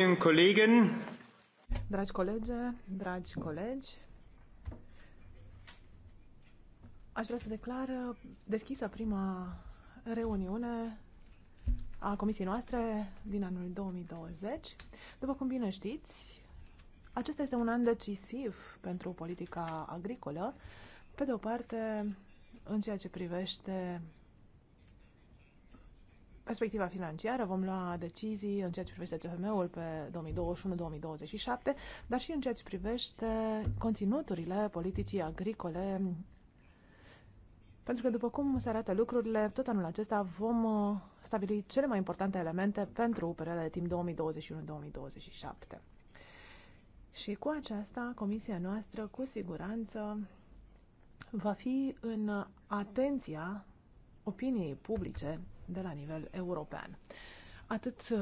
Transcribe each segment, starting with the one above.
Dragi colegi, dragi colegi, aș vrea să declar deschisă prima reuniune a comisiei noastre din anul 2020. După cum bine știți, acesta este un an decisiv pentru politica agricolă, pe de o parte în ceea ce privește perspectiva financiară, vom lua decizii în ceea ce privește CFM-ul pe 2021-2027, dar și în ceea ce privește conținuturile politicii agricole. Pentru că, după cum se arată lucrurile, tot anul acesta vom uh, stabili cele mai importante elemente pentru perioada de timp 2021-2027. Și cu aceasta, comisia noastră, cu siguranță, va fi în atenția opiniei publice de la nivel european. Atât uh,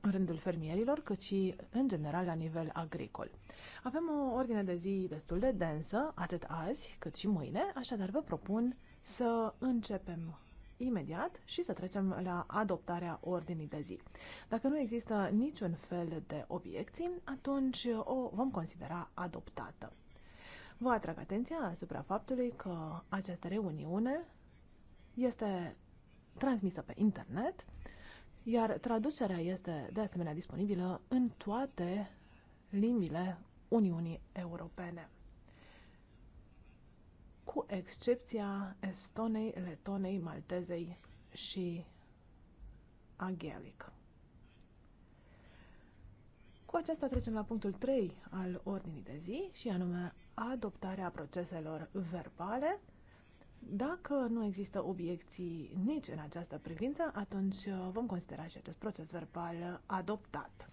în rândul fermierilor, cât și în general la nivel agricol. Avem o ordine de zi destul de densă, atât azi cât și mâine, așadar vă propun să începem imediat și să trecem la adoptarea ordinii de zi. Dacă nu există niciun fel de obiecții, atunci o vom considera adoptată. Vă atrag atenția asupra faptului că această reuniune este transmisă pe internet, iar traducerea este de asemenea disponibilă în toate limbile Uniunii Europene, cu excepția Estonei, Letonei, Maltezei și Agelic. Cu aceasta trecem la punctul 3 al ordinii de zi și anume adoptarea proceselor verbale dacă nu există obiecții nici în această privință, atunci uh, vom considera și acest proces verbal adoptat.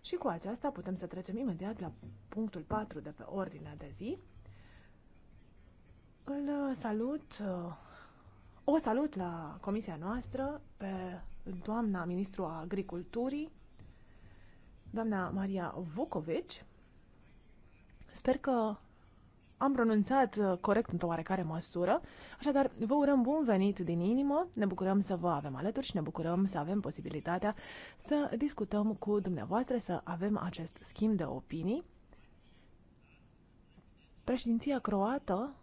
Și cu aceasta putem să trecem imediat la punctul 4 de pe ordinea de zi. Îl uh, salut, uh, o salut la comisia noastră pe doamna ministru a agriculturii, doamna Maria Vucovici. Sper că am pronunțat uh, corect într-o oarecare măsură. Așadar, vă urăm bun venit din inimă, ne bucurăm să vă avem alături și ne bucurăm să avem posibilitatea să discutăm cu dumneavoastră, să avem acest schimb de opinii. Președinția croată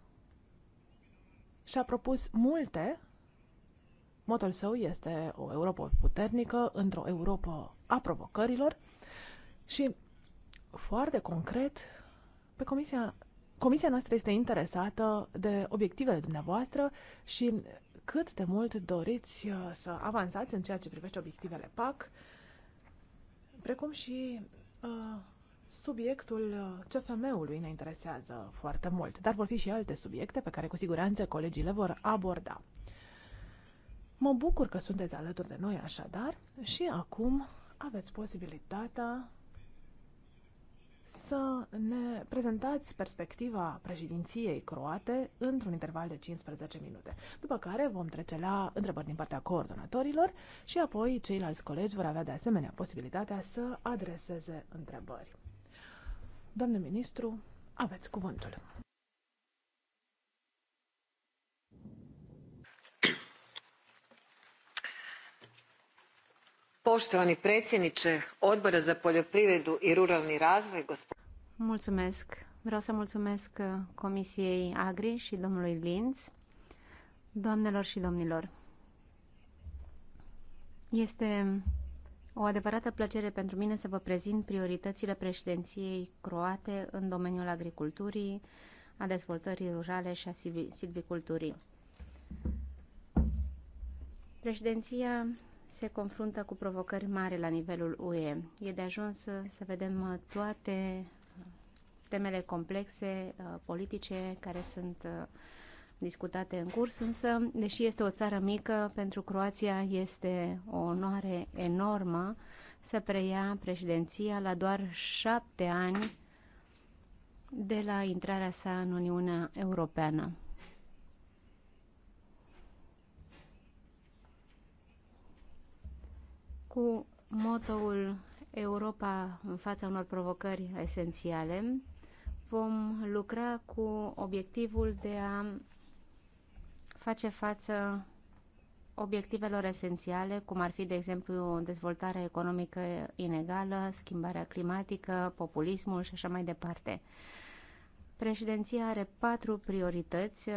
și-a propus multe. Motul său este o Europa puternică, într-o Europa a provocărilor și foarte concret, pe Comisia Comisia noastră este interesată de obiectivele dumneavoastră și cât de mult doriți uh, să avansați în ceea ce privește obiectivele PAC, precum și uh, subiectul uh, CFM-ului ne interesează foarte mult, dar vor fi și alte subiecte pe care cu siguranță colegii le vor aborda. Mă bucur că sunteți alături de noi așadar și acum aveți posibilitatea să ne prezentați perspectiva președinției croate într-un interval de 15 minute, după care vom trece la întrebări din partea coordonatorilor și apoi ceilalți colegi vor avea de asemenea posibilitatea să adreseze întrebări. Domnul ministru, aveți cuvântul. Poštovani predsjedniče Odbora za poljoprivredu i ruralni razvoj, gospodin... Mulțumesc. Vreau să mulțumesc uh, Comisiei Agri și domnului Linz, doamnelor și domnilor. Este o adevărată plăcere pentru mine să vă prezint prioritățile președinției croate în domeniul agriculturii, a dezvoltării rurale și a silviculturii. Președinția se confruntă cu provocări mari la nivelul UE. E de ajuns să vedem toate temele complexe, uh, politice, care sunt uh, discutate în curs, însă, deși este o țară mică, pentru Croația este o onoare enormă să preia președinția la doar șapte ani de la intrarea sa în Uniunea Europeană. Cu motoul Europa în fața unor provocări esențiale, vom lucra cu obiectivul de a face față obiectivelor esențiale, cum ar fi, de exemplu, dezvoltarea economică inegală, schimbarea climatică, populismul și așa mai departe. Președinția are patru priorități.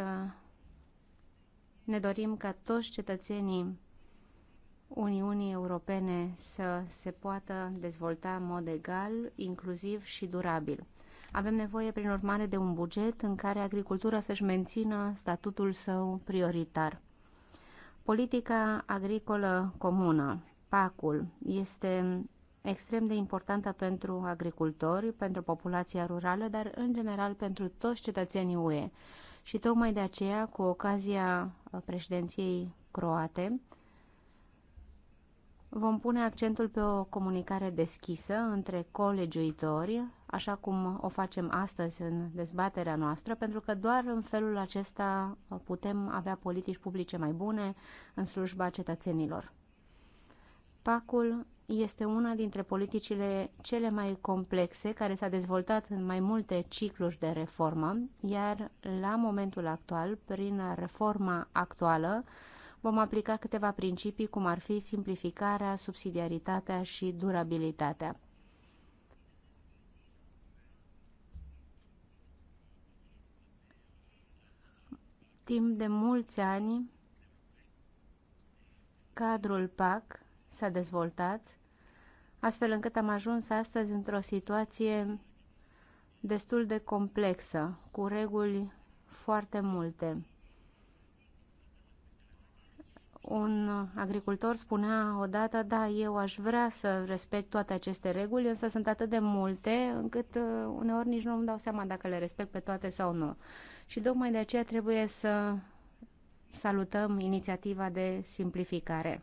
Ne dorim ca toți cetățenii Uniunii Europene să se poată dezvolta în mod egal, inclusiv și durabil. Avem nevoie, prin urmare, de un buget în care agricultura să-și mențină statutul său prioritar. Politica agricolă comună, PAC-ul, este extrem de importantă pentru agricultori, pentru populația rurală, dar în general pentru toți cetățenii UE. Și tocmai de aceea, cu ocazia președinției croate, Vom pune accentul pe o comunicare deschisă între colegiuitori, așa cum o facem astăzi în dezbaterea noastră, pentru că doar în felul acesta putem avea politici publice mai bune în slujba cetățenilor. Pacul este una dintre politicile cele mai complexe care s-a dezvoltat în mai multe cicluri de reformă, iar la momentul actual, prin reforma actuală, Vom aplica câteva principii, cum ar fi simplificarea, subsidiaritatea și durabilitatea. Timp de mulți ani, cadrul PAC s-a dezvoltat, astfel încât am ajuns astăzi într-o situație destul de complexă, cu reguli foarte multe un agricultor spunea odată, da, eu aș vrea să respect toate aceste reguli, însă sunt atât de multe încât uh, uneori nici nu îmi dau seama dacă le respect pe toate sau nu. Și tocmai de aceea trebuie să salutăm inițiativa de simplificare.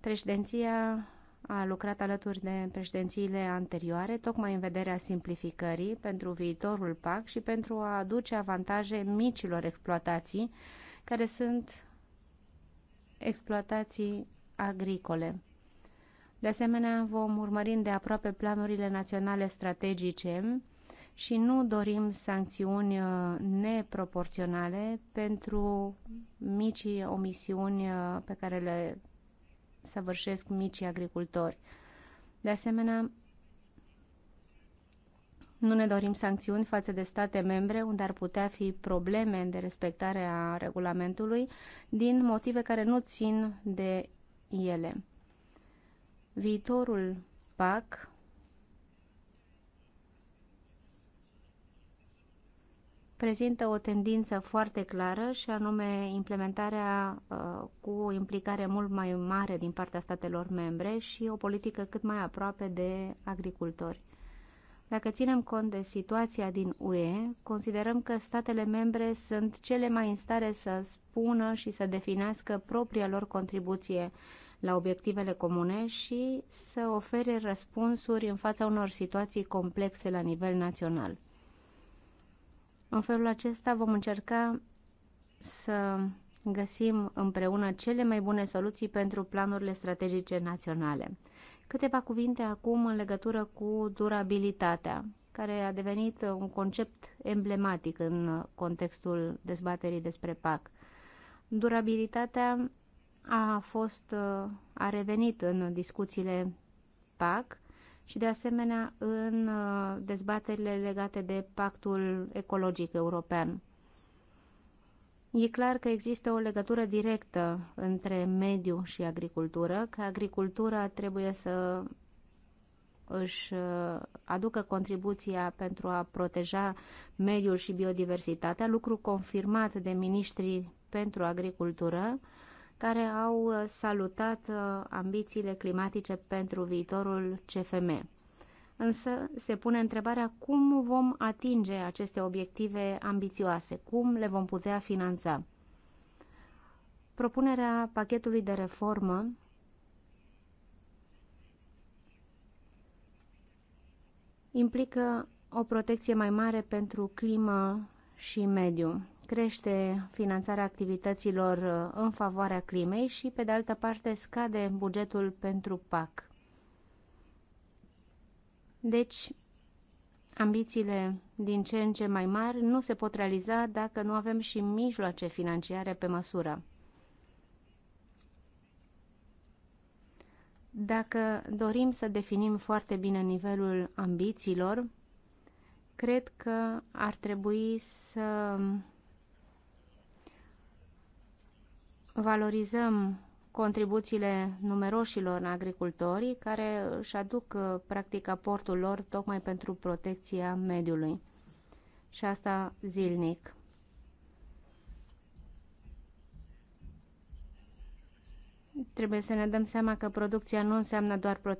Președinția a lucrat alături de președințiile anterioare, tocmai în vederea simplificării pentru viitorul PAC și pentru a aduce avantaje micilor exploatații care sunt exploatații agricole. De asemenea, vom urmări de aproape planurile naționale strategice și nu dorim sancțiuni uh, neproporționale pentru micii omisiuni uh, pe care le săvârșesc micii agricultori. De asemenea, nu ne dorim sancțiuni față de state membre unde ar putea fi probleme de respectare a regulamentului din motive care nu țin de ele. Viitorul PAC prezintă o tendință foarte clară și anume implementarea uh, cu implicare mult mai mare din partea statelor membre și o politică cât mai aproape de agricultori. Dacă ținem cont de situația din UE, considerăm că statele membre sunt cele mai în stare să spună și să definească propria lor contribuție la obiectivele comune și să ofere răspunsuri în fața unor situații complexe la nivel național. În felul acesta vom încerca să găsim împreună cele mai bune soluții pentru planurile strategice naționale. Câteva cuvinte acum în legătură cu durabilitatea, care a devenit un concept emblematic în contextul dezbaterii despre PAC. Durabilitatea a fost, a revenit în discuțiile PAC și de asemenea în uh, dezbaterile legate de pactul ecologic european. E clar că există o legătură directă între mediu și agricultură, că agricultura trebuie să își uh, aducă contribuția pentru a proteja mediul și biodiversitatea, lucru confirmat de ministrii pentru agricultură, care au uh, salutat uh, ambițiile climatice pentru viitorul CFM însă se pune întrebarea cum vom atinge aceste obiective ambițioase, cum le vom putea finanța. Propunerea pachetului de reformă implică o protecție mai mare pentru climă și mediu. Crește finanțarea activităților în favoarea climei și, pe de altă parte, scade bugetul pentru PAC. Deci, ambițiile din ce în ce mai mari nu se pot realiza dacă nu avem și mijloace financiare pe măsură. Dacă dorim să definim foarte bine nivelul ambițiilor, cred că ar trebui să valorizăm contribuțiile numeroșilor agricultori care își aduc uh, practic aportul lor tocmai pentru protecția mediului. Și asta zilnic. Trebuie să ne dăm seama că producția nu înseamnă doar uh,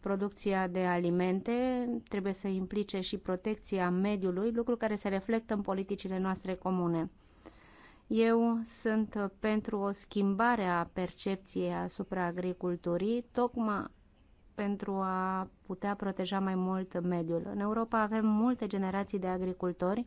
producția de alimente, trebuie să implice și protecția mediului, lucru care se reflectă în politicile noastre comune. Eu sunt uh, pentru o schimbare a percepției asupra agriculturii, tocmai pentru a putea proteja mai mult mediul. În Europa avem multe generații de agricultori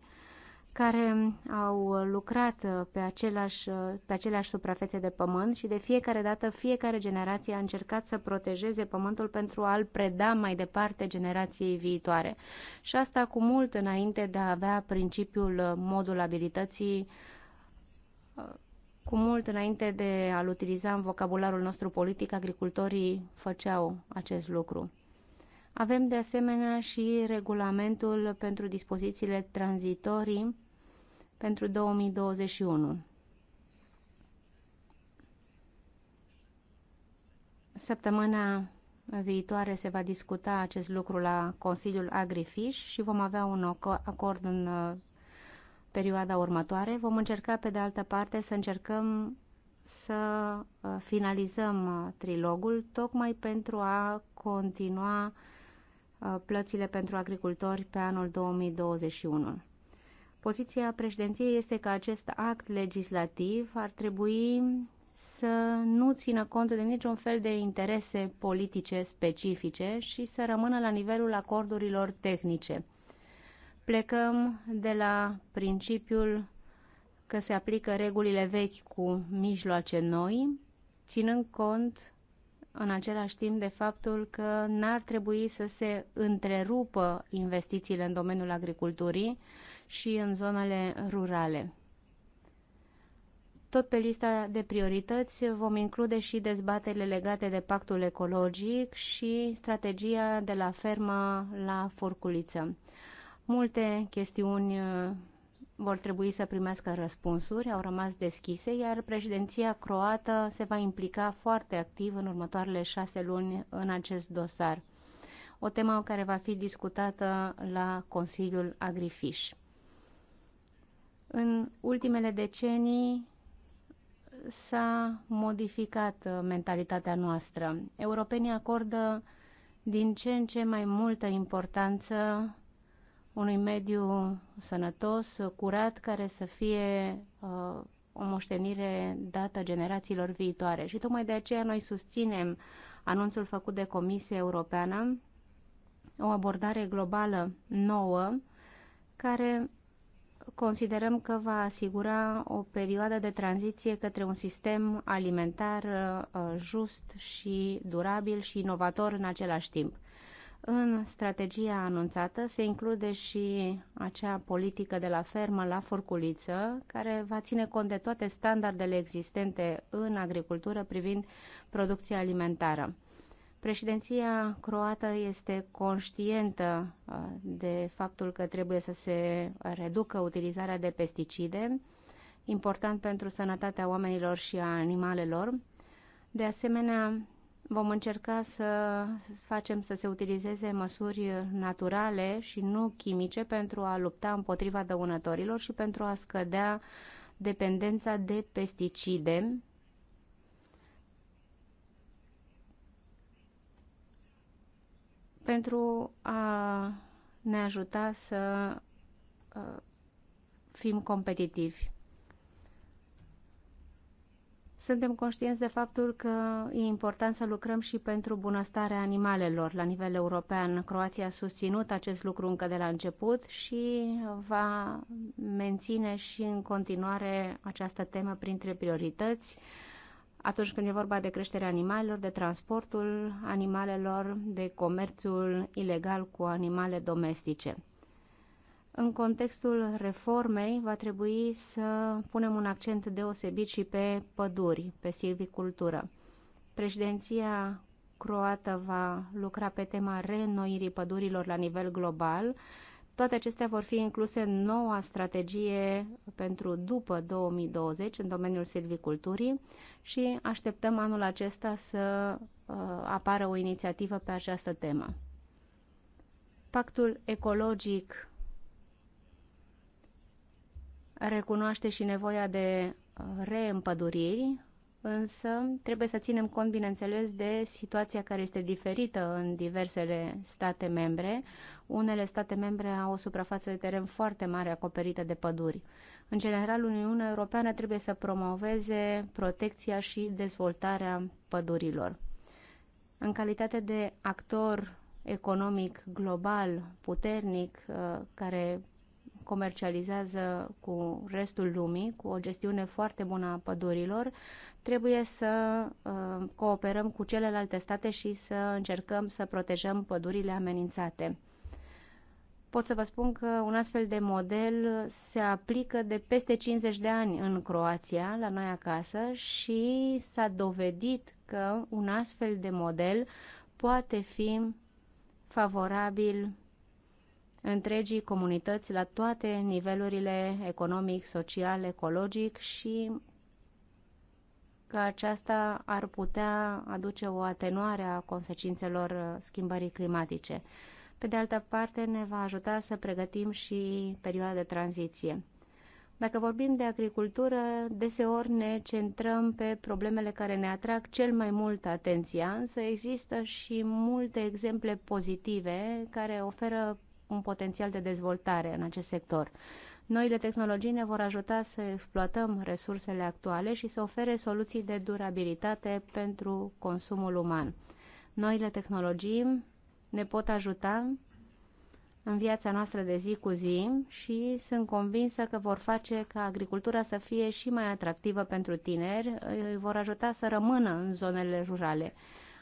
care au lucrat uh, pe, același, uh, pe aceleași suprafețe de pământ și de fiecare dată fiecare generație a încercat să protejeze pământul pentru a-l preda mai departe generației viitoare. Și asta cu mult înainte de a avea principiul modulabilității cu mult înainte de a-l utiliza în vocabularul nostru politic, agricultorii făceau acest lucru. Avem de asemenea și regulamentul pentru dispozițiile tranzitorii pentru 2021. Săptămâna viitoare se va discuta acest lucru la Consiliul Agrifish și vom avea un acord în perioada următoare. Vom încerca, pe de altă parte, să încercăm să uh, finalizăm uh, trilogul, tocmai pentru a continua uh, plățile pentru agricultori pe anul 2021. Poziția președinției este că acest act legislativ ar trebui să nu țină cont de niciun fel de interese politice specifice și să rămână la nivelul acordurilor tehnice. Plecăm de la principiul că se aplică regulile vechi cu mijloace noi, ținând cont în același timp de faptul că n-ar trebui să se întrerupă investițiile în domeniul agriculturii și în zonele rurale. Tot pe lista de priorități vom include și dezbaterile legate de pactul ecologic și strategia de la fermă la furculiță. Multe chestiuni uh, vor trebui să primească răspunsuri, au rămas deschise, iar președinția croată se va implica foarte activ în următoarele șase luni în acest dosar. O temă care va fi discutată la Consiliul Agrifish. În ultimele decenii s-a modificat uh, mentalitatea noastră. Europenii acordă din ce în ce mai multă importanță unui mediu sănătos, curat, care să fie uh, o moștenire dată generațiilor viitoare. Și tocmai de aceea noi susținem anunțul făcut de Comisia Europeană, o abordare globală nouă, care considerăm că va asigura o perioadă de tranziție către un sistem alimentar uh, uh, just și durabil și inovator în același timp. În strategia anunțată se include și acea politică de la fermă la forculiță, care va ține cont de toate standardele existente în agricultură privind producția alimentară. Președinția croată este conștientă uh, de faptul că trebuie să se reducă utilizarea de pesticide, important pentru sănătatea oamenilor și a animalelor. De asemenea, Vom încerca să facem să se utilizeze măsuri naturale și nu chimice pentru a lupta împotriva dăunătorilor și pentru a scădea dependența de pesticide pentru a ne ajuta să uh, fim competitivi. Suntem conștienți de faptul că e important să lucrăm și pentru bunăstarea animalelor la nivel european. Croația a susținut acest lucru încă de la început și va menține și în continuare această temă printre priorități atunci când e vorba de creșterea animalelor, de transportul animalelor, de comerțul ilegal cu animale domestice. În contextul reformei va trebui să punem un accent deosebit și pe păduri, pe silvicultură. Președinția croată va lucra pe tema reînnoirii pădurilor la nivel global. Toate acestea vor fi incluse în noua strategie pentru după 2020 în domeniul silviculturii și așteptăm anul acesta să uh, apară o inițiativă pe această temă. Pactul ecologic recunoaște și nevoia de uh, reîmpăduriri, însă trebuie să ținem cont, bineînțeles, de situația care este diferită în diversele state membre. Unele state membre au o suprafață de teren foarte mare acoperită de păduri. În general, Uniunea Europeană trebuie să promoveze protecția și dezvoltarea pădurilor. În calitate de actor economic global puternic uh, care comercializează cu restul lumii, cu o gestiune foarte bună a pădurilor, trebuie să uh, cooperăm cu celelalte state și să încercăm să protejăm pădurile amenințate. Pot să vă spun că un astfel de model se aplică de peste 50 de ani în Croația, la noi acasă, și s-a dovedit că un astfel de model poate fi favorabil întregii comunități la toate nivelurile economic, social, ecologic și că aceasta ar putea aduce o atenuare a consecințelor uh, schimbării climatice. Pe de altă parte, ne va ajuta să pregătim și perioada de tranziție. Dacă vorbim de agricultură, deseori ne centrăm pe problemele care ne atrag cel mai mult atenția, însă există și multe exemple pozitive care oferă un potențial de dezvoltare în acest sector. Noile tehnologii ne vor ajuta să exploatăm resursele actuale și să ofere soluții de durabilitate pentru consumul uman. Noile tehnologii ne pot ajuta în viața noastră de zi cu zi și sunt convinsă că vor face ca agricultura să fie și mai atractivă pentru tineri, îi vor ajuta să rămână în zonele rurale.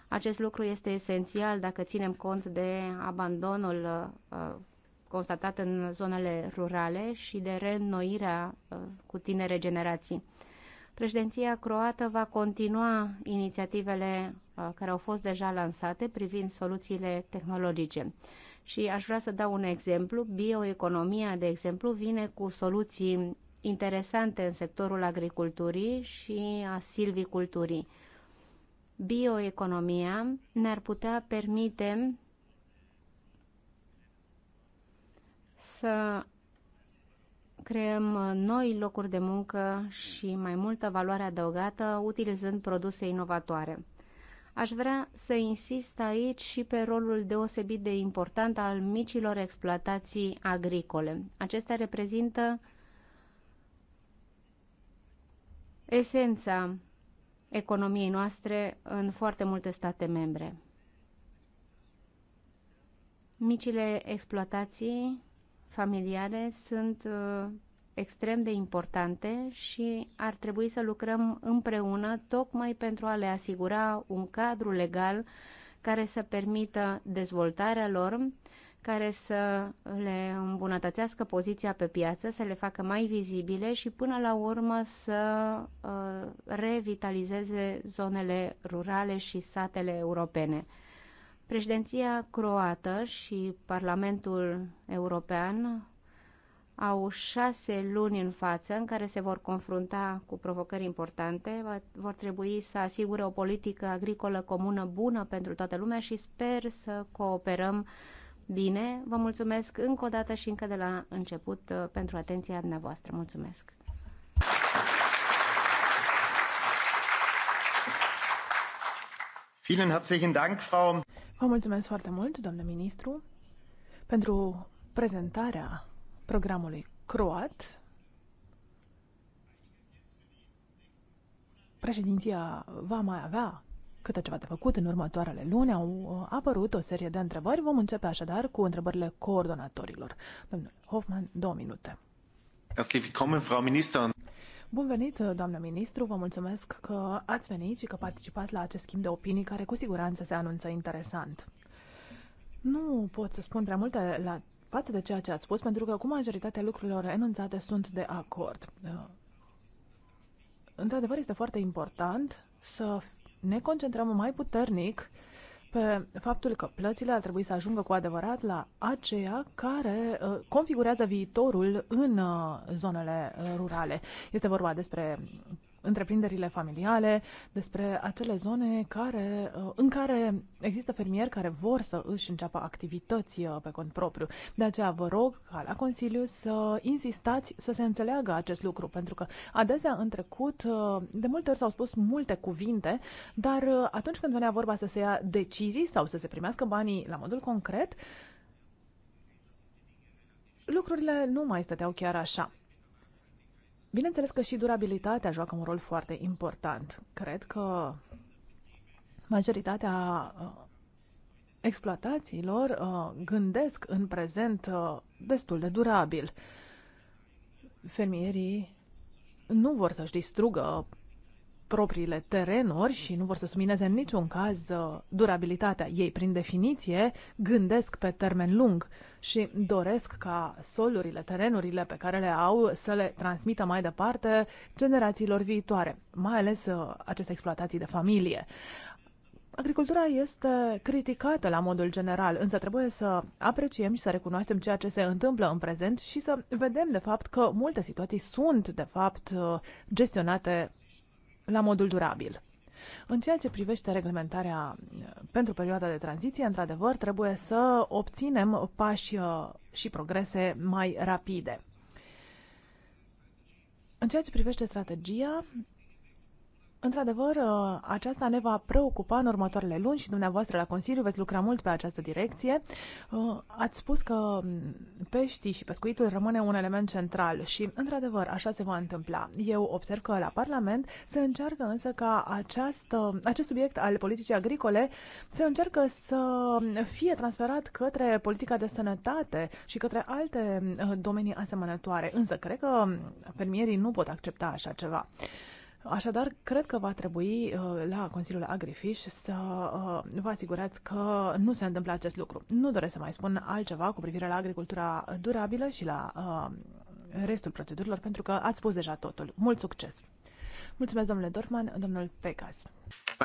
Acest lucru este esențial dacă ținem cont de abandonul uh, constatat în zonele rurale și de reînnoirea uh, cu tinere generații. Președinția croată va continua inițiativele uh, care au fost deja lansate privind soluțiile tehnologice. Și aș vrea să dau un exemplu. Bioeconomia, de exemplu, vine cu soluții interesante în sectorul agriculturii și a silviculturii bioeconomia ne-ar putea permite să creăm noi locuri de muncă și mai multă valoare adăugată utilizând produse inovatoare. Aș vrea să insist aici și pe rolul deosebit de important al micilor exploatații agricole. Acestea reprezintă esența economiei noastre în foarte multe state membre. Micile exploatații familiale sunt uh, extrem de importante și ar trebui să lucrăm împreună tocmai pentru a le asigura un cadru legal care să permită dezvoltarea lor care să le îmbunătățească poziția pe piață, să le facă mai vizibile și până la urmă să uh, revitalizeze zonele rurale și satele europene. Președinția croată și Parlamentul European au șase luni în față în care se vor confrunta cu provocări importante, vor trebui să asigure o politică agricolă comună bună pentru toată lumea și sper să cooperăm uh, bine. Vă mulțumesc încă o dată și încă de la început uh, pentru atenția dumneavoastră. Mulțumesc! Vielen herzlichen Dank, Frau. Vă mulțumesc foarte mult, doamnă ministru, pentru prezentarea programului croat. Președinția va mai avea câte ceva de făcut în următoarele luni. Au uh, apărut o serie de întrebări. Vom începe așadar cu întrebările coordonatorilor. Domnul Hoffman, două minute. Bun venit, uh, doamnă ministru, vă mulțumesc că ați venit și că participați la acest schimb de opinii care cu siguranță se anunță interesant. Nu pot să spun prea multe la față de ceea ce ați spus, pentru că cu majoritatea lucrurilor enunțate sunt de acord. Uh, într-adevăr, este foarte important să ne concentrăm mai puternic pe faptul că plățile ar trebui să ajungă cu adevărat la aceea care uh, configurează viitorul în uh, zonele uh, rurale. Este vorba despre întreprinderile familiale, despre acele zone care, uh, în care există fermieri care vor să își înceapă activități uh, pe cont propriu. De aceea vă rog ca la Consiliu să insistați să se înțeleagă acest lucru, pentru că adesea în trecut uh, de multe ori s-au spus multe cuvinte, dar atunci când venea vorba să se ia decizii sau să se primească banii la modul concret, lucrurile nu mai stăteau chiar așa. Bineînțeles că și durabilitatea joacă un rol foarte important. Cred că majoritatea uh, exploatațiilor uh, gândesc în prezent uh, destul de durabil. Fermierii nu vor să-și distrugă propriile terenuri și nu vor să sumineze în niciun caz uh, durabilitatea ei. Prin definiție, gândesc pe termen lung și doresc ca solurile, terenurile pe care le au să le transmită mai departe generațiilor viitoare, mai ales uh, aceste exploatații de familie. Agricultura este criticată la modul general, însă trebuie să apreciem și să recunoaștem ceea ce se întâmplă în prezent și să vedem de fapt că multe situații sunt de fapt uh, gestionate la modul durabil. În ceea ce privește reglementarea uh, pentru perioada de tranziție, într-adevăr, trebuie să obținem pași uh, și progrese mai rapide. În ceea ce privește strategia, Într-adevăr, uh, aceasta ne va preocupa în următoarele luni și dumneavoastră la Consiliu veți lucra mult pe această direcție. Uh, ați spus că mm, peștii și pescuitul rămâne un element central și, într-adevăr, așa se va întâmpla. Eu observ că la Parlament se încearcă însă ca această, acest subiect al politicii agricole se încearcă să mm, fie transferat către politica de sănătate și către alte mm, domenii asemănătoare. Însă, cred că fermierii nu pot accepta așa ceva. Așadar, cred că va trebui uh, la Consiliul Agrifish să uh, vă asigurați că nu se întâmplă acest lucru. Nu doresc să mai spun altceva cu privire la agricultura durabilă și la uh, restul procedurilor, pentru că ați spus deja totul. Mult succes! Mulțumesc, domnule Dorfman, domnul Pecas.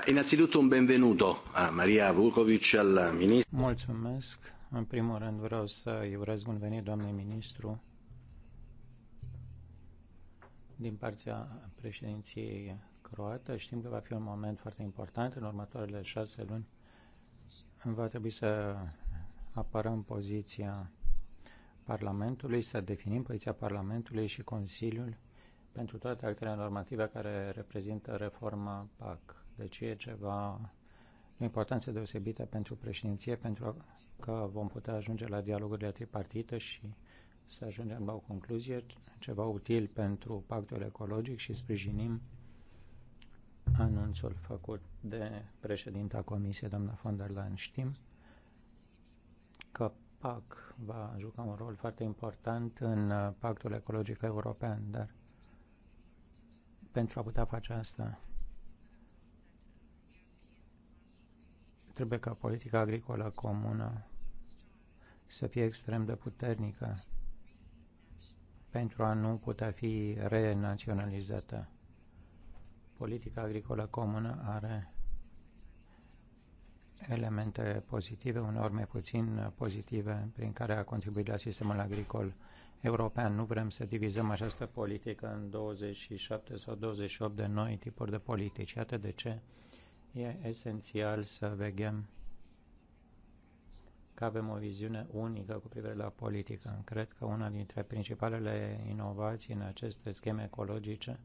Innanzitutto un benvenuto a Maria Vukovic, al ministru. Mulțumesc. În primul rând vreau să îi urez bun venit, doamne ministru, din partea președinției croată. Știm că va fi un moment foarte important în următoarele șase luni. Va trebui să apărăm poziția Parlamentului, să definim poziția Parlamentului și Consiliul pentru toate actele normative care reprezintă reforma PAC. Deci e ceva o importanță deosebită pentru președinție, pentru că vom putea ajunge la dialogurile tripartite și să ajungem la o concluzie, ceva util pentru pactul ecologic și sprijinim anunțul făcut de președinta Comisiei, doamna von der Leyen. Știm că PAC va juca un rol foarte important în uh, pactul ecologic european, dar pentru a putea face asta, trebuie ca politica agricolă comună să fie extrem de puternică pentru a nu putea fi renaționalizată. Politica agricolă comună are elemente pozitive, uneori mai puțin pozitive, prin care a contribuit la sistemul agricol european. Nu vrem să divizăm această politică în 27 sau 28 de noi tipuri de politici. Iată de ce e esențial să veghem că avem o viziune unică cu privire la politică. Cred că una dintre principalele inovații în aceste scheme ecologice,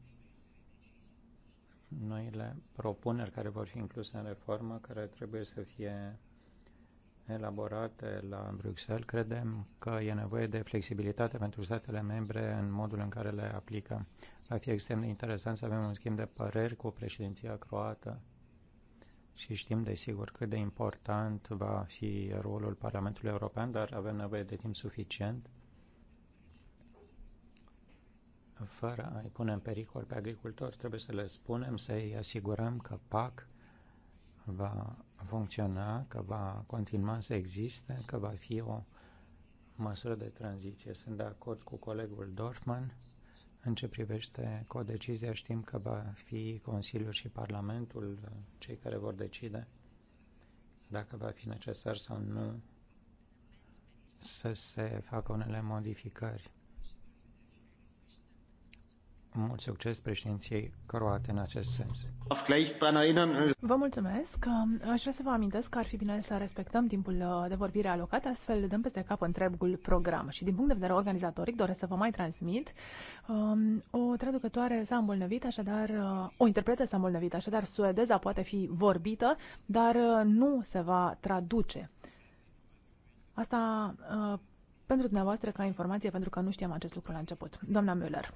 noile propuneri care vor fi incluse în reformă, care trebuie să fie elaborate la Bruxelles, credem că e nevoie de flexibilitate pentru statele membre în modul în care le aplică. Va fi extrem de interesant să avem un schimb de păreri cu președinția croată și știm desigur cât de important va fi rolul Parlamentului European, dar avem nevoie de timp suficient fără a-i pune în pericol pe agricultori. Trebuie să le spunem, să-i asigurăm că PAC va funcționa, că va continua să existe, că va fi o măsură de tranziție. Sunt de acord cu colegul Dorfman în ce privește codecizia, știm că va fi Consiliul și Parlamentul uh, cei care vor decide dacă va fi necesar sau nu să se facă unele modificări mult succes președinției croate în acest sens. Vă mulțumesc. Aș vrea să vă amintesc că ar fi bine să respectăm timpul uh, de vorbire alocat, astfel dăm peste cap întregul program. Și din punct de vedere organizatoric doresc să vă mai transmit. Um, o traducătoare s-a îmbolnăvit, așadar, uh, o interpretă s-a îmbolnăvit, așadar suedeza poate fi vorbită, dar uh, nu se va traduce. Asta pentru dumneavoastră ca informație, pentru că nu știam acest lucru la început. Doamna Müller,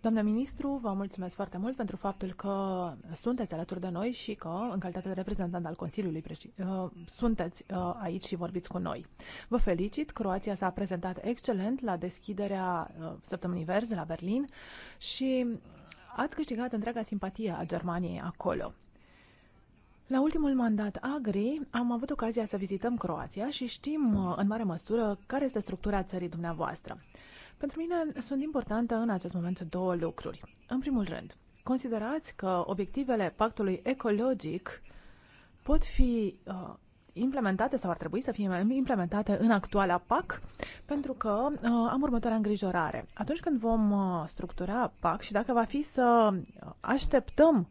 doamna ministru, vă mulțumesc foarte mult pentru faptul că sunteți alături de noi și că, în calitate de reprezentant al Consiliului, uh, sunteți uh, aici și vorbiți cu noi. Vă felicit, Croația s-a prezentat excelent la deschiderea uh, săptămânii verzi la Berlin și ați câștigat întreaga simpatie a Germaniei acolo. La ultimul mandat Agri am avut ocazia să vizităm Croația și știm uh, în mare măsură care este structura țării dumneavoastră. Pentru mine sunt importante în acest moment două lucruri. În primul rând, considerați că obiectivele pactului ecologic pot fi uh, implementate sau ar trebui să fie implementate în actuala PAC, pentru că uh, am următoarea îngrijorare. Atunci când vom uh, structura PAC și dacă va fi să așteptăm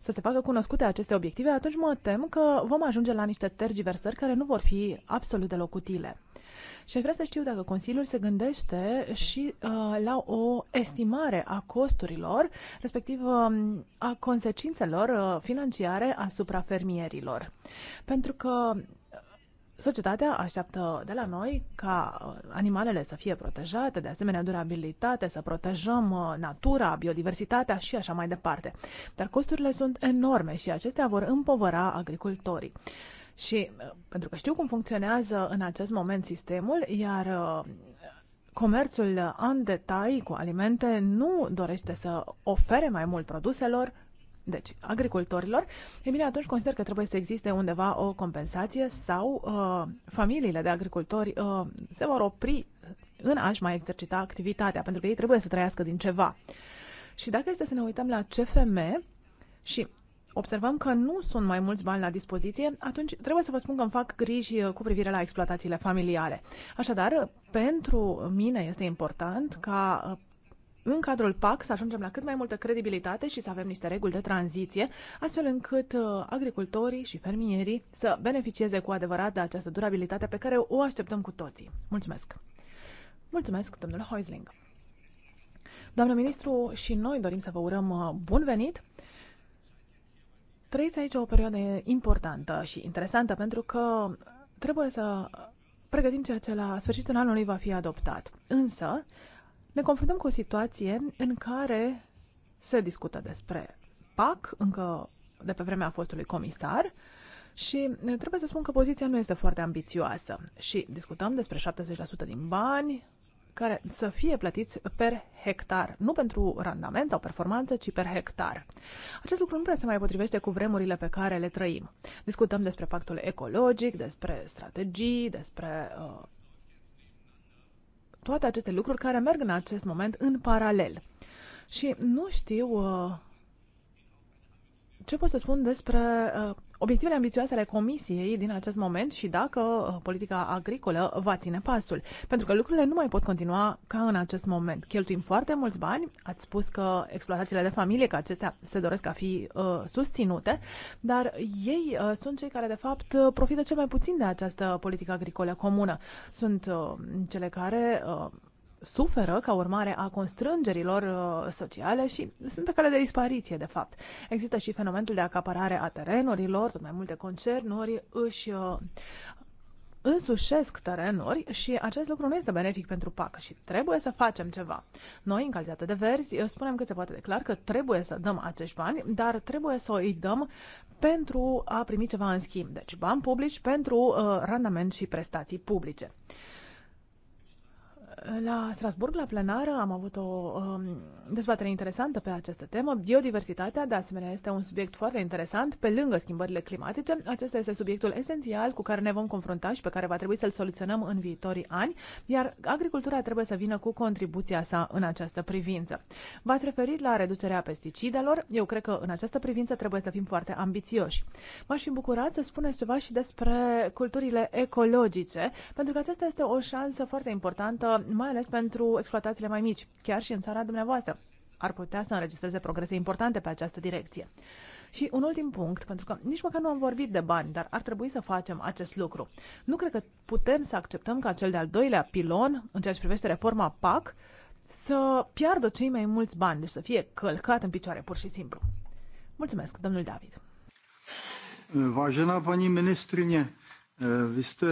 să se facă cunoscute aceste obiective, atunci mă tem că vom ajunge la niște tergiversări care nu vor fi absolut deloc utile. Și vreau să știu dacă Consiliul se gândește și uh, la o estimare a costurilor, respectiv uh, a consecințelor uh, financiare asupra fermierilor. Pentru că Societatea așteaptă de la noi ca uh, animalele să fie protejate, de asemenea durabilitate, să protejăm uh, natura, biodiversitatea și așa mai departe. Dar costurile sunt enorme și acestea vor împovăra agricultorii. Și uh, pentru că știu cum funcționează în acest moment sistemul, iar comerțul în detalii cu alimente nu dorește să ofere mai mult produselor, deci agricultorilor, e bine, atunci consider că trebuie să existe undeva o compensație sau uh, familiile de agricultori uh, se vor opri în a-și mai exercita activitatea, pentru că ei trebuie să trăiască din ceva. Și dacă este să ne uităm la CFM și observăm că nu sunt mai mulți bani la dispoziție, atunci trebuie să vă spun că îmi fac griji uh, cu privire la exploatațiile familiale. Așadar, pentru mine este important ca uh, în cadrul PAC să ajungem la cât mai multă credibilitate și să avem niște reguli de tranziție, astfel încât uh, agricultorii și fermierii să beneficieze cu adevărat de această durabilitate pe care o așteptăm cu toții. Mulțumesc! Mulțumesc, domnule Heusling! Doamnă ministru, și noi dorim să vă urăm uh, bun venit! Trăiți aici o perioadă importantă și interesantă pentru că trebuie să pregătim ceea ce la sfârșitul anului va fi adoptat. Însă, ne confruntăm cu o situație în care se discută despre PAC, încă de pe vremea fostului comisar, și trebuie să spun că poziția nu este foarte ambițioasă și discutăm despre 70% din bani care să fie plătiți per hectar, nu pentru randament sau performanță, ci per hectar. Acest lucru nu prea se mai potrivește cu vremurile pe care le trăim. Discutăm despre pactul ecologic, despre strategii, despre uh, toate aceste lucruri care merg în acest moment în paralel. Și nu știu uh, ce pot să spun despre uh, obiectivele ambițioase ale Comisiei din acest moment și dacă uh, politica agricolă va ține pasul. Pentru că lucrurile nu mai pot continua ca în acest moment. Cheltuim foarte mulți bani, ați spus că exploatațiile de familie, că acestea se doresc a fi uh, susținute, dar ei uh, sunt cei care, de fapt, uh, profită cel mai puțin de această politică agricolă comună. Sunt uh, cele care. Uh, suferă ca urmare a constrângerilor uh, sociale și sunt pe cale de dispariție, de fapt. Există și fenomenul de acaparare a terenurilor, tot mai multe concernuri își uh, însușesc terenuri și acest lucru nu este benefic pentru PAC și trebuie să facem ceva. Noi, în calitate de verzi, uh, spunem că se poate de clar că trebuie să dăm acești bani, dar trebuie să îi dăm pentru a primi ceva în schimb. Deci bani publici pentru uh, randament și prestații publice. Uh, la Strasburg, la plenară, am avut o um, dezbatere interesantă pe această temă. Biodiversitatea, de asemenea, este un subiect foarte interesant. Pe lângă schimbările climatice, acesta este subiectul esențial cu care ne vom confrunta și pe care va trebui să-l soluționăm în viitorii ani, iar agricultura trebuie să vină cu contribuția sa în această privință. V-ați referit la reducerea pesticidelor. Eu cred că în această privință trebuie să fim foarte ambițioși. M-aș fi bucurat să spuneți ceva și despre culturile ecologice, pentru că aceasta este o șansă foarte importantă mai ales pentru exploatațiile mai mici, chiar și în țara dumneavoastră. Ar putea să înregistreze progrese importante pe această direcție. Și un ultim punct, pentru că nici măcar nu am vorbit de bani, dar ar trebui să facem acest lucru. Nu cred că putem să acceptăm ca cel de-al doilea pilon, în ceea ce privește reforma PAC, să piardă cei mai mulți bani, deci să fie călcat în picioare, pur și simplu. Mulțumesc, domnul David. Vajena, pani ministrine, eh, vi ste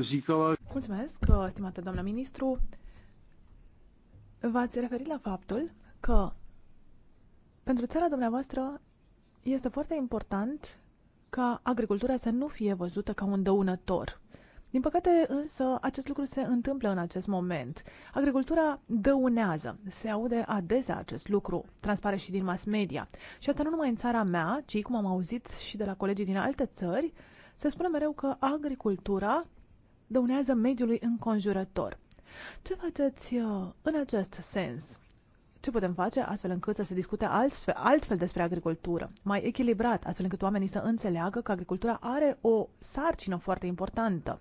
zicala... Mulțumesc, stimată doamnă ministru. V-ați referit la faptul că pentru țara dumneavoastră este foarte important ca agricultura să nu fie văzută ca un dăunător. Din păcate, însă, acest lucru se întâmplă în acest moment. Agricultura dăunează. Se aude adesea acest lucru, transpare și din mass media. Și asta nu numai în țara mea, ci, cum am auzit și de la colegii din alte țări, se spune mereu că agricultura dăunează mediului înconjurător. Ce faceți uh, în acest sens? Ce putem face astfel încât să se discute altfel, altfel despre agricultură, mai echilibrat, astfel încât oamenii să înțeleagă că agricultura are o sarcină foarte importantă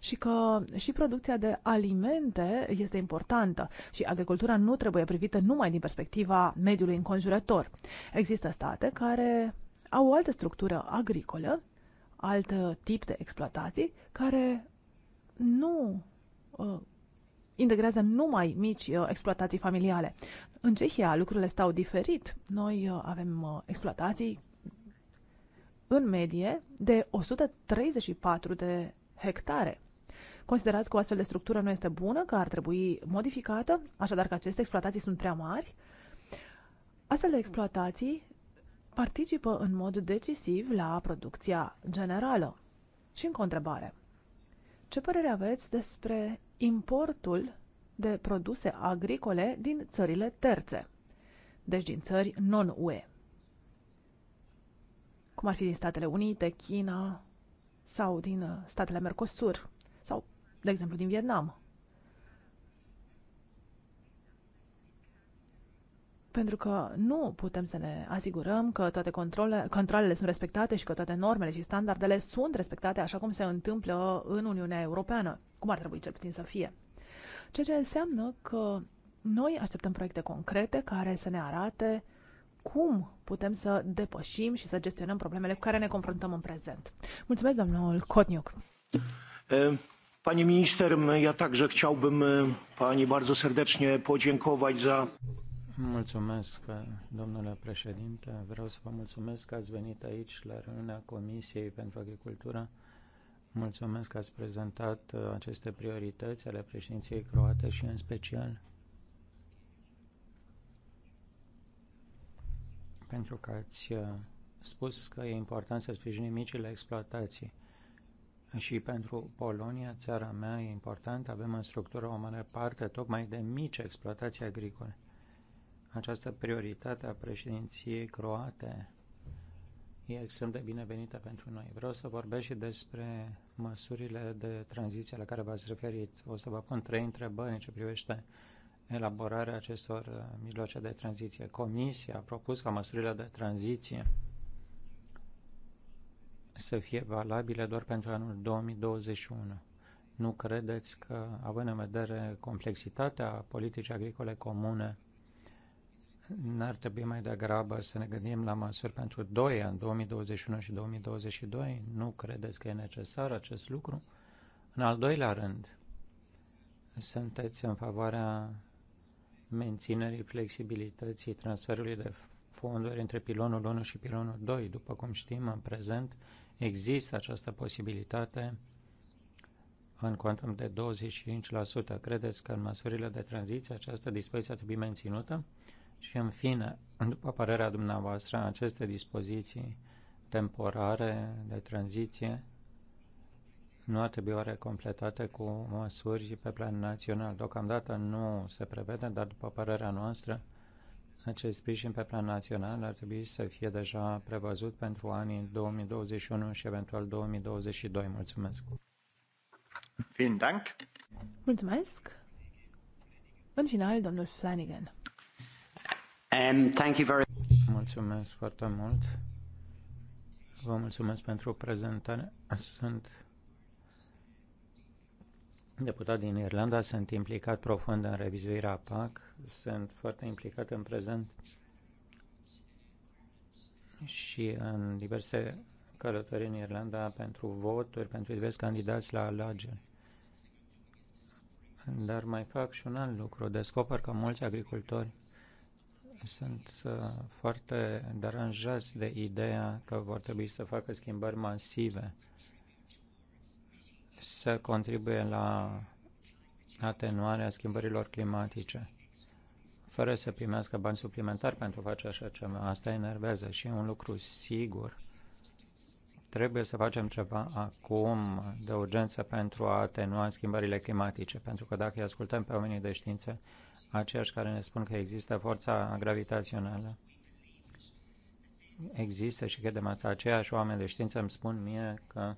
și că și producția de alimente este importantă și agricultura nu trebuie privită numai din perspectiva mediului înconjurător. Există state care au o altă structură agricolă, alt tip de exploatații, care nu uh, integrează numai mici uh, exploatații familiale. În Cehia lucrurile stau diferit. Noi uh, avem uh, exploatații în medie de 134 de hectare. Considerați că o astfel de structură nu este bună, că ar trebui modificată, așadar că aceste exploatații sunt prea mari. Astfel de exploatații participă în mod decisiv la producția generală. Și încă o întrebare. Ce părere aveți despre importul de produse agricole din țările terțe, deci din țări non-UE, cum ar fi din Statele Unite, China sau din uh, statele Mercosur sau, de exemplu, din Vietnam? pentru că nu putem să ne asigurăm că toate controle, controlele sunt respectate și că toate normele și standardele sunt respectate așa cum se întâmplă în Uniunea Europeană, cum ar trebui cel puțin să fie. Ceea ce înseamnă că noi așteptăm proiecte concrete care să ne arate cum putem să depășim și să gestionăm problemele cu care ne confruntăm în prezent. Mulțumesc, domnul Kotniuk. Panie minister, ja także chciałbym pani bardzo serdecznie podziękować za Mulțumesc, domnule președinte. Vreau să vă mulțumesc că ați venit aici la reuniunea Comisiei pentru Agricultură. Mulțumesc că ați prezentat uh, aceste priorități ale președinției croate și în special pentru că ați uh, spus că e important să sprijinim micile exploatații. Și pentru Polonia, țara mea, e important, avem în structură o mare parte tocmai de mici exploatații agricole. Această prioritate a președinției croate e extrem de binevenită pentru noi. Vreau să vorbesc și despre măsurile de tranziție la care v-ați referit. O să vă pun trei întrebări în ce privește elaborarea acestor uh, mijloace de tranziție. Comisia a propus ca măsurile de tranziție să fie valabile doar pentru anul 2021. Nu credeți că, având în vedere complexitatea politicii agricole comune, n-ar trebui mai degrabă să ne gândim la măsuri pentru 2 ani, 2021 și 2022? Nu credeți că e necesar acest lucru? În al doilea rând, sunteți în favoarea menținerii flexibilității transferului de fonduri între pilonul 1 și pilonul 2. După cum știm, în prezent există această posibilitate în cuantum de 25%. Credeți că în măsurile de tranziție această dispoziție ar trebui menținută? Și, în fine, după părerea dumneavoastră, aceste dispoziții temporare de tranziție nu ar trebui oare completate cu măsuri pe plan național. Deocamdată nu se prevede, dar după părerea noastră, acest sprijin pe plan național ar trebui să fie deja prevăzut pentru anii 2021 și eventual 2022. Mulțumesc! Vielen Dank! Mulțumesc! În final, domnul Flanagan. Um, mulțumesc foarte mult. Vă mulțumesc pentru prezentare. Sunt deputat din Irlanda, sunt implicat profund în revizuirea PAC, sunt foarte implicat în prezent și în diverse călătorii în Irlanda pentru voturi, pentru diversi candidați la alegeri. Dar mai fac și un alt lucru. Descoper că mulți agricultori sunt uh, foarte deranjați de ideea că vor trebui să facă schimbări masive, să contribuie la atenuarea schimbărilor climatice, fără să primească bani suplimentari pentru a face așa ceva. Asta enervează și e un lucru sigur Trebuie să facem ceva acum de urgență pentru a atenua schimbările climatice, pentru că dacă îi ascultăm pe oamenii de știință, aceiași care ne spun că există forța gravitațională, există și credem asta. Aceiași oameni de știință îmi spun mie că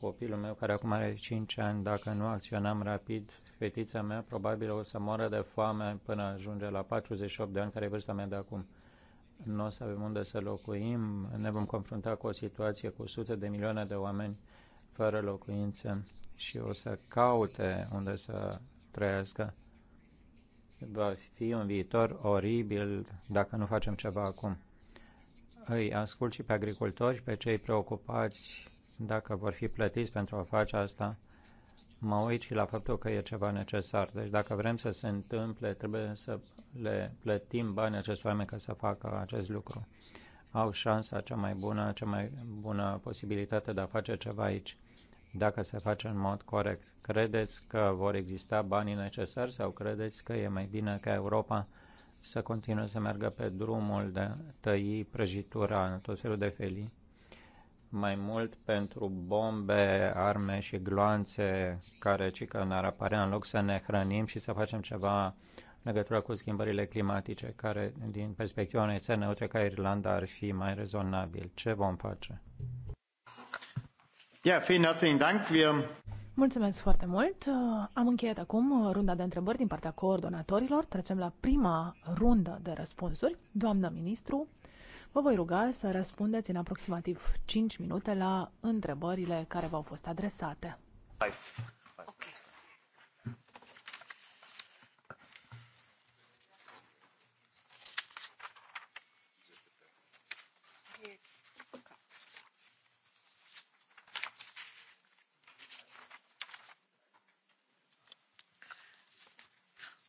copilul meu, care acum are 5 ani, dacă nu acționăm rapid, fetița mea probabil o să moară de foame până ajunge la 48 de ani, care e vârsta mea de acum nu o să avem unde să locuim, ne vom confrunta cu o situație cu sute de milioane de oameni fără locuință și o să caute unde să trăiască. Va fi un viitor oribil dacă nu facem ceva acum. Îi ascult și pe agricultori și pe cei preocupați dacă vor fi plătiți pentru a face asta mă uit și la faptul că e ceva necesar. Deci dacă vrem să se întâmple, trebuie să le plătim bani acest oameni ca să facă acest lucru. Au șansa cea mai bună, cea mai bună posibilitate de a face ceva aici, dacă se face în mod corect. Credeți că vor exista banii necesari sau credeți că e mai bine ca Europa să continue să meargă pe drumul de tăi prăjitura în tot felul de felii? mai mult pentru bombe, arme și gloanțe care ci că n ar apărea în loc să ne hrănim și să facem ceva în legătură cu schimbările climatice, care din perspectiva unei țări neutre ca Irlanda ar fi mai rezonabil. Ce vom face? Ja, vielen herzlichen Dank. Wir Mulțumesc foarte mult. Am încheiat acum runda de întrebări din partea coordonatorilor. Trecem la prima rundă de răspunsuri. Doamnă ministru, Vă voi ruga să răspundeți în aproximativ 5 minute la întrebările care v-au fost adresate. Life.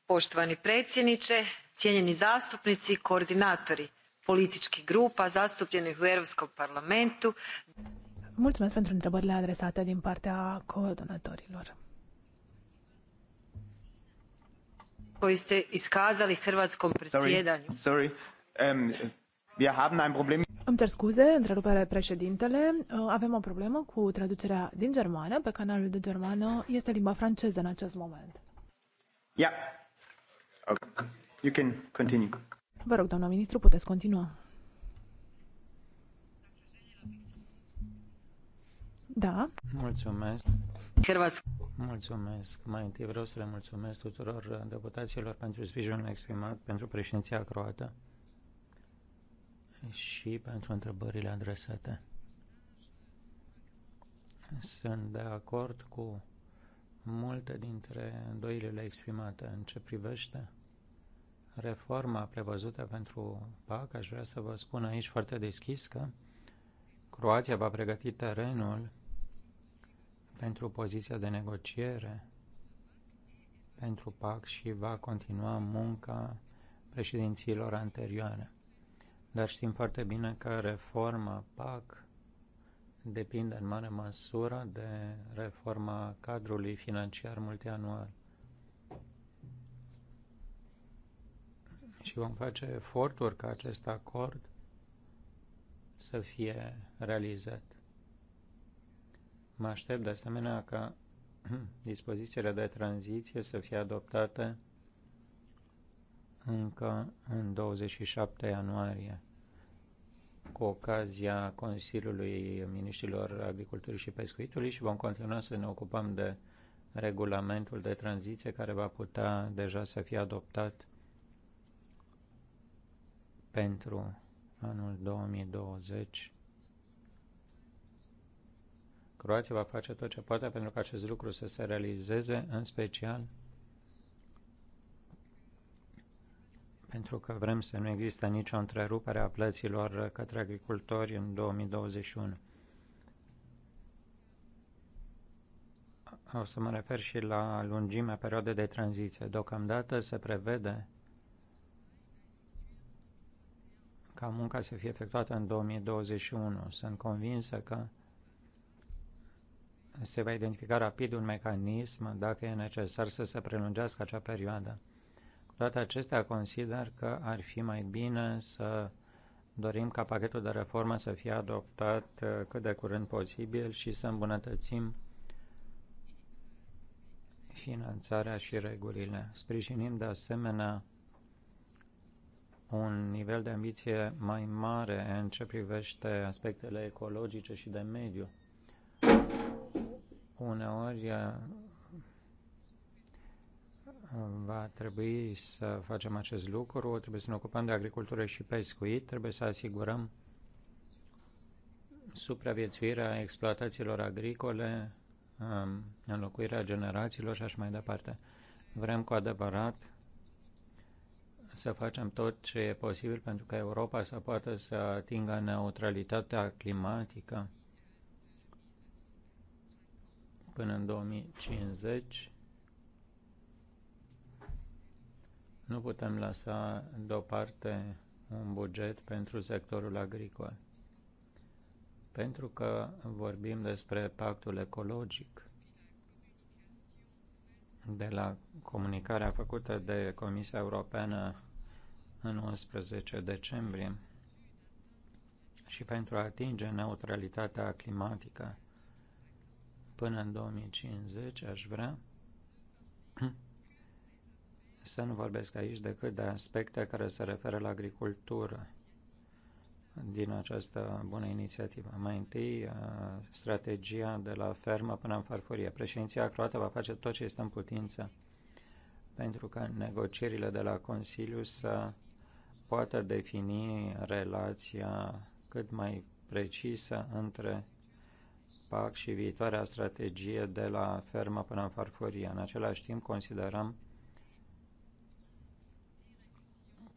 poštovani predsjedniče cijenjeni zastupnici koordinatori politicii grupa zastupljenih u Europskom parlamentu. Mulțumesc pentru întrebările adresate din partea coordonatorilor. Koji ste iskazali hrvatskom predsjedanju. Sorry, sorry. Um, wir haben ein Problem. Îmi cer scuze, întrerupere președintele. Avem o problemă cu traducerea din germană. Pe canalul de germană este limba franceză în acest moment. Yeah. Okay. You can continue. Vă rog, doamna ministru, puteți continua. Da. Mulțumesc. Mulțumesc. Mai întâi vreau să le mulțumesc tuturor deputaților pentru sprijinul exprimat pentru președinția croată și pentru întrebările adresate. Sunt de acord cu multe dintre îndoielile exprimate în ce privește reforma prevăzută pentru PAC, aș vrea să vă spun aici foarte deschis că Croația va pregăti terenul pentru poziția de negociere pentru PAC și va continua munca președinților anterioare. Dar știm foarte bine că reforma PAC depinde în mare măsură de reforma cadrului financiar multianual. și vom face eforturi ca acest acord să fie realizat. Mă aștept de asemenea ca dispozițiile de tranziție să fie adoptate încă în 27 ianuarie, cu ocazia Consiliului Ministrilor Agriculturii și Pescuitului și vom continua să ne ocupăm de regulamentul de tranziție care va putea deja să fie adoptat pentru anul 2020. Croația va face tot ce poate pentru ca acest lucru să se realizeze, în special pentru că vrem să nu există nicio întrerupere a plăților către agricultori în 2021. O să mă refer și la lungimea perioadei de tranziție. Deocamdată se prevede ca munca să fie efectuată în 2021. Sunt convinsă că se va identifica rapid un mecanism dacă e necesar să se prelungească acea perioadă. Cu toate acestea, consider că ar fi mai bine să dorim ca pachetul de reformă să fie adoptat uh, cât de curând posibil și să îmbunătățim finanțarea și regulile. Sprijinim de asemenea un nivel de ambiție mai mare în ce privește aspectele ecologice și de mediu. Uneori eh, va trebui să facem acest lucru, trebuie să ne ocupăm de agricultură și pescuit, trebuie să asigurăm supraviețuirea exploatațiilor agricole, eh, înlocuirea generațiilor și așa mai departe. Vrem cu adevărat să facem tot ce e posibil pentru ca Europa să poată să atingă neutralitatea climatică până în 2050. Nu putem lăsa deoparte un buget pentru sectorul agricol, pentru că vorbim despre pactul ecologic de la comunicarea făcută de Comisia Europeană în 11 decembrie și pentru a atinge neutralitatea climatică până în 2050, aș vrea să nu vorbesc aici decât de aspecte care se referă la agricultură din această bună inițiativă. Mai întâi, uh, strategia de la fermă până în farfurie. Președinția croată va face tot ce este în putință pentru ca negocierile de la Consiliu să poată defini relația cât mai precisă între PAC și viitoarea strategie de la fermă până în farfurie. În același timp, considerăm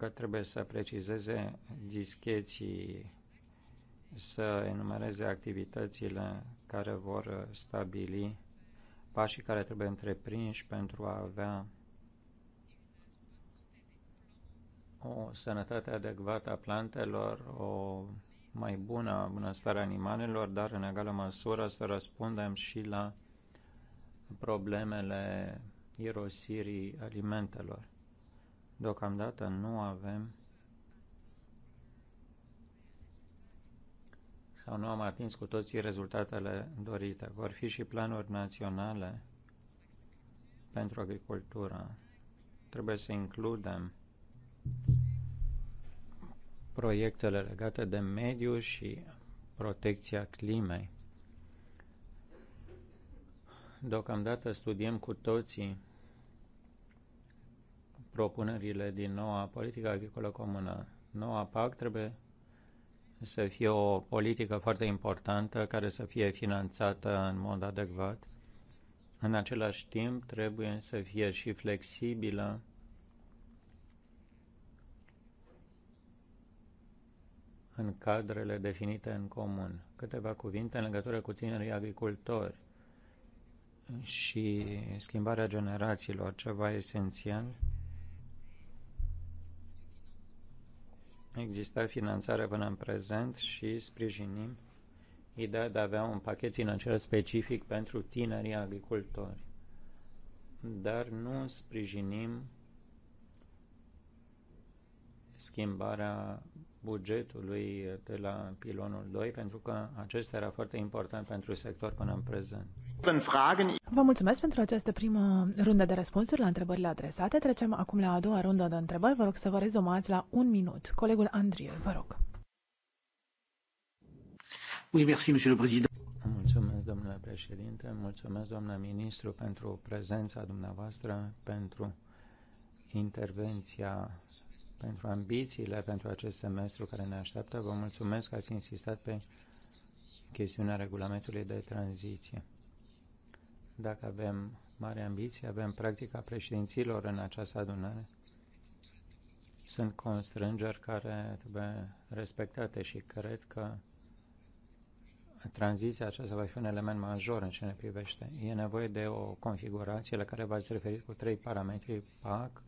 că trebuie să precizeze discheții, să enumereze activitățile care vor stabili pașii care trebuie întreprinși pentru a avea o sănătate adecvată a plantelor, o mai bună bunăstare a animalelor, dar în egală măsură să răspundem și la problemele irosirii alimentelor. Deocamdată nu avem sau nu am atins cu toții rezultatele dorite. Vor fi și planuri naționale pentru agricultură. Trebuie să includem proiectele legate de mediu și protecția climei. Deocamdată studiem cu toții propunerile din noua politică agricolă comună. Noua PAC trebuie să fie o politică foarte importantă care să fie finanțată în mod adecvat. În același timp, trebuie să fie și flexibilă în cadrele definite în comun. Câteva cuvinte în legătură cu tinerii agricultori și schimbarea generațiilor, ceva esențial Exista finanțare până în prezent și sprijinim ideea de a avea un pachet financiar specific pentru tinerii agricultori. Dar nu sprijinim schimbarea bugetului de la pilonul 2, pentru că acesta era foarte important pentru sector până în prezent. Vă mulțumesc pentru această primă rundă de răspunsuri la întrebările adresate. Trecem acum la a doua rundă de întrebări. Vă rog să vă rezumați la un minut. Colegul Andrieu, vă rog. Oui, merci, monsieur le président. Mulțumesc, domnule președinte, mulțumesc, doamnă ministru, pentru prezența dumneavoastră, pentru intervenția, pentru ambițiile pentru acest semestru care ne așteaptă. Vă mulțumesc că ați insistat pe chestiunea regulamentului de tranziție dacă avem mare ambiție, avem practica președinților în această adunare. Sunt constrângeri care trebuie respectate și cred că tranziția aceasta va fi un element major în ce ne privește. E nevoie de o configurație la care v-ați referit cu trei parametri, PAC,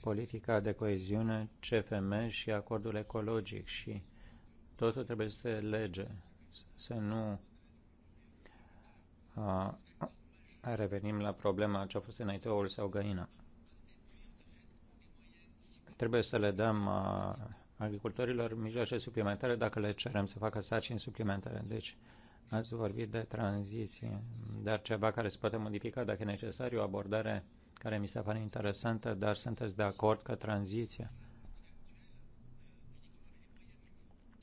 politica de coeziune, CFM și acordul ecologic și totul trebuie să se lege, să nu revenim la problema ce a fost înainte oul sau găina. Trebuie să le dăm uh, agricultorilor mijloace suplimentare dacă le cerem să facă sarcini suplimentare. Deci, ați vorbit de tranziție, dar ceva care se poate modifica dacă e necesar, o abordare care mi se pare interesantă, dar sunteți de acord că tranziția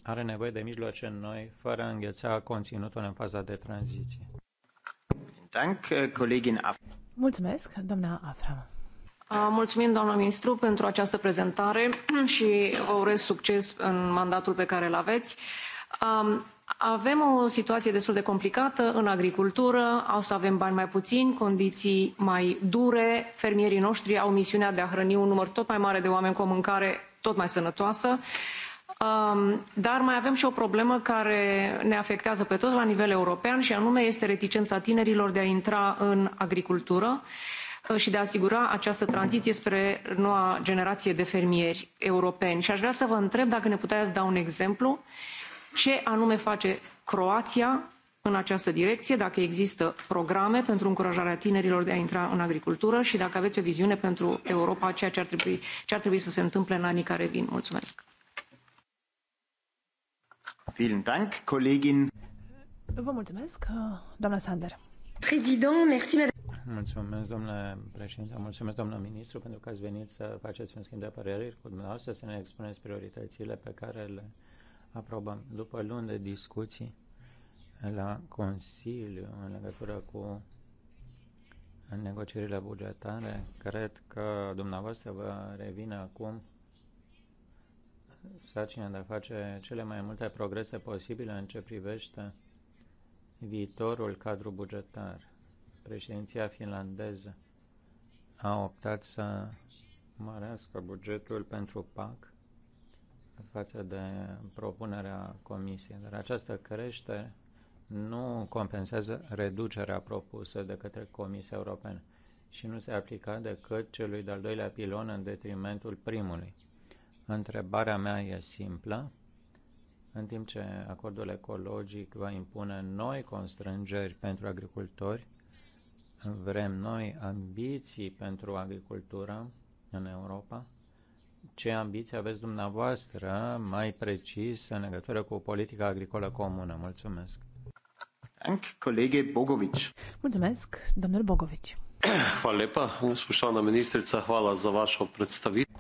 are nevoie de mijloace noi, fără a îngheța conținutul în faza de tranziție. Eh, Mulțumesc, doamna Afram. Mulțumim, doamna ministru, pentru această prezentare și vă urez succes în mandatul pe care îl aveți. Avem o situație destul de complicată în agricultură, o să avem bani mai puțini, condiții mai dure. Fermierii noștri au misiunea de a hrăni un număr tot mai mare de oameni cu o mâncare tot mai sănătoasă. Uh, dar mai avem și o problemă care ne afectează pe toți la nivel european și anume este reticența tinerilor de a intra în agricultură uh, și de a asigura această tranziție spre noua generație de fermieri europeni. Și aș vrea să vă întreb dacă ne puteți da un exemplu ce anume face Croația în această direcție, dacă există programe pentru încurajarea tinerilor de a intra în agricultură și dacă aveți o viziune pentru Europa, ceea ce ar trebui, ce ar trebui să se întâmple în anii care vin. Mulțumesc! Vielen Dank, Kollegin. Vă mulțumesc, doamna Sander. Prezident, merci, madame. Mulțumesc, domnule președinte, mulțumesc, domnule ministru, pentru că ați venit să faceți un schimb de păreri cu dumneavoastră, să ne expuneți prioritățile pe care le aprobăm. După luni de discuții la Consiliu în legătură cu negocierile bugetare, cred că dumneavoastră vă revine acum sarcina de a face cele mai multe progrese posibile în ce privește viitorul cadru bugetar. Președinția finlandeză a optat să mărească bugetul pentru PAC față de propunerea Comisiei, dar această creștere nu compensează reducerea propusă de către Comisia Europeană și nu se aplica decât celui de-al doilea pilon în detrimentul primului. Întrebarea mea e simplă. În timp ce acordul ecologic va impune noi constrângeri pentru agricultori, vrem noi ambiții pentru agricultură în Europa? Ce ambiții aveți dumneavoastră mai precis în legătură cu politica agricolă comună? Mulțumesc! Mulțumesc, domnul Bogovici.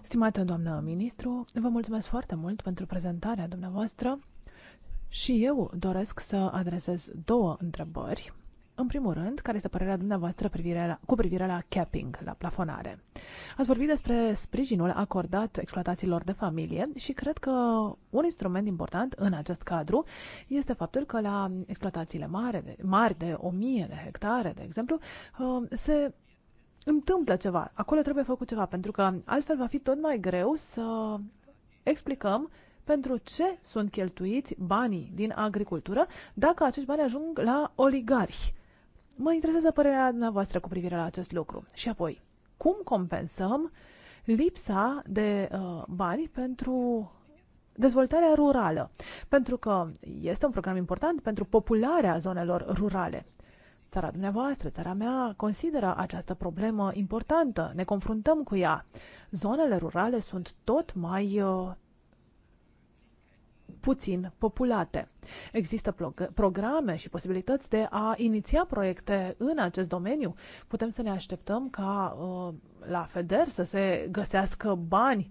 Stimată doamnă ministru, vă mulțumesc foarte mult pentru prezentarea dumneavoastră și eu doresc să adresez două întrebări în primul rând, care este părerea dumneavoastră privire la, cu privire la capping, la plafonare? Ați vorbit despre sprijinul acordat exploatațiilor de familie și cred că un instrument important în acest cadru este faptul că la exploatațiile mari de, mari de 1000 de hectare, de exemplu, uh, se întâmplă ceva. Acolo trebuie făcut ceva, pentru că altfel va fi tot mai greu să explicăm pentru ce sunt cheltuiți banii din agricultură dacă acești bani ajung la oligarhi Mă interesează părerea dumneavoastră cu privire la acest lucru. Și apoi, cum compensăm lipsa de uh, bani pentru dezvoltarea rurală? Pentru că este un program important pentru popularea zonelor rurale. Țara dumneavoastră, țara mea, consideră această problemă importantă. Ne confruntăm cu ea. Zonele rurale sunt tot mai uh, puțin populate. Există programe și posibilități de a iniția proiecte în acest domeniu. Putem să ne așteptăm ca uh, la FEDER să se găsească bani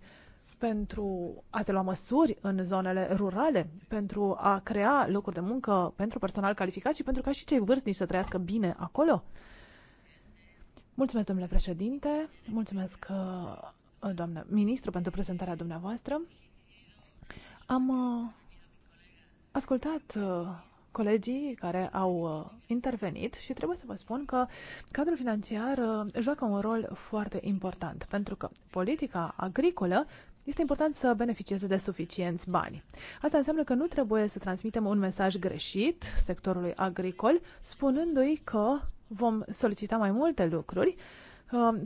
pentru a se lua măsuri în zonele rurale, pentru a crea locuri de muncă pentru personal calificat și pentru ca și cei vârstnici să trăiască bine acolo? Mulțumesc, domnule președinte, mulțumesc, uh, doamnă ministru, pentru prezentarea dumneavoastră. Am uh, ascultat uh, colegii care au uh, intervenit și trebuie să vă spun că cadrul financiar uh, joacă un rol foarte important, pentru că politica agricolă este important să beneficieze de suficienți bani. Asta înseamnă că nu trebuie să transmitem un mesaj greșit sectorului agricol, spunându-i că vom solicita mai multe lucruri,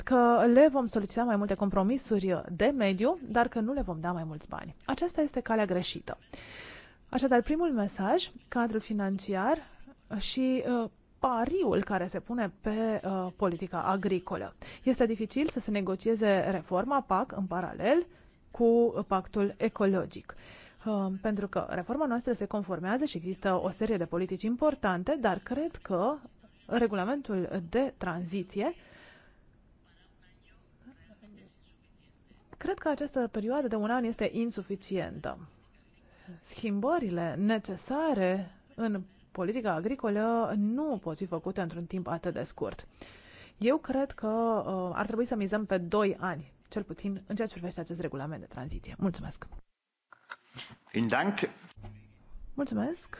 că le vom solicita mai multe compromisuri de mediu, dar că nu le vom da mai mulți bani. Aceasta este calea greșită. Așadar, primul mesaj, cadrul financiar și uh, pariul care se pune pe uh, politica agricolă. Este dificil să se negocieze reforma PAC în paralel cu pactul ecologic. Uh, pentru că reforma noastră se conformează și există o serie de politici importante, dar cred că regulamentul de tranziție Cred că această perioadă de un an este insuficientă schimbările necesare în politica agricolă nu pot fi făcute într-un timp atât de scurt. Eu cred că uh, ar trebui să mizăm pe 2 ani, cel puțin în ceea ce privește acest regulament de tranziție. Mulțumesc! Mulțumesc,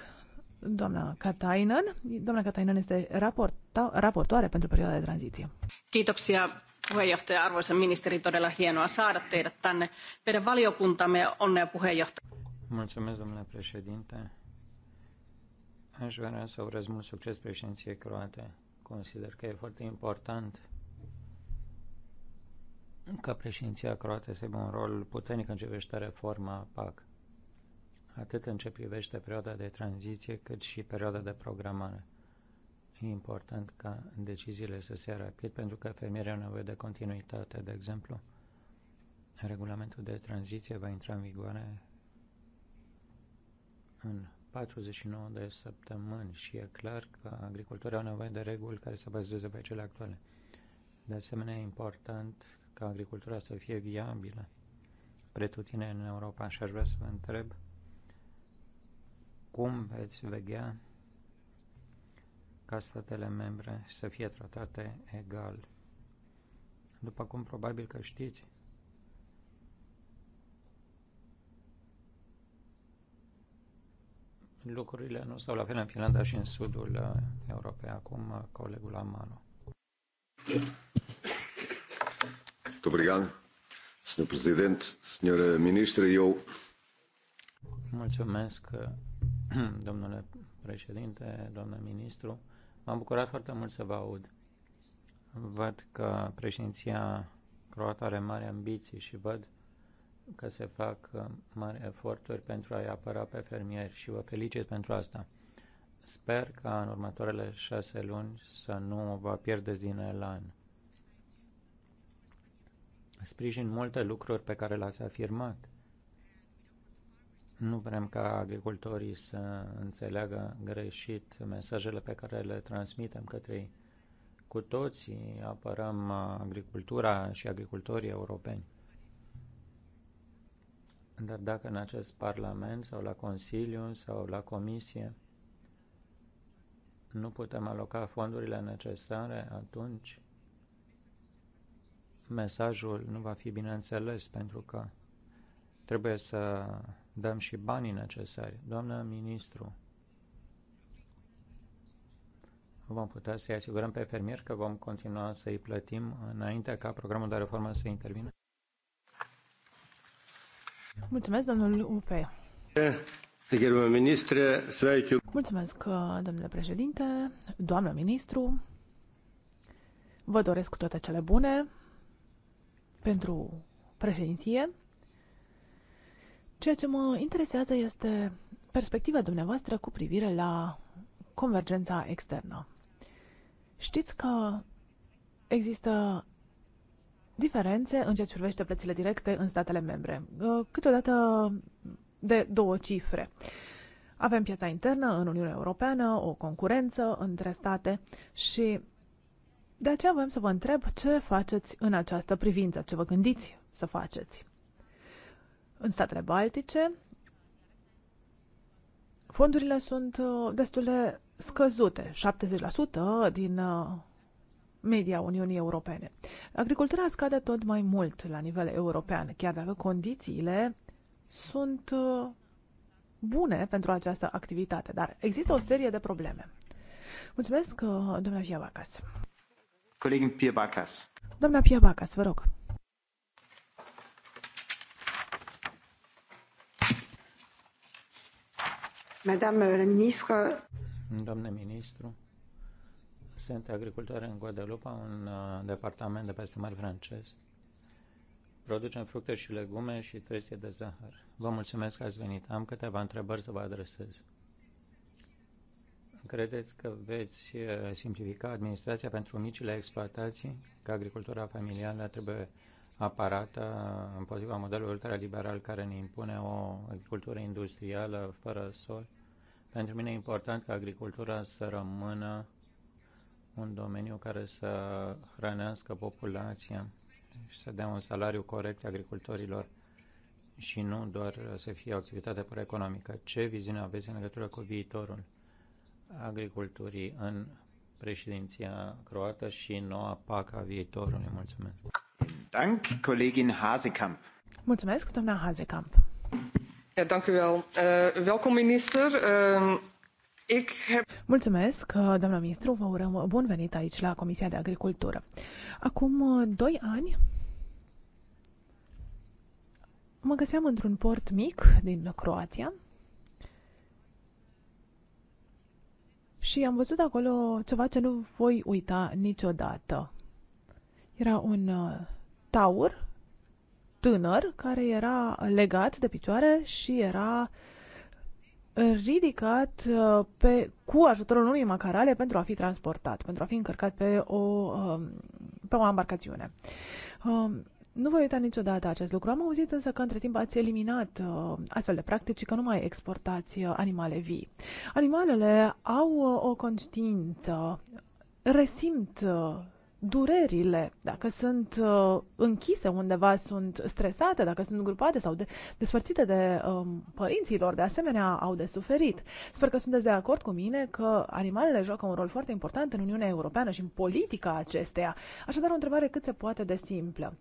doamna Katainen. Doamna Katainen este raporta, raportoare pentru perioada de tranziție. Kiitoksia puheenjohtaja, arvoisa ministeri, todella hienoa saada teidät tänne. Meidän valiokuntamme onnea puheenjohtaja. Mulțumesc, domnule președinte. Aș vrea să urez mult succes președinției croate. Consider că e foarte important ca președinția croată să aibă un rol puternic în ce privește reforma PAC, atât în ce privește perioada de tranziție, cât și perioada de programare. E important ca deciziile să se rapid, pentru că fermierii au nevoie de continuitate. De exemplu, regulamentul de tranziție va intra în vigoare în 49 de săptămâni și e clar că agricultorii au nevoie de reguli care să bazeze pe cele actuale. De asemenea, e important ca agricultura să fie viabilă pretutine în Europa și aș vrea să vă întreb cum veți vegea ca statele membre să fie tratate egal. După cum probabil că știți, lucrurile nu stau la fel în Finlanda și în sudul uh, Europei. Acum, uh, colegul Amano. Tobrigan, obrigado, Sr. domnule ministre, eu... Mulțumesc, uh, domnule președinte, doamnă ministru. M-am bucurat foarte mult să vă aud. Văd că președinția croată are mari ambiții și văd că se fac uh, mari eforturi pentru a-i apăra pe fermieri și vă felicit pentru asta. Sper că în următoarele șase luni să nu vă pierdeți din elan. Sprijin multe lucruri pe care le-ați afirmat. Nu vrem ca agricultorii să înțeleagă greșit mesajele pe care le transmitem către ei. Cu toții apărăm agricultura și agricultorii europeni. Dar dacă în acest Parlament sau la Consiliu sau la Comisie nu putem aloca fondurile necesare, atunci mesajul nu va fi bine înțeles, pentru că trebuie să dăm și banii necesari. Doamnă ministru, vom putea să-i asigurăm pe fermier că vom continua să-i plătim înainte ca programul de reformă să intervină? Mulțumesc, domnul Upe. Mulțumesc, domnule președinte, doamnă ministru. Vă doresc toate cele bune pentru președinție. Ceea ce mă interesează este perspectiva dumneavoastră cu privire la convergența externă. Știți că există diferențe în ceea ce privește plățile directe în statele membre, uh, câteodată de două cifre. Avem piața internă în Uniunea Europeană, o concurență între state și de aceea voiam să vă întreb ce faceți în această privință, ce vă gândiți să faceți. În statele baltice, fondurile sunt uh, destul de scăzute, 70% din uh, media Uniunii Europene. Agricultura scade tot mai mult la nivel european, chiar dacă condițiile sunt uh, bune pentru această activitate, dar există o serie de probleme. Mulțumesc, uh, doamna Pia Bacas. Colegii Pia Bacas. Doamna Pia Bacas, vă rog. Madame la ministre. Doamne ministru, sunt agricultor în Guadeloupe, un uh, departament de peste francez. Producem fructe și legume și trestie de zahăr. Vă mulțumesc că ați venit. Am câteva întrebări să vă adresez. Credeți că veți uh, simplifica administrația pentru micile exploatații, că agricultura familială trebuie aparată împotriva modelului ultraliberal care ne impune o agricultură industrială fără sol? Pentru mine e important ca agricultura să rămână un domeniu care să hrănească populația și să dea un salariu corect agricultorilor și nu doar să fie o activitate pur economică. Ce viziune aveți în legătură cu viitorul agriculturii în președinția croată și noua PAC a viitorului? Mulțumesc! Dank, colegin Hazekamp. Mulțumesc, doamna Hazekamp. Ja, dank u wel. Uh, welkom, minister. Uh, Mulțumesc, uh, doamna ministru, vă urăm bun venit aici la Comisia de Agricultură. Acum uh, doi ani mă găseam într-un port mic din Croația și am văzut acolo ceva ce nu voi uita niciodată. Era un uh, taur tânăr care era legat de picioare și era uh, ridicat uh, pe, cu ajutorul unui macarale pentru a fi transportat, pentru a fi încărcat pe o, um, pe o embarcațiune. Um, nu voi uita niciodată acest lucru. Am auzit însă că între timp ați eliminat uh, astfel de practici și că nu mai exportați uh, animale vii. Animalele au o conștiință, resimt durerile, dacă sunt uh, închise undeva, sunt stresate, dacă sunt grupate sau de, despărțite de um, părinților, de asemenea au de suferit. Sper că sunteți de acord cu mine că animalele joacă un rol foarte important în Uniunea Europeană și în politica acesteia. Așadar, o întrebare cât se poate de simplă.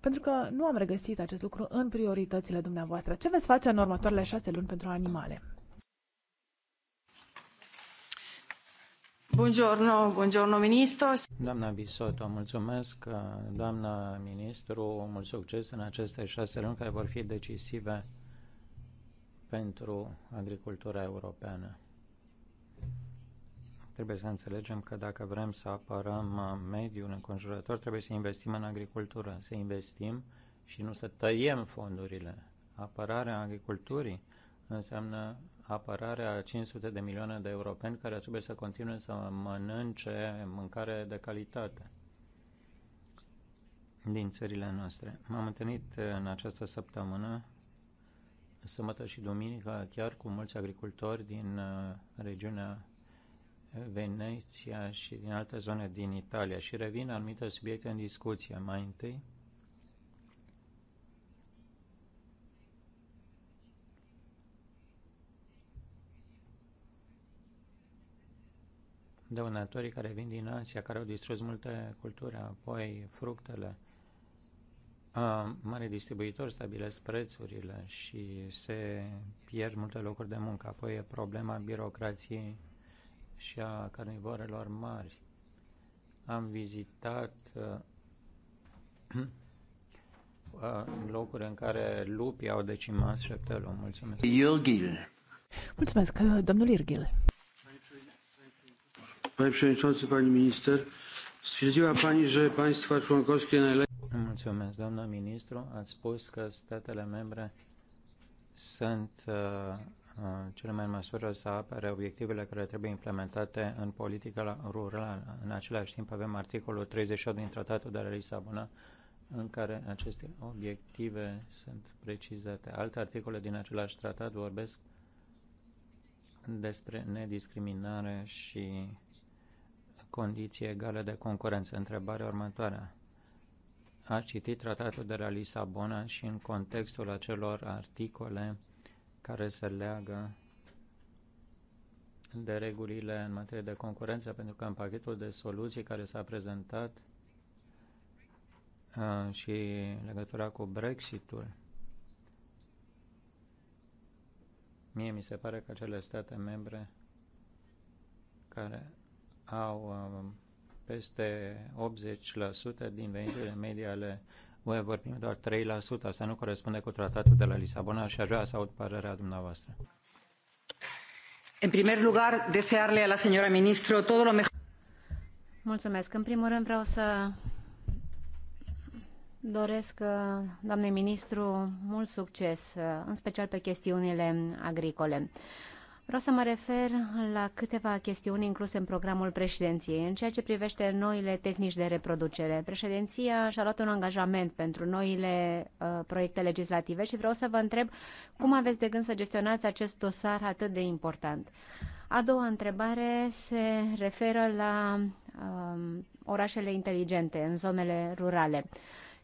Pentru că nu am regăsit acest lucru în prioritățile dumneavoastră. Ce veți face în următoarele șase luni pentru animale? Buongiorno, buongiorno ministru. Doamna Bisoto, mulțumesc, doamna ministru, mult succes în aceste șase luni care vor fi decisive pentru agricultura europeană. Trebuie să înțelegem că dacă vrem să apărăm mediul înconjurător, trebuie să investim în agricultură, să investim și nu să tăiem fondurile. Apărarea agriculturii înseamnă a 500 de milioane de europeni care trebuie să continue să mănânce mâncare de calitate din țările noastre. M-am întâlnit în această săptămână, sâmbătă și duminică, chiar cu mulți agricultori din uh, regiunea Veneția și din alte zone din Italia și revin anumite subiecte în discuție. Mai întâi, dăunătorii care vin din Asia, care au distrus multe culturi, apoi fructele. A, mare distribuitor stabilesc prețurile și se pierd multe locuri de muncă. Apoi e problema birocrației și a carnivorelor mari. Am vizitat locuri în care lupii au decimat șeptelul. Mulțumesc. Iurghil. Mulțumesc, domnul Irghil. Panie Przewodniczący, Pani Minister, stwierdziła Pani, że państwa członkowskie najlepiej... Mulțumesc, doamna ministru. Ați spus că statele membre sunt uh, uh, cele mai în măsură să apere obiectivele care trebuie implementate în politica rurală. În același timp avem articolul 38 din Tratatul de la Lisabona, în care aceste obiective sunt precizate. Alte articole din același tratat vorbesc despre nediscriminare și condiții egale de concurență. Întrebarea următoare. A citit tratatul de la Lisabona și în contextul acelor articole care se leagă de regulile în materie de concurență, pentru că în pachetul de soluții care s-a prezentat uh, și legătura cu Brexitul, mie mi se pare că acele state membre care au um, peste 80% din veniturile medii ale UE, vorbim doar 3%. Asta nu corespunde cu tratatul de la Lisabona și aș vrea să aud părerea dumneavoastră. În primul lugar, desearle la señora ministru tot lo mejor. Mulțumesc. În primul rând vreau să doresc, uh, doamne ministru, mult succes, uh, în special pe chestiunile agricole. Vreau să mă refer la câteva chestiuni incluse în programul președinției. În ceea ce privește noile tehnici de reproducere, președinția și-a luat un angajament pentru noile uh, proiecte legislative și vreau să vă întreb cum aveți de gând să gestionați acest dosar atât de important. A doua întrebare se referă la uh, orașele inteligente în zonele rurale. Uh,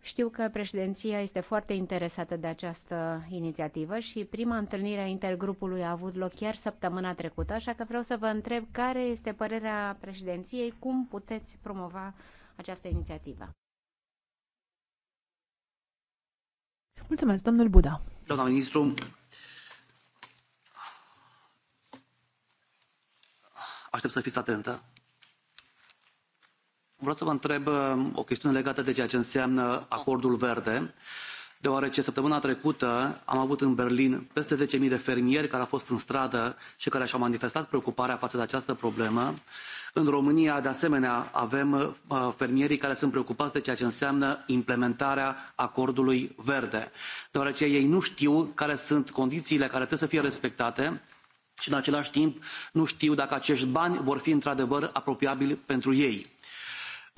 știu că președinția este foarte interesată de această inițiativă și prima întâlnire a intergrupului a avut loc chiar săptămâna trecută, așa că vreau să vă întreb care este părerea președinției, cum puteți promova această inițiativă. Mulțumesc, domnul Buda. Doamna ministru, aștept să fiți atentă Vreau să vă întreb um, o chestiune legată de ceea ce înseamnă acordul verde, deoarece săptămâna trecută am avut în Berlin peste 10.000 de fermieri care au fost în stradă și care și-au manifestat preocuparea față de această problemă. În România, de asemenea, avem uh, fermierii care sunt preocupați de ceea ce înseamnă implementarea acordului verde, deoarece ei nu știu care sunt condițiile care trebuie să fie respectate și, în același timp, nu știu dacă acești bani vor fi într-adevăr apropiabili pentru ei.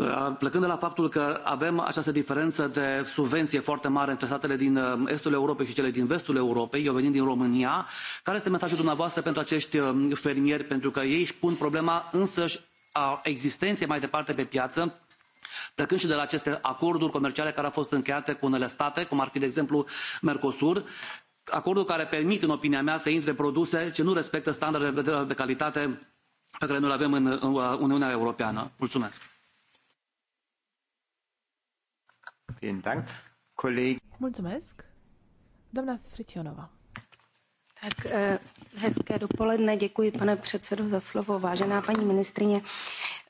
Uh, plecând de la faptul că avem această diferență de subvenție foarte mare între statele din uh, estul Europei și cele din vestul Europei, eu venind din România, care este mesajul dumneavoastră pentru acești uh, fermieri? Pentru că ei își pun problema însăși a existenței mai departe pe piață, plecând și de la aceste acorduri comerciale care au fost încheiate cu unele state, cum ar fi, de exemplu, Mercosur, acorduri care permit, în opinia mea, să intre produse ce nu respectă standardele de calitate pe care noi le avem în Uniunea Europeană. Mulțumesc! Mulțumesc. Doamna Fritionova. Tak eh, hezké dopoledne, děkuji pane předsedo za slovo. Vážená paní ministrině,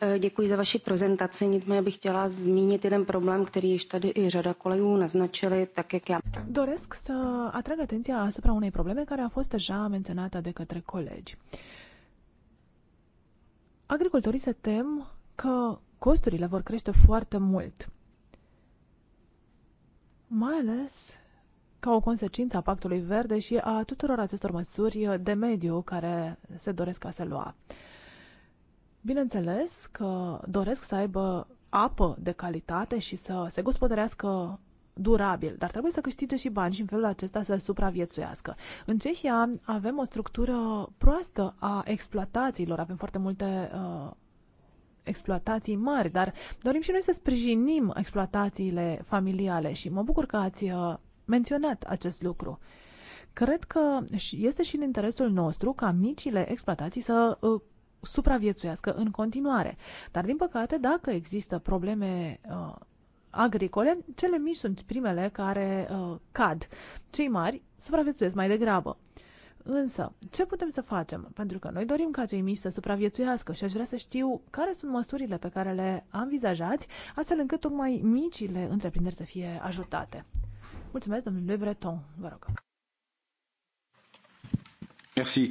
eh, děkuji za vaši prezentaci. Nicméně bych chtěla zmínit jeden problém, který již tady i řada kolegů naznačili, tak jak já. Doresc să atrag atenția asupra unei probleme care a fost deja menționată de către colegi. Agricultorii se tem că costurile vor crește foarte mult mai ales ca o consecință a Pactului Verde și a tuturor acestor măsuri de mediu care se doresc a se lua. Bineînțeles că doresc să aibă apă de calitate și să se gospodărească durabil, dar trebuie să câștige și bani și în felul acesta să supraviețuiască. În Cehia avem o structură proastă a exploatațiilor, avem foarte multe uh, exploatații mari, dar dorim și noi să sprijinim exploatațiile familiale și mă bucur că ați uh, menționat acest lucru. Cred că este și în interesul nostru ca micile exploatații să uh, supraviețuiască în continuare. Dar, din păcate, dacă există probleme uh, agricole, cele mici sunt primele care uh, cad. Cei mari supraviețuiesc mai degrabă. Uh, Însă, ce putem să facem? Pentru că noi dorim ca cei mici să supraviețuiască și aș vrea să știu care sunt măsurile pe care le anvizajați, astfel încât tocmai micile întreprinderi să fie ajutate. Mulțumesc, domnule Breton. Vă rog. Merci.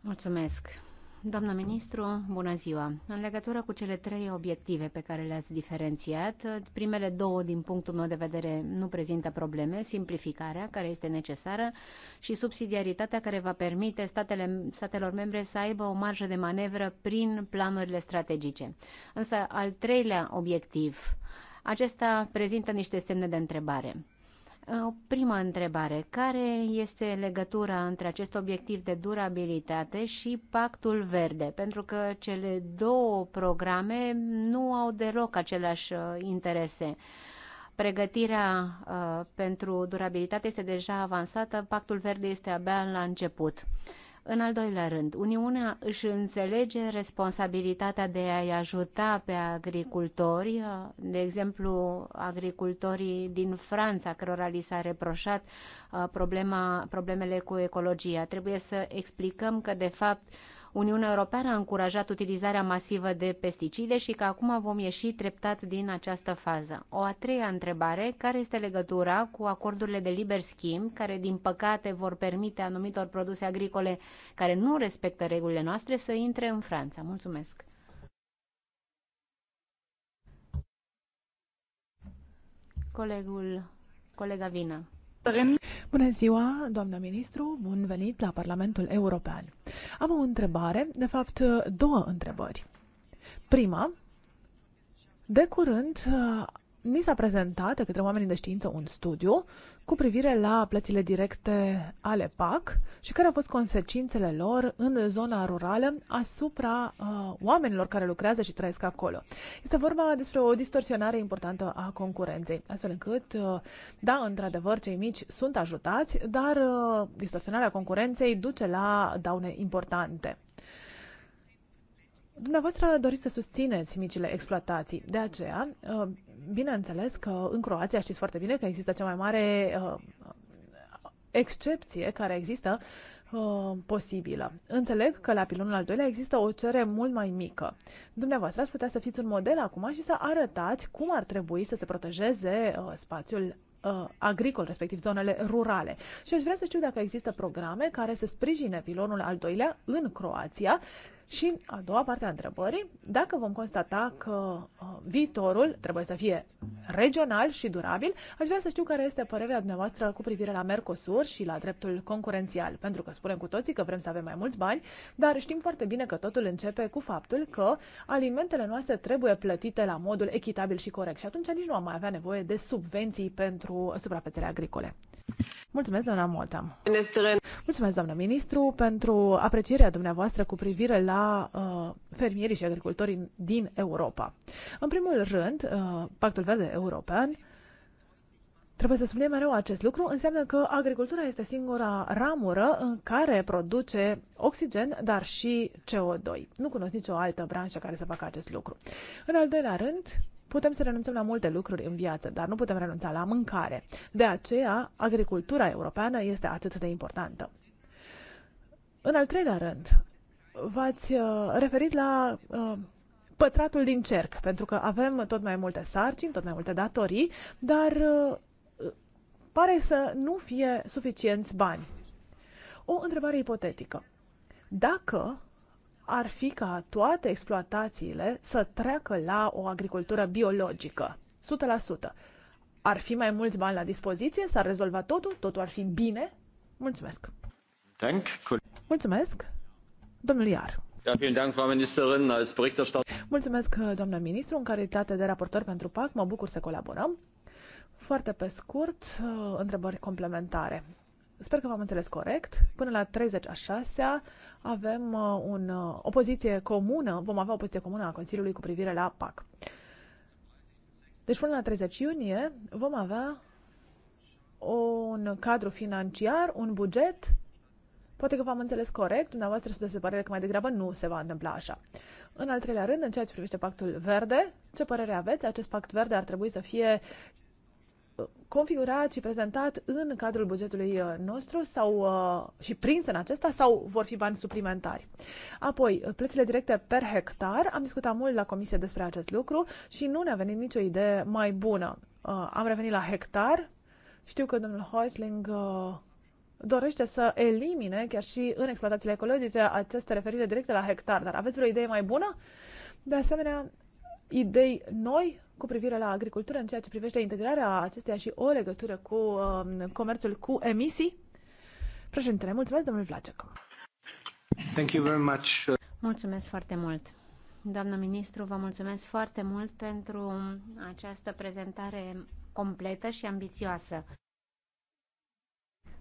Mulțumesc. Doamna ministru, bună ziua! În legătură cu cele trei obiective pe care le-ați diferențiat, primele două, din punctul meu de vedere, nu prezintă probleme, simplificarea, care este necesară, și subsidiaritatea, care va permite statele, statelor membre să aibă o marjă de manevră prin planurile strategice. Însă, al treilea obiectiv, acesta prezintă niște semne de întrebare. O prima întrebare. Care este legătura între acest obiectiv de durabilitate și pactul verde? Pentru că cele două programe nu au deloc aceleași uh, interese. Pregătirea uh, pentru durabilitate este deja avansată, pactul verde este abia la început. Uh, în al doilea rând, Uniunea își înțelege responsabilitatea de a-i ajuta pe agricultori, de exemplu agricultorii din Franța, cărora li s-a reproșat uh, problema, problemele cu ecologia. Trebuie să explicăm că, de fapt, Uniunea Europeană a încurajat utilizarea masivă de pesticide și că acum vom ieși treptat din această fază. O a treia întrebare, care este legătura cu acordurile de liber schimb, care din păcate vor permite anumitor produse agricole care nu respectă regulile noastre să intre în Franța? Mulțumesc! Colegul, colega Vina. Bună ziua, doamnă ministru, bun venit la Parlamentul European. Am o întrebare, de fapt două întrebări. Prima, de curând ni s-a prezentat de către oamenii de știință un studiu cu privire la plățile directe ale PAC și care au fost consecințele lor în zona rurală asupra uh, oamenilor care lucrează și trăiesc acolo. Este vorba despre o distorsionare importantă a concurenței, astfel încât, uh, da, într-adevăr, cei mici sunt ajutați, dar uh, distorsionarea concurenței duce la daune importante. Dumneavoastră doriți să susțineți micile exploatații, de aceea, uh, bineînțeles că în Croația știți foarte bine că există cea mai mare uh, excepție care există uh, posibilă. Înțeleg că la pilonul al doilea există o cerere mult mai mică. Dumneavoastră ați putea să fiți un model acum și să arătați cum ar trebui să se protejeze spațiul agricol, respectiv zonele rurale. Și aș vrea să știu dacă există programe care să sprijine pilonul al doilea în Croația, și a doua parte a întrebării, dacă vom constata că uh, viitorul trebuie să fie regional și durabil, aș vrea să știu care este părerea dumneavoastră cu privire la Mercosur și la dreptul concurențial, pentru că spunem cu toții că vrem să avem mai mulți bani, dar știm foarte bine că totul începe cu faptul că alimentele noastre trebuie plătite la modul echitabil și corect și atunci nici nu am mai avea nevoie de subvenții pentru suprafețele agricole. Mulțumesc, doamna Moltam. Mulțumesc, doamnă ministru, pentru aprecierea dumneavoastră cu privire la uh, fermierii și agricultorii din Europa. În primul rând, uh, Pactul Verde European Trebuie să subliniem mereu acest lucru, înseamnă că agricultura este singura ramură în care produce oxigen, dar și CO2. Nu cunosc nicio altă branșă care să facă acest lucru. În al doilea rând, putem să renunțăm la multe lucruri în viață, dar nu putem renunța la mâncare. De aceea, agricultura europeană este atât de importantă. În al treilea rând, v-ați uh, referit la uh, pătratul din cerc, pentru că avem tot mai multe sarcini, tot mai multe datorii, dar uh, pare să nu fie suficienți bani. O întrebare ipotetică. Dacă ar fi ca toate exploatațiile să treacă la o agricultură biologică, 100%, ar fi mai mulți bani la dispoziție? S-ar rezolva totul? Totul ar fi bine? Mulțumesc! Mulțumesc! Domnul Iar. Mulțumesc, doamnă ministru, în calitate de raportor pentru PAC. Mă bucur să colaborăm. Foarte pe scurt, uh, întrebări complementare. Sper că v-am înțeles corect. Până la 30 a 6 avem uh, un, uh, o poziție comună, vom avea o poziție comună a Consiliului cu privire la PAC. Deci până la 30 iunie vom avea un cadru financiar, un buget Poate că v-am înțeles corect, dumneavoastră sunteți de părere că mai degrabă nu se va întâmpla așa. În al treilea rând, în ceea ce privește pactul verde, ce părere aveți? Acest pact verde ar trebui să fie uh, configurat și prezentat în cadrul bugetului uh, nostru sau uh, și prins în acesta sau vor fi bani suplimentari. Apoi, plățile directe per hectar. Am discutat mult la comisie despre acest lucru și nu ne-a venit nicio idee mai bună. Am revenit la hectar. Știu că domnul Heusling dorește să elimine chiar și în exploatațiile ecologice aceste referire directe la hectar. Dar aveți vreo idee mai bună? De asemenea, idei noi cu privire la agricultură în ceea ce privește integrarea acesteia și o legătură cu um, comerțul cu emisii? Președintele, mulțumesc, domnul Vlacek. Thank you very much. Mulțumesc foarte mult. Doamnă ministru, vă mulțumesc foarte mult pentru această prezentare completă și ambițioasă.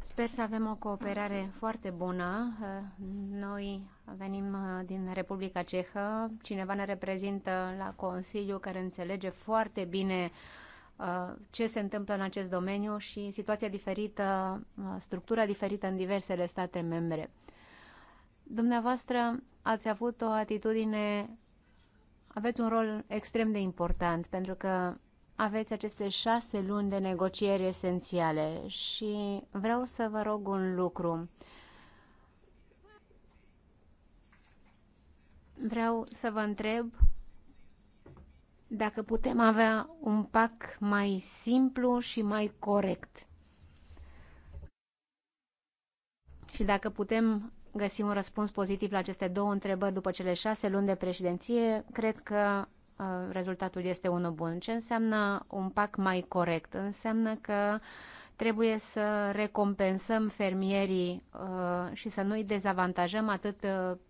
Sper să avem o cooperare foarte bună. Noi venim din Republica Cehă. Cineva ne reprezintă la Consiliu care înțelege foarte bine uh, ce se întâmplă în acest domeniu și situația diferită, uh, structura diferită în diversele state membre. Dumneavoastră ați avut o atitudine, aveți un rol extrem de important pentru că aveți aceste șase luni de negocieri esențiale și vreau să vă rog un lucru. Vreau să vă întreb dacă putem avea un pac mai simplu și mai corect. Și dacă putem găsi un răspuns pozitiv la aceste două întrebări după cele șase luni de președinție, cred că rezultatul este unul bun. Ce înseamnă un pac mai corect? Înseamnă că trebuie să recompensăm fermierii și să nu i dezavantajăm atât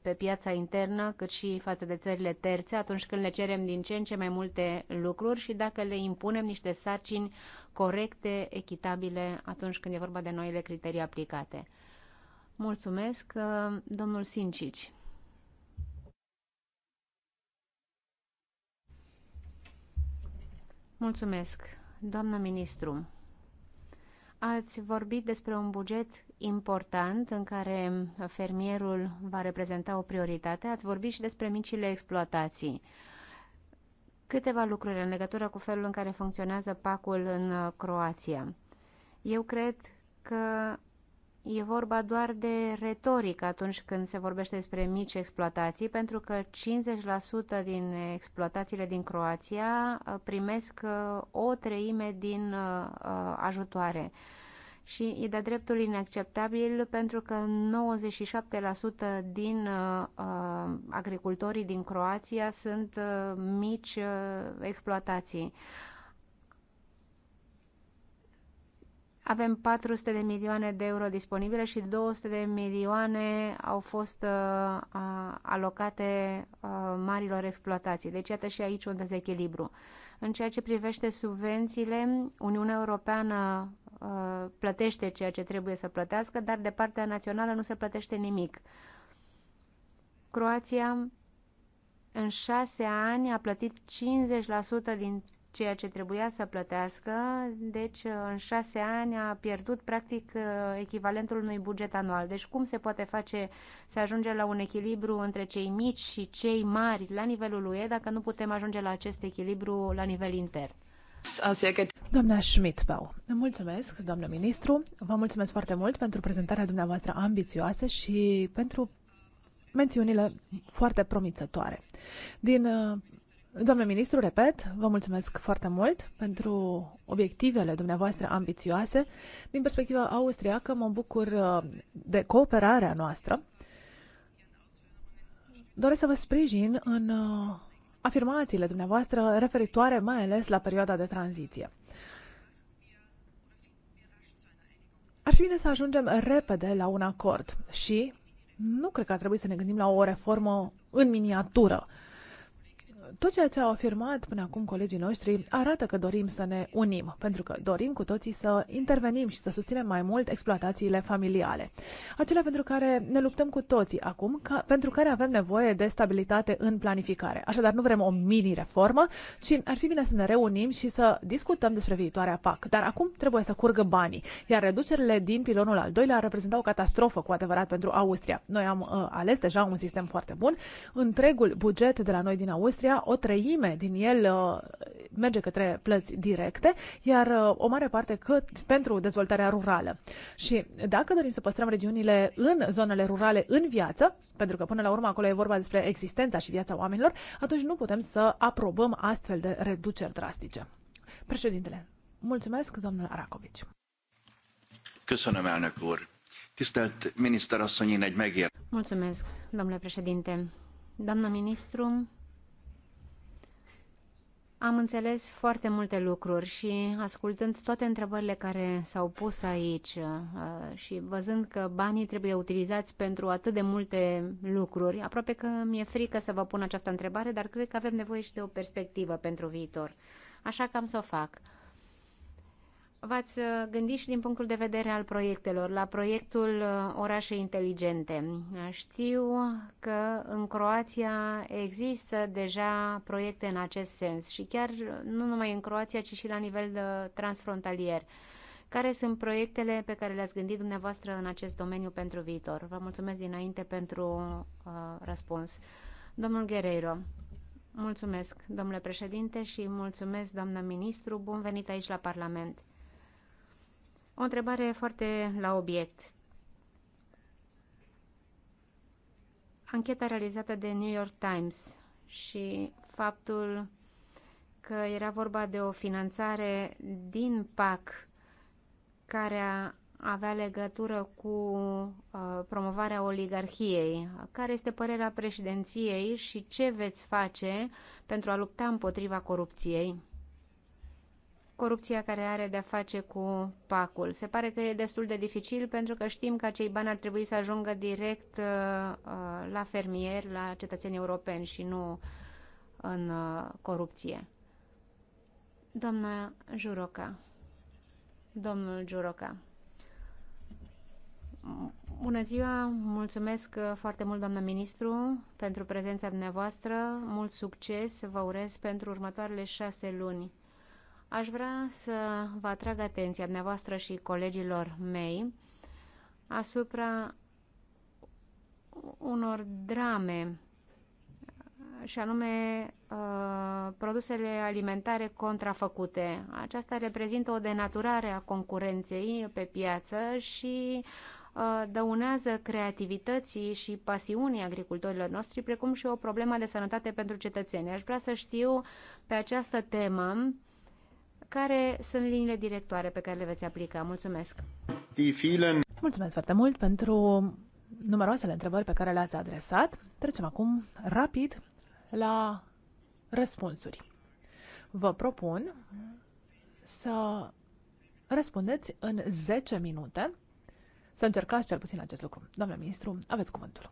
pe piața internă cât și față de țările terțe atunci când le cerem din ce în ce mai multe lucruri și dacă le impunem niște sarcini corecte, echitabile atunci când e vorba de noile criterii aplicate. Mulțumesc, domnul Sincici. Mulțumesc, doamnă ministru. Ați vorbit despre un buget important în care fermierul va reprezenta o prioritate. Ați vorbit și despre micile exploatații. Câteva lucruri în legătură cu felul în care funcționează pacul în Croația. Eu cred că E vorba doar de retorică atunci când se vorbește despre mici exploatații, pentru că 50% din exploatațiile din Croația uh, primesc uh, o treime din uh, ajutoare. Și e de dreptul inacceptabil pentru că 97% din agricultorii din Croația sunt mici exploatații. Avem 400 de milioane de euro disponibile și 200 de milioane au fost uh, alocate uh, marilor exploatații. Deci iată și aici un dezechilibru. În ceea ce privește subvențiile, Uniunea Europeană uh, plătește ceea ce trebuie să plătească, dar de partea națională nu se plătește nimic. Croația în șase ani a plătit 50% din ceea ce trebuia să plătească, deci uh, în șase ani a pierdut practic uh, echivalentul unui buget anual. Deci cum se poate face să ajunge la un echilibru între cei mici și cei mari la nivelul UE dacă nu putem ajunge la acest echilibru la nivel intern? Doamna bau mulțumesc, doamnă ministru, vă mulțumesc foarte mult pentru prezentarea dumneavoastră ambițioasă și pentru mențiunile foarte promițătoare. Din uh, Doamne ministru, repet, vă mulțumesc foarte mult pentru obiectivele dumneavoastră ambițioase. Din perspectiva austriacă, mă bucur uh, de cooperarea noastră. Doresc să vă sprijin în uh, afirmațiile dumneavoastră referitoare mai ales la perioada de tranziție. Ar fi bine să ajungem repede la un acord și nu cred că ar trebui să ne gândim la o reformă în miniatură tot ceea ce au afirmat până acum colegii noștri arată că dorim să ne unim, pentru că dorim cu toții să intervenim și să susținem mai mult exploatațiile familiale. Acelea pentru care ne luptăm cu toții acum, ca, pentru care avem nevoie de stabilitate în planificare. Așadar, nu vrem o mini-reformă, ci ar fi bine să ne reunim și să discutăm despre viitoarea PAC. Dar acum trebuie să curgă banii, iar reducerile din pilonul al doilea reprezentau o catastrofă cu adevărat pentru Austria. Noi am uh, ales deja un sistem foarte bun. Întregul buget de la noi din Austria, o treime din el uh, merge către plăți directe, iar uh, o mare parte cât pentru dezvoltarea rurală. Și dacă dorim să păstrăm regiunile în zonele rurale în viață, pentru că până la urmă acolo e vorba despre existența și viața oamenilor, atunci nu putem să aprobăm astfel de reduceri drastice. Președintele, mulțumesc, domnul Aracovici. Köszönöm, elnök úr. Tisztelt miniszterasszony, egy megér... Mulțumesc, domnule președinte. Doamna ministru, am înțeles foarte multe lucruri și ascultând toate întrebările care s-au pus aici uh, și văzând că banii trebuie utilizați pentru atât de multe lucruri, aproape că mi-e frică să vă pun această întrebare, dar cred că avem nevoie și de o perspectivă pentru viitor. Așa că am să o fac v-ați uh, gândit și din punctul de vedere al proiectelor, la proiectul uh, Orașe Inteligente. Știu că în Croația există deja proiecte în acest sens și chiar uh, nu numai în Croația, ci și la nivel de transfrontalier. Care sunt proiectele pe care le-ați gândit dumneavoastră în acest domeniu pentru viitor? Vă mulțumesc dinainte pentru uh, răspuns. Domnul Guerreiro, mulțumesc, domnule președinte, și mulțumesc, doamnă ministru. Bun venit aici la Parlament. O întrebare foarte la obiect. Ancheta realizată de New York Times și faptul că era vorba de o finanțare din PAC care avea legătură cu uh, promovarea oligarhiei. Care este părerea președinției și ce veți face pentru a lupta împotriva corupției? corupția care are de-a face cu pacul. Se pare că e destul de dificil pentru că știm că acei bani ar trebui să ajungă direct uh, uh la fermieri, la cetățenii europeni și nu în uh, corupție. Doamna Juroca. Domnul Juroca. Bună ziua, mulțumesc uh, foarte mult, doamna ministru, pentru prezența dumneavoastră. Mult succes vă urez pentru următoarele șase luni Aș vrea să vă atrag atenția dumneavoastră și colegilor mei asupra unor drame și anume uh, produsele alimentare contrafăcute. Aceasta reprezintă o denaturare a concurenței pe piață și uh, dăunează creativității și pasiunii agricultorilor noștri, precum și o problemă de sănătate pentru cetățeni. Aș vrea să știu pe această temă care sunt liniile directoare pe care le veți aplica? Mulțumesc! Mulțumesc foarte mult pentru numeroasele întrebări pe care le-ați adresat. Trecem acum rapid la răspunsuri. Vă propun să răspundeți în 10 minute, să încercați cel puțin acest lucru. Doamna ministru, aveți cuvântul.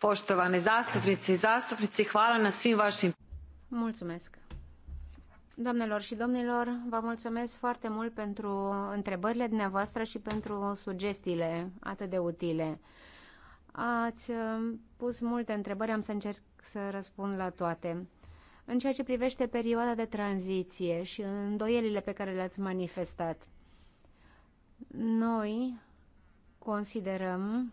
Poštovane zastupnice i zastupnici, hvala na svim vašim... Mulțumesc! Doamnelor și domnilor, vă mulțumesc foarte mult pentru întrebările dumneavoastră și pentru sugestiile atât de utile. Ați uh, pus multe întrebări, am să încerc să răspund la toate. În ceea ce privește perioada de tranziție și îndoielile pe care le-ați manifestat, noi considerăm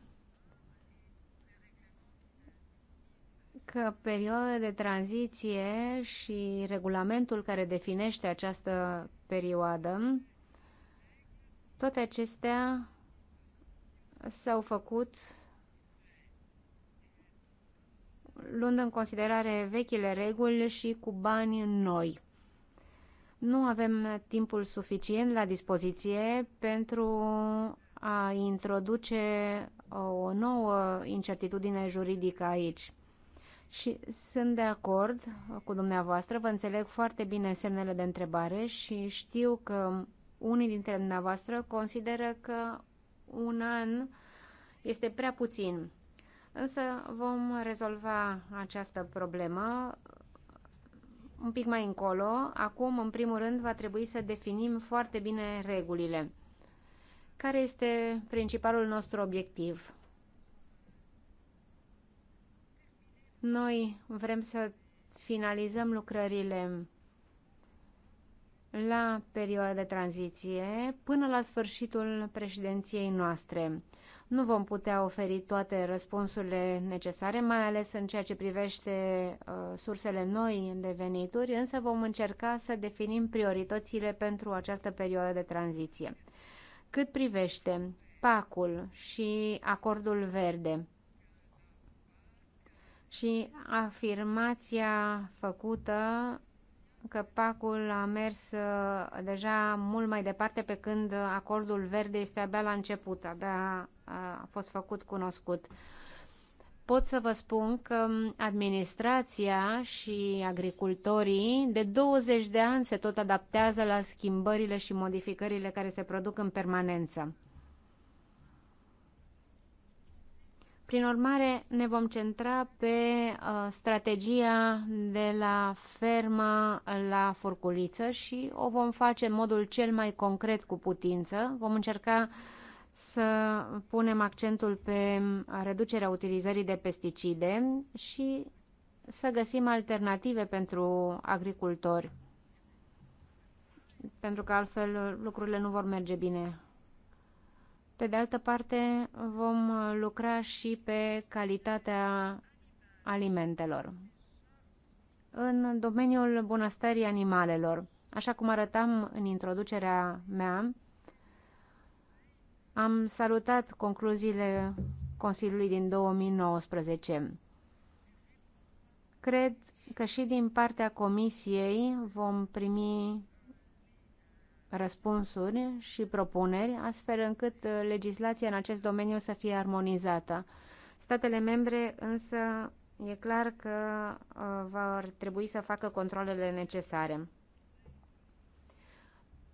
că perioada de tranziție și regulamentul care definește această perioadă, toate acestea s-au făcut luând în considerare vechile reguli și cu bani noi. Nu avem timpul suficient la dispoziție pentru a introduce o nouă incertitudine juridică aici. Și sunt de acord cu dumneavoastră, vă înțeleg foarte bine semnele de întrebare și știu că unii dintre dumneavoastră consideră că un an este prea puțin. Însă vom rezolva această problemă un pic mai încolo. Acum, în primul rând, va trebui să definim foarte bine regulile. Care este principalul nostru obiectiv? Noi vrem să finalizăm lucrările la perioada de tranziție până la sfârșitul președinției noastre. Nu vom putea oferi toate răspunsurile necesare, mai ales în ceea ce privește uh, sursele noi de venituri, însă vom încerca să definim prioritățile pentru această perioadă de tranziție. Cât privește PAC-ul și acordul verde, și afirmația făcută că pacul a mers uh, deja mult mai departe pe când acordul verde este abia la început, abia uh, a fost făcut cunoscut. Pot să vă spun că um, administrația și agricultorii de 20 de ani se tot adaptează la schimbările și modificările care se produc în permanență. Prin urmare, ne vom centra pe uh, strategia de la fermă la furculiță și o vom face în modul cel mai concret cu putință. Vom încerca să punem accentul pe uh, reducerea utilizării de pesticide și să găsim alternative pentru agricultori, pentru că altfel uh, lucrurile nu vor merge bine pe de altă parte, vom uh, lucra și pe calitatea alimentelor. În domeniul bunăstării animalelor, așa cum arătam în introducerea mea, am salutat concluziile Consiliului din 2019. Cred că și din partea Comisiei vom primi răspunsuri și propuneri, astfel încât uh, legislația în acest domeniu să fie armonizată. Statele membre însă e clar că uh, vor trebui să facă controlele necesare.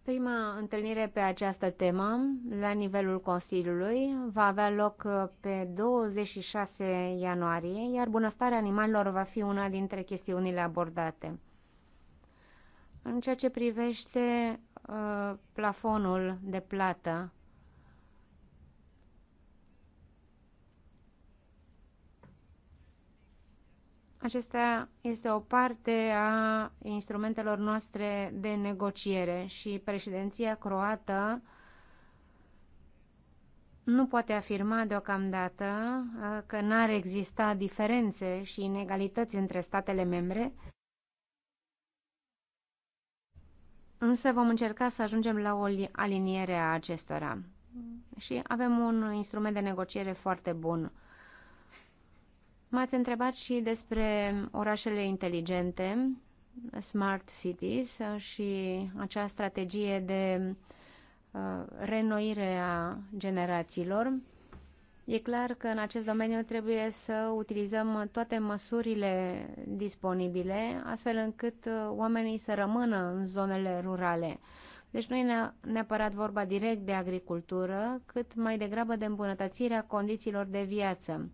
Prima întâlnire pe această temă, la nivelul Consiliului, va avea loc uh, pe 26 ianuarie, iar bunăstarea animalelor va fi una dintre chestiunile abordate. În ceea ce privește Uh, plafonul de plată. Acesta este o parte a instrumentelor noastre de negociere și președinția croată nu poate afirma deocamdată uh, că n-ar exista diferențe și inegalități între statele membre Însă vom încerca să ajungem la o aliniere a acestora. Și avem un instrument de negociere foarte bun. M-ați întrebat și despre orașele inteligente, Smart Cities, și acea strategie de uh, renoire a generațiilor. E clar că în acest domeniu trebuie să utilizăm toate măsurile disponibile, astfel încât uh, oamenii să rămână în zonele rurale. Deci nu e neapărat vorba direct de agricultură, cât mai degrabă de îmbunătățirea condițiilor de viață.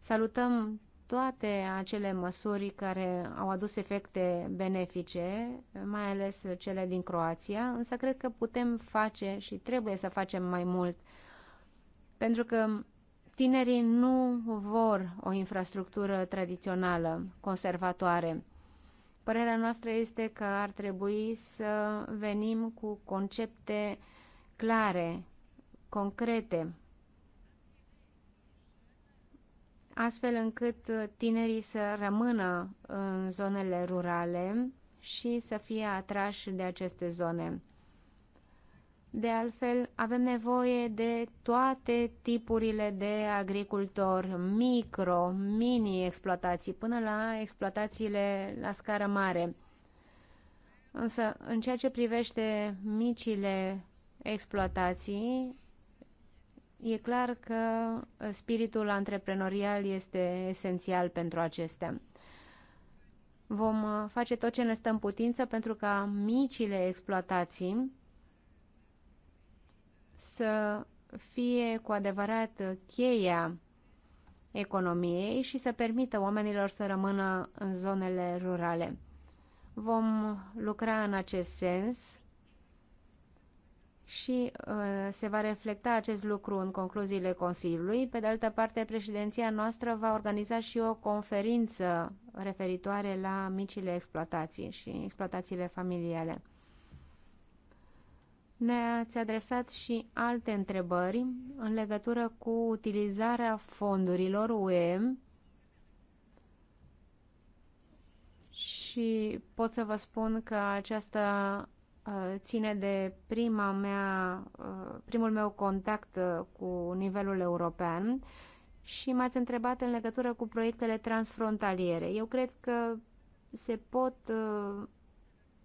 Salutăm toate acele măsuri care au adus efecte benefice, mai ales cele din Croația, însă cred că putem face și trebuie să facem mai mult. Pentru că Tinerii nu vor o infrastructură tradițională, conservatoare. Părerea noastră este că ar trebui să venim cu concepte clare, concrete, astfel încât tinerii să rămână în zonele rurale și să fie atrași de aceste zone. De altfel, avem nevoie de toate tipurile de agricultori, micro, mini-exploatații, până la exploatațiile la scară mare. Însă, în ceea ce privește micile exploatații, e clar că spiritul antreprenorial este esențial pentru acestea. Vom face tot ce ne stă în putință pentru ca micile exploatații să fie cu adevărat cheia economiei și să permită oamenilor să rămână în zonele rurale. Vom lucra în acest sens și uh, se va reflecta acest lucru în concluziile Consiliului. Pe de altă parte, președinția noastră va organiza și o conferință referitoare la micile exploatații și exploatațiile familiale. Ne-ați adresat și alte întrebări în legătură cu utilizarea fondurilor UE și pot să vă spun că aceasta uh, ține de prima mea, uh, primul meu contact uh, cu nivelul european și m-ați întrebat în legătură cu proiectele transfrontaliere. Eu cred că se pot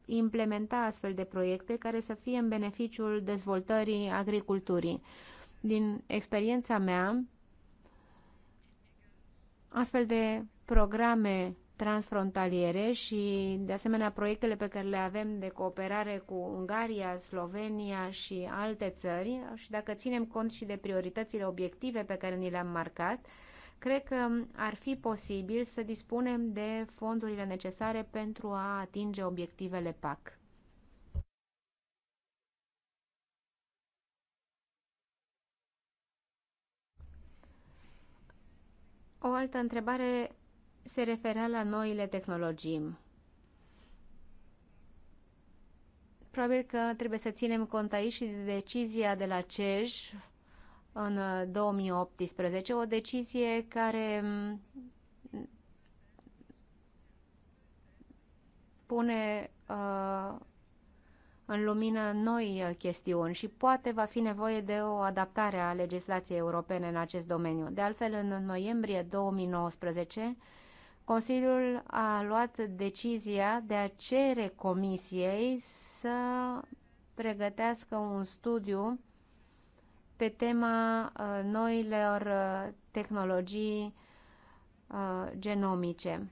implementa astfel de proiecte care să fie în beneficiul dezvoltării agriculturii. Din experiența mea, astfel de programe transfrontaliere și, de asemenea, proiectele pe care le avem de cooperare cu Ungaria, Slovenia și alte țări și dacă ținem cont și de prioritățile obiective pe care ni le-am marcat, Cred că ar fi posibil să dispunem de fondurile necesare pentru a atinge obiectivele PAC. O altă întrebare se referea la noile tehnologii. Probabil că trebuie să ținem cont aici și de decizia de la CEJ în 2018, uh, o decizie care mm, pune uh, în lumină noi uh, chestiuni și poate va fi nevoie de o adaptare a legislației europene în acest domeniu. De altfel, în noiembrie 2019, Consiliul a luat decizia de a cere Comisiei să pregătească un studiu pe tema uh, noilor uh, tehnologii uh, genomice.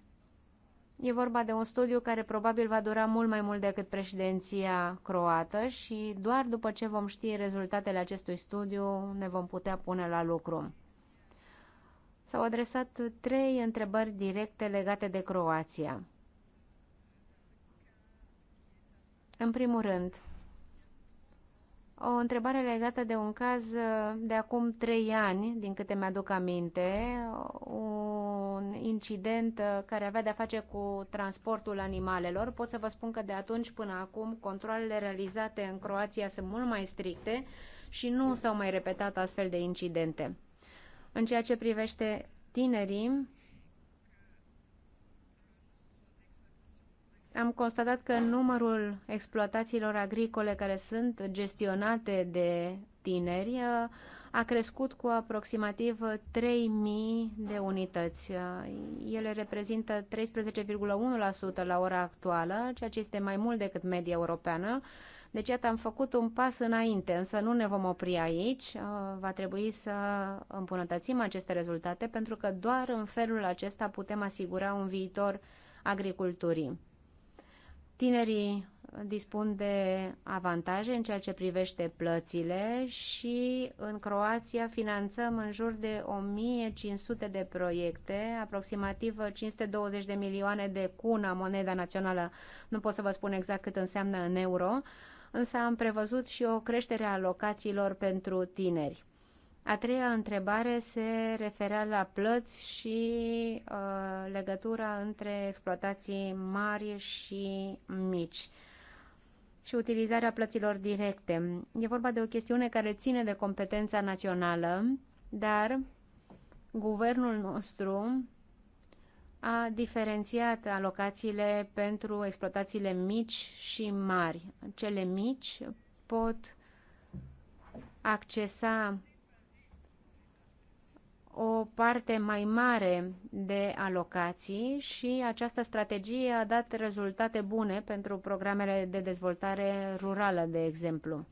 E vorba de un studiu care probabil va dura mult mai mult decât președinția croată și doar după ce vom ști rezultatele acestui studiu ne vom putea pune la lucru. S-au adresat trei întrebări directe legate de Croația. În primul rând, o întrebare legată de un caz uh, de acum trei ani, din câte mi-aduc aminte, un incident uh, care avea de-a face cu transportul animalelor. Pot să vă spun că de atunci până acum controlele realizate în Croația sunt mult mai stricte și nu s-au mai repetat astfel de incidente. În ceea ce privește tinerii, am constatat că numărul exploatațiilor agricole care sunt gestionate de tineri uh, a crescut cu aproximativ 3.000 de unități. Uh, ele reprezintă 13,1% la ora actuală, ceea ce este mai mult decât media europeană. Deci, iată, am făcut un pas înainte, însă nu ne vom opri aici. Uh, va trebui să îmbunătățim aceste rezultate, pentru că doar în felul acesta putem asigura un viitor agriculturii. Tinerii dispun de avantaje în ceea ce privește plățile și în Croația finanțăm în jur de 1500 de proiecte, aproximativ 520 de milioane de cuna, moneda națională, nu pot să vă spun exact cât înseamnă în euro, însă am prevăzut și o creștere a locațiilor pentru tineri. A treia întrebare se referea la plăți și uh, legătura între exploatații mari și mici și utilizarea plăților directe. E vorba de o chestiune care ține de competența națională, dar guvernul nostru a diferențiat alocațiile pentru exploatațiile mici și mari. Cele mici pot accesa o parte mai mare de alocații și această strategie a dat rezultate bune pentru programele de dezvoltare rurală, de exemplu.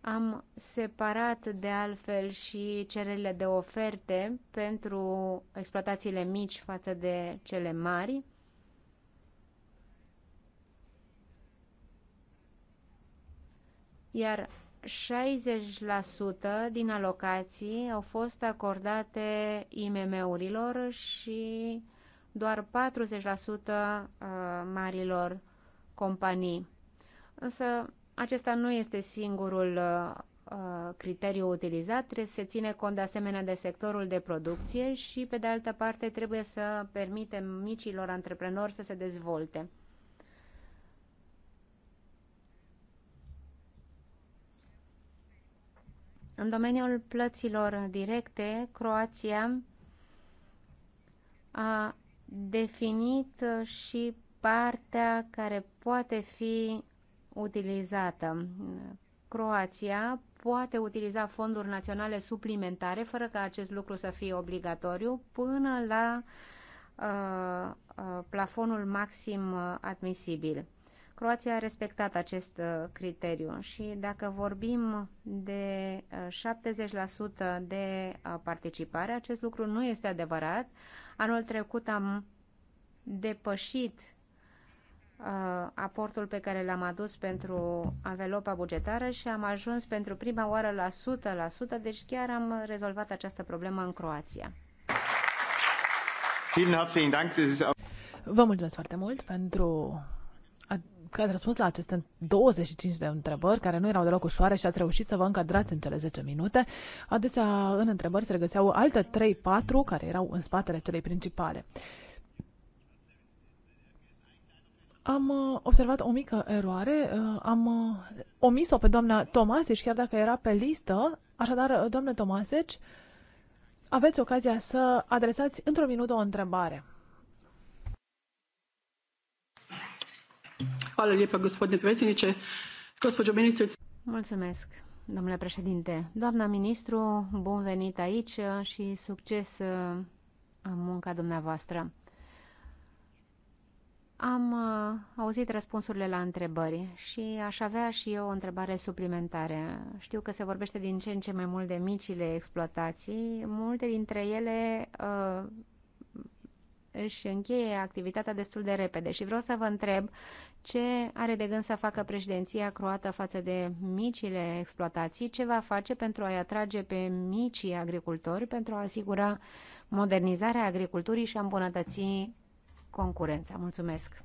Am separat de altfel și cererile de oferte pentru exploatațiile mici față de cele mari. Iar 60% din alocații au fost acordate IMM-urilor și doar 40% uh, marilor companii. Însă acesta nu este singurul uh, uh, criteriu utilizat, trebuie să se ține cont de asemenea de sectorul de producție și, pe de altă parte, trebuie să permitem micilor antreprenori să se dezvolte. În domeniul plăților directe, Croația a definit și partea care poate fi utilizată. Croația poate utiliza fonduri naționale suplimentare, fără ca acest lucru să fie obligatoriu, până la uh, uh, plafonul maxim uh, admisibil. Croația a respectat acest uh, criteriu și dacă vorbim de 70% uh, de uh, participare, acest lucru nu este adevărat. Anul trecut am depășit aportul pe care l-am adus pentru anvelopa bugetară și am ajuns pentru prima oară la 100%, deci chiar am rezolvat această problemă în Croația. Vă mulțumesc foarte mult pentru că ați răspuns la aceste 25 de întrebări, care nu erau deloc ușoare și ați reușit să vă încadrați în cele 10 minute. Adesea, în întrebări se regăseau alte 3-4 care erau în spatele celei principale. Am uh, observat o mică eroare, uh, am uh, omis-o pe doamna Tomaseș, chiar dacă era pe listă. Așadar, doamne Tomaseș, aveți ocazia să adresați într-o minută o întrebare. Hvala lijepa, gospodine predsjedniče. Gospođo ministrice. Mulțumesc, domnule președinte. Doamna ministru, bun venit aici și succes uh, în munca dumneavoastră. Am uh, auzit răspunsurile la întrebări și aș avea și eu o întrebare suplimentare. Știu că se vorbește din ce în ce mai mult de micile exploatații, multe dintre ele uh, își încheie activitatea destul de repede și vreau să vă întreb ce are de gând să facă președinția croată față de micile exploatații, ce va face pentru a-i atrage pe micii agricultori, pentru a asigura modernizarea agriculturii și a îmbunătăți concurența. Mulțumesc!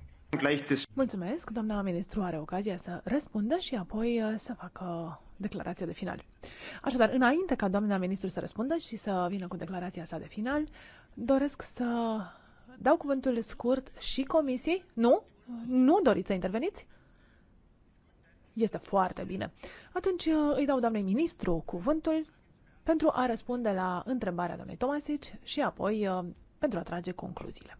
Mulțumesc, doamna ministru are ocazia să răspundă și apoi uh, să facă declarația de final. Așadar, înainte ca doamna ministru să răspundă și să vină cu declarația sa de final, doresc să dau cuvântul scurt și comisiei. Nu? Nu doriți să interveniți? Este foarte bine. Atunci uh, îi dau doamnei ministru cuvântul pentru a răspunde la întrebarea doamnei Tomasici și apoi uh, pentru a trage concluziile.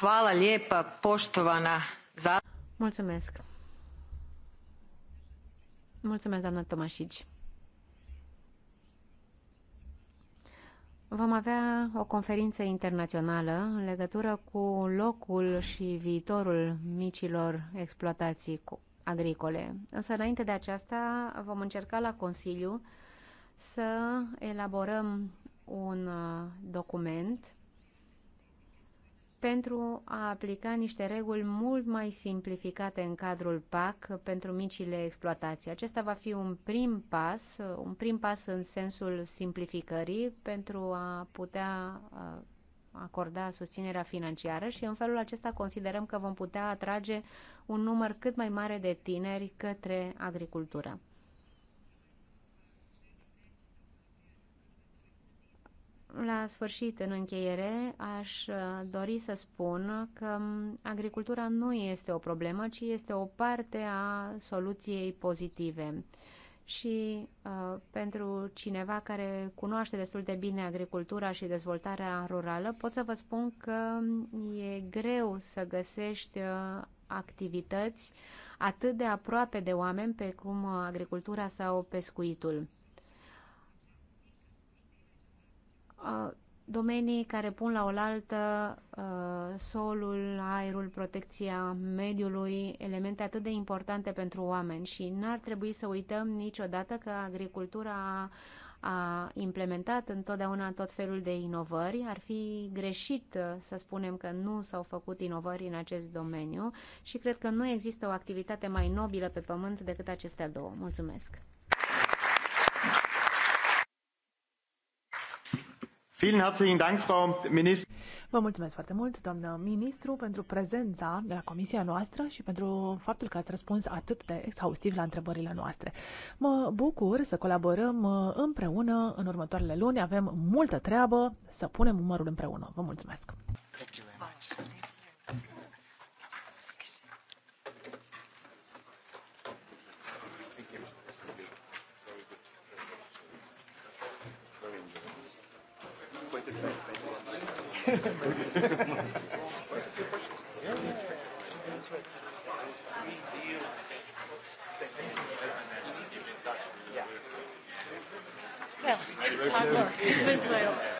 Hvala lijepa, poštovana Mulțumesc. Mulțumesc, doamnă Tomașici. Vom avea o conferință internațională în legătură cu locul și viitorul micilor exploatații agricole. Însă, înainte de aceasta, vom încerca la Consiliu să elaborăm un uh, document pentru a aplica niște reguli mult mai simplificate în cadrul PAC pentru micile exploatații. Acesta va fi un prim pas, un prim pas în sensul simplificării pentru a putea acorda susținerea financiară și în felul acesta considerăm că vom putea atrage un număr cât mai mare de tineri către agricultură. La sfârșit, în încheiere, aș uh, dori să spun că agricultura nu este o problemă, ci este o parte a soluției pozitive. Și uh, pentru cineva care cunoaște destul de bine agricultura și dezvoltarea rurală, pot să vă spun că e greu să găsești uh, activități atât de aproape de oameni pe cum uh, agricultura sau pescuitul. domenii care pun la oaltă solul, aerul, protecția mediului, elemente atât de importante pentru oameni și n-ar trebui să uităm niciodată că agricultura a implementat întotdeauna tot felul de inovări. Ar fi greșit să spunem că nu s-au făcut inovări în acest domeniu și cred că nu există o activitate mai nobilă pe pământ decât acestea două. Mulțumesc! Vă mulțumesc foarte mult, doamnă ministru, pentru prezența de la comisia noastră și pentru faptul că ați răspuns atât de exhaustiv la întrebările noastre. Mă bucur să colaborăm uh, împreună în următoarele luni. Avem multă treabă să punem umărul împreună. Vă mulțumesc! Thank you. Yeah. Well, it's hard work.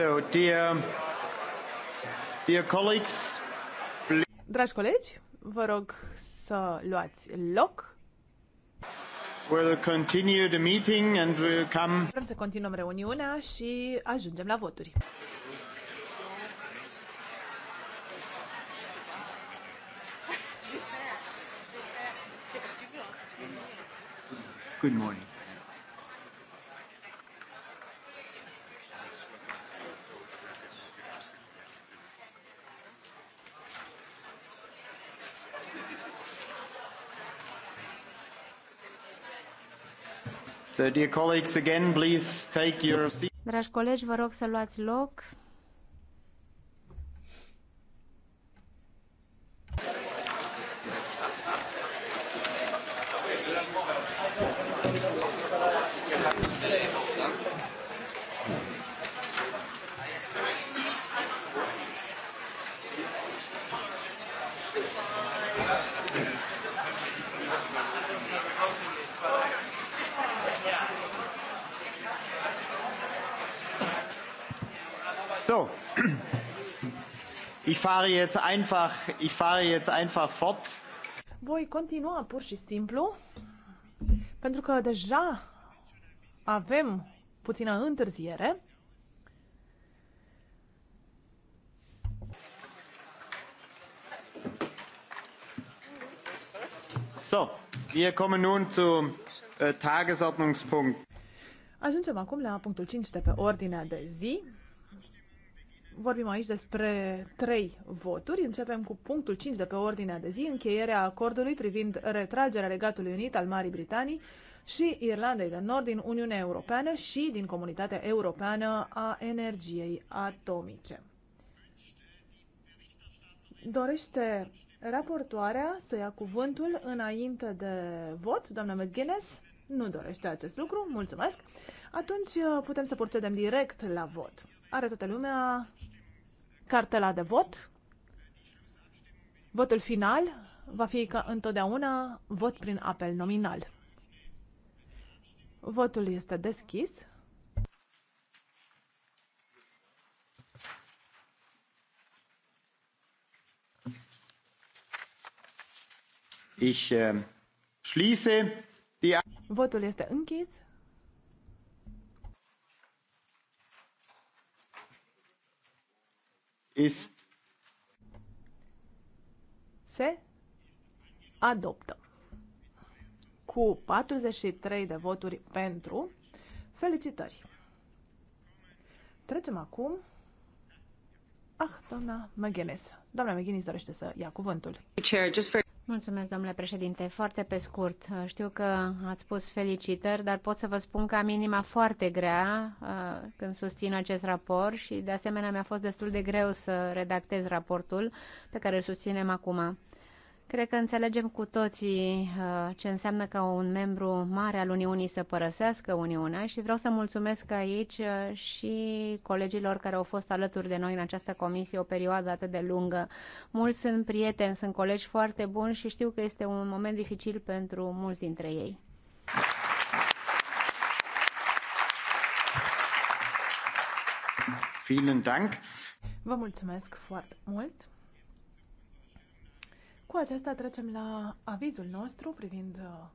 So, dear, dear colleagues, please... Dragi colegi, vă rog să luați loc. We'll continue the meeting and we'll come... Vrem să continuăm reuniunea și ajungem la voturi. Good morning. Dragi colegi, vă rog să luați loc. fahre jetzt einfach, ich fahre jetzt einfach fort. Voi continua pur și simplu, pentru că deja avem puțină întârziere. So, wir kommen nun zu äh, Tagesordnungspunkt. Ajungem acum la punctul 5 de pe ordinea de zi, Vorbim aici despre trei voturi. Începem cu punctul 5 de pe ordinea de zi, încheierea acordului privind retragerea Regatului Unit al Marii Britanii și Irlandei de Nord din Uniunea Europeană și din Comunitatea Europeană a Energiei Atomice. Dorește raportoarea să ia cuvântul înainte de vot, doamna McGuinness? Nu dorește acest lucru, mulțumesc. Atunci uh, putem să procedem direct la vot. Are toată lumea cartela de vot. Votul final va fi ca întotdeauna vot prin apel nominal. Votul este deschis. Ich ähm, schließe die Votul este închis. ist se adoptă cu 43 de voturi pentru. Felicitări! Trecem acum. Ah, doamna McGuinness. Doamna McGuinness dorește să ia cuvântul. Chair, just for... Mulțumesc, domnule președinte. Foarte pe scurt. Știu că ați spus felicitări, dar pot să vă spun că am inima foarte grea uh, când susțin acest raport și, de asemenea, mi-a fost destul de greu să redactez raportul pe care îl susținem acum. Cred că înțelegem cu toții uh, ce înseamnă ca un membru mare al Uniunii să părăsească Uniunea și vreau să mulțumesc aici uh, și colegilor care au fost alături de noi în această comisie o perioadă atât de lungă. Mulți sunt prieteni, sunt colegi foarte buni și știu că este un moment dificil pentru mulți dintre ei. Vielen Dank. Vă mulțumesc foarte mult. Cu aceasta trecem la avizul nostru privind uh,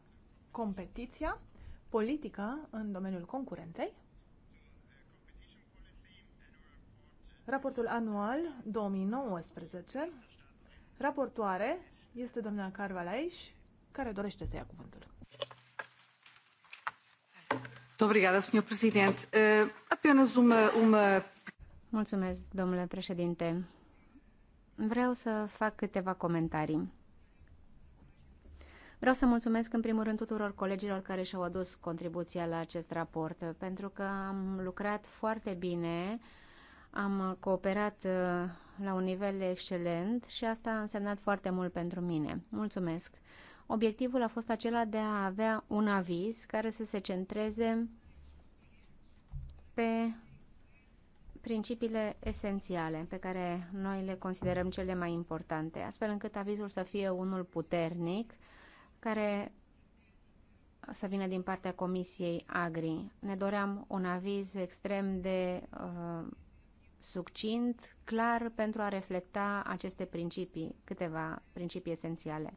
competiția, politica în domeniul concurenței. Raportul anual 2019. Raportoare este doamna Carvalaiș, care dorește să ia cuvântul. Obrigada, Presidente. Uh, apenas uma, uma... Mulțumesc, domnule președinte vreau să fac câteva comentarii. Vreau să mulțumesc în primul rând tuturor colegilor care și-au adus contribuția la acest raport, pentru că am lucrat foarte bine, am cooperat uh, la un nivel excelent și asta a însemnat foarte mult pentru mine. Mulțumesc! Obiectivul a fost acela de a avea un aviz care să se centreze pe principiile esențiale pe care noi le considerăm cele mai importante, astfel încât avizul să fie unul puternic care să vină din partea Comisiei Agri. Ne doream un aviz extrem de uh, succint, clar, pentru a reflecta aceste principii, câteva principii esențiale.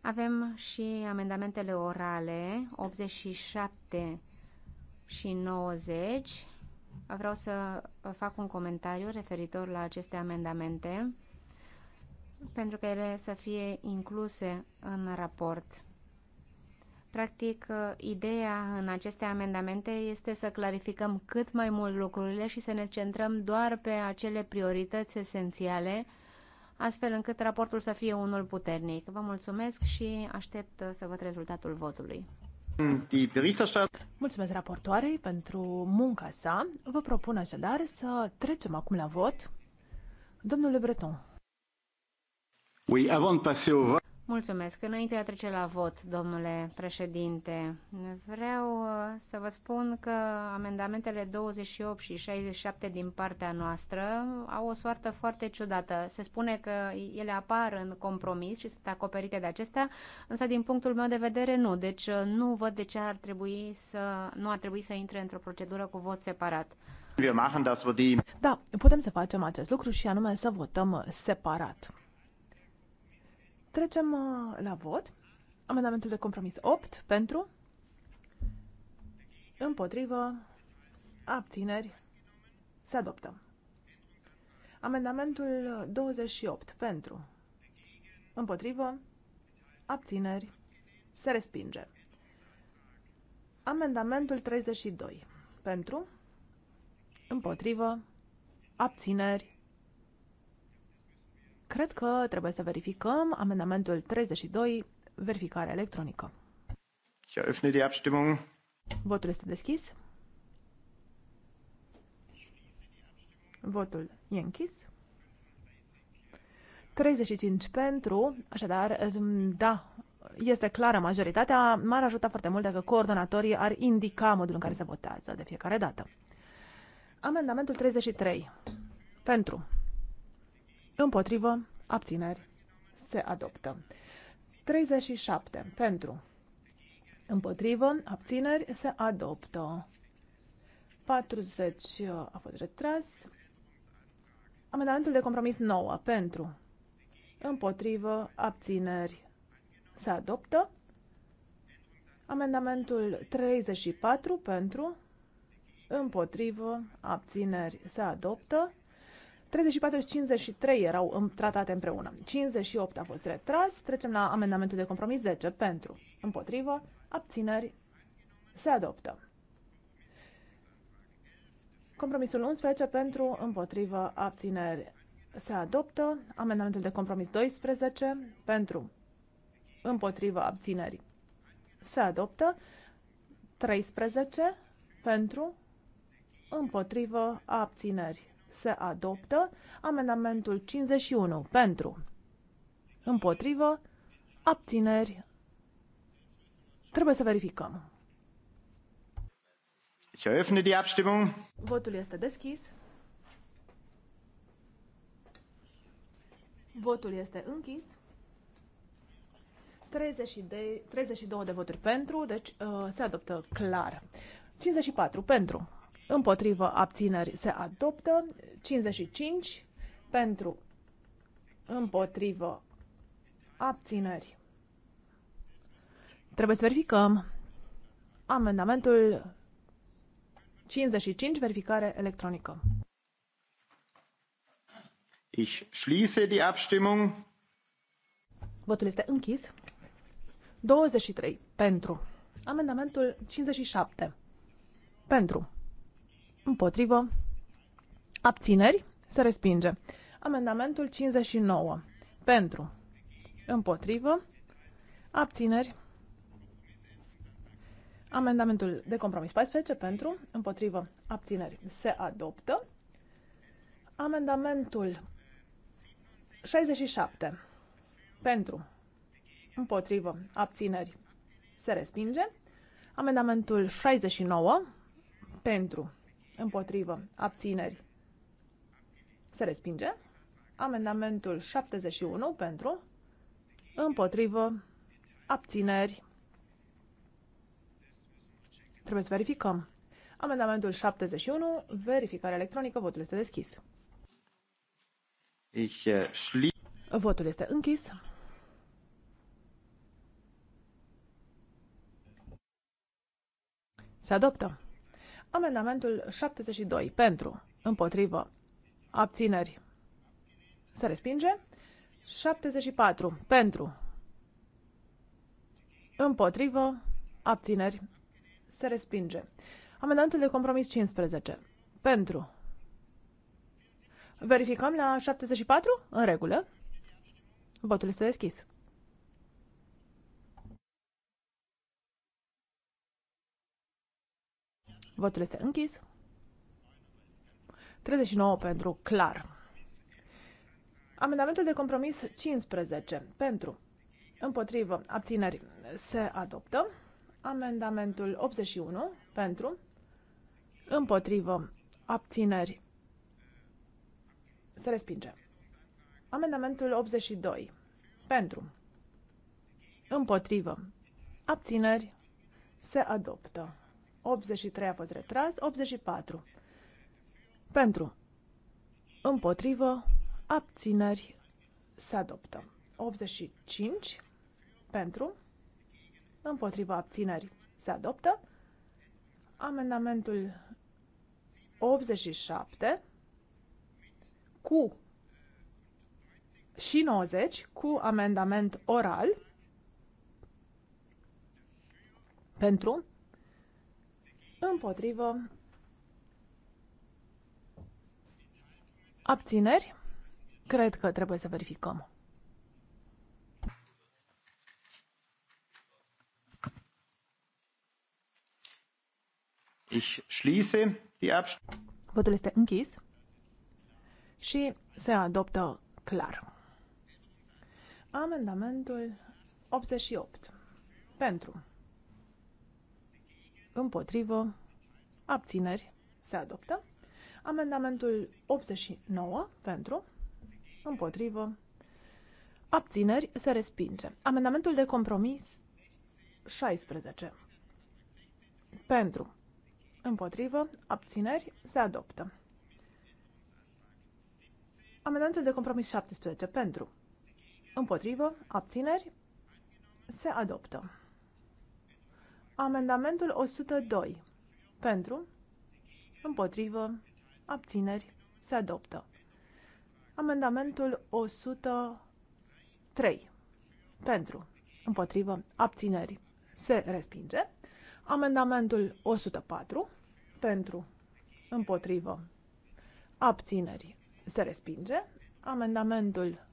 Avem și amendamentele orale 87 și 90 vreau să fac un comentariu referitor la aceste amendamente pentru că ele să fie incluse în raport. Practic, ideea în aceste amendamente este să clarificăm cât mai mult lucrurile și să ne centrăm doar pe acele priorități esențiale, astfel încât raportul să fie unul puternic. Vă mulțumesc și aștept să văd rezultatul votului. Mulțumesc raportoarei pentru munca sa. Vă propun așadar să trecem acum la vot. Domnule Breton. Oui, avant de passer au vote, Mulțumesc. Înainte de a trece la vot, domnule președinte, vreau uh, să vă spun că amendamentele 28 și 67 din partea noastră au o soartă foarte ciudată. Se spune că ele apar în compromis și sunt acoperite de acestea, însă din punctul meu de vedere nu. Deci uh, nu văd de ce ar trebui să, nu ar trebui să intre într-o procedură cu vot separat. Da, putem să facem acest lucru și anume să votăm uh, separat. Trecem uh, la vot. Amendamentul de compromis 8 pentru, împotrivă, abțineri, se adoptă. Amendamentul 28 pentru, împotrivă, abțineri, se respinge. Amendamentul 32 pentru, împotrivă, abțineri, Cred că trebuie să verificăm amendamentul 32, verificare electronică. Ich eröffne die Abstimmung. Votul este deschis. Votul e închis. 35 pentru, așadar, mm, da, este clară majoritatea. M-ar ajuta foarte mult dacă coordonatorii ar indica modul în care se votează de fiecare dată. Amendamentul 33. Pentru. Împotrivă. Abțineri. Se adoptă. 37. Pentru. Împotrivă. Abțineri. Se adoptă. 40 a fost retras. Amendamentul de compromis 9. Pentru. Împotrivă. Abțineri. Se adoptă. Amendamentul 34 pentru, împotrivă, abțineri se adoptă. 34 și 53 erau tratate împreună. 58 a fost retras. Trecem la amendamentul de compromis 10 pentru. Împotrivă. Abțineri. Se adoptă. Compromisul 11 pentru. Împotrivă. Abțineri. Se adoptă. Amendamentul de compromis 12 pentru. Împotrivă. Abțineri. Se adoptă. 13 pentru. Împotrivă. Abțineri se adoptă. Amendamentul 51 pentru, împotrivă, abțineri. Trebuie să verificăm. Ich eröffne die Abstimmung. Votul este deschis. Votul este închis. 30 de, 32 de voturi pentru, deci uh, se adoptă clar. 54 pentru împotrivă, abțineri se adoptă, 55 pentru, împotrivă, abțineri. Trebuie să verificăm amendamentul 55, verificare electronică. Ich schließe die Abstimmung. Votul este închis. 23 pentru. Amendamentul 57 pentru împotrivă, abțineri, se respinge. Amendamentul 59, pentru, împotrivă, abțineri, Amendamentul de compromis 14 pentru, împotrivă, abțineri se adoptă. Amendamentul 67 pentru, împotrivă, abțineri se respinge. Amendamentul 69 pentru, Împotrivă. Abțineri. Se respinge. Amendamentul 71 pentru. Împotrivă. Abțineri. Trebuie să verificăm. Amendamentul 71, verificare electronică, votul este deschis. Ich, uh, votul este închis. Se adoptă. Amendamentul 72 pentru, împotrivă, abțineri, se respinge. 74 pentru, împotrivă, abțineri, se respinge. Amendamentul de compromis 15 pentru. Verificăm la 74? În regulă. Votul este deschis. Votul este închis. 39 pentru clar. Amendamentul de compromis 15 pentru. Împotrivă. Abțineri. Se adoptă. Amendamentul 81 pentru. Împotrivă. Abțineri. Se respinge. Amendamentul 82 pentru. Împotrivă. Abțineri. Se adoptă. 83 a fost retras, 84. Pentru, împotrivă, abțineri, se adoptă. 85 pentru, Împotrivă. abțineri, se adoptă. Amendamentul 87 cu și 90 cu amendament oral pentru, Împotrivă. Abțineri? Cred că trebuie să verificăm. Ich schließe die Votul este închis și se adoptă clar. Amendamentul 88. Pentru împotrivă, abțineri, se adoptă. Amendamentul 89 pentru, împotrivă, abțineri, se respinge. Amendamentul de compromis 16 pentru, împotrivă, abțineri, se adoptă. Amendamentul de compromis 17 pentru, împotrivă, abțineri, se adoptă. Amendamentul 102. Pentru, împotrivă, abțineri, se adoptă. Amendamentul 103. Pentru, împotrivă, abțineri, se respinge. Amendamentul 104. Pentru, împotrivă, abțineri, se respinge. Amendamentul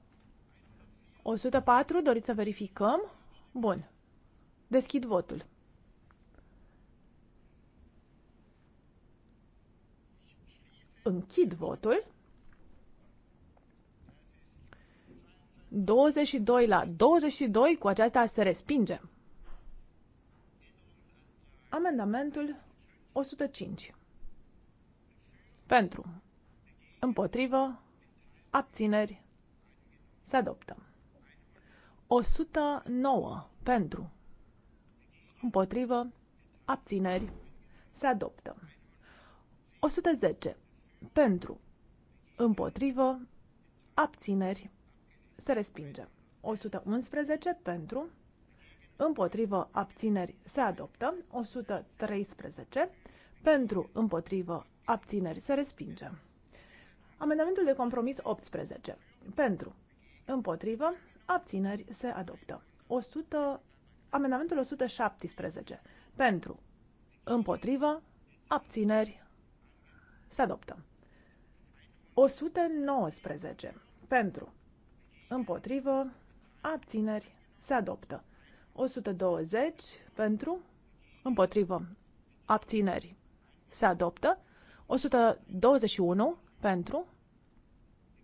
104, doriți să verificăm? Bun. Deschid votul. Închid votul. 22 la 22, cu aceasta se respinge. Amendamentul 105. Pentru. Împotrivă. Abțineri. Se adoptă. 109. Pentru. Împotrivă. Abțineri. Se adoptă. 110. Pentru. Împotrivă. Abțineri. Se respinge. 111 pentru. Împotrivă. Abțineri. Se adoptă. 113 pentru. Împotrivă. Abțineri. Se respinge. Amendamentul de compromis 18. Pentru. Împotrivă. Abțineri. Se adoptă. 100, amendamentul 117. Pentru. Împotrivă. Abțineri. Se adoptă. 119. Pentru. Împotrivă. Abțineri. Se adoptă. 120. Pentru. Împotrivă. Abțineri. Se adoptă. 121. Pentru.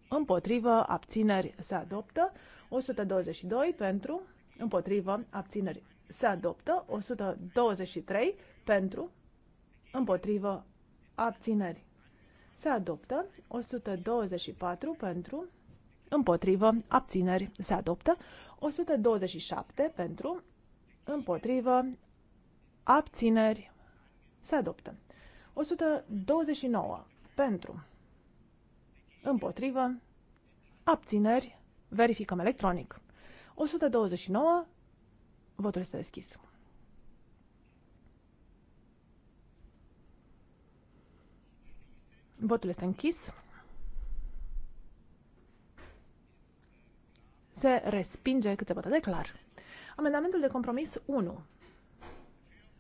Împotrivă. Abțineri. Se adoptă. 122. Pentru. Împotrivă. Abțineri. Se adoptă. 123. Pentru. Împotrivă. Abțineri se adoptă 124 pentru, împotrivă, abțineri. Se adoptă 127 pentru, împotrivă, abțineri. Se adoptă 129 pentru, împotrivă, abțineri. Verificăm electronic. 129, votul este deschis. Votul este închis. Se respinge cât se poate de clar. Amendamentul de compromis 1.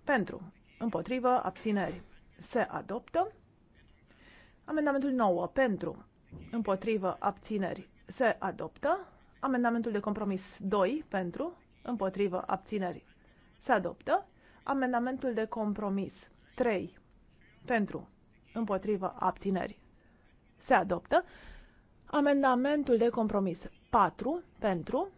Pentru, împotrivă, abțineri. Se adoptă. Amendamentul 9. Pentru, împotrivă, abțineri. Se adoptă. Amendamentul de compromis 2. Pentru, împotrivă, abțineri. Se adoptă. Amendamentul de compromis 3. Pentru, împotrivă, abținerii Se adoptă. Amendamentul de compromis 4 pentru,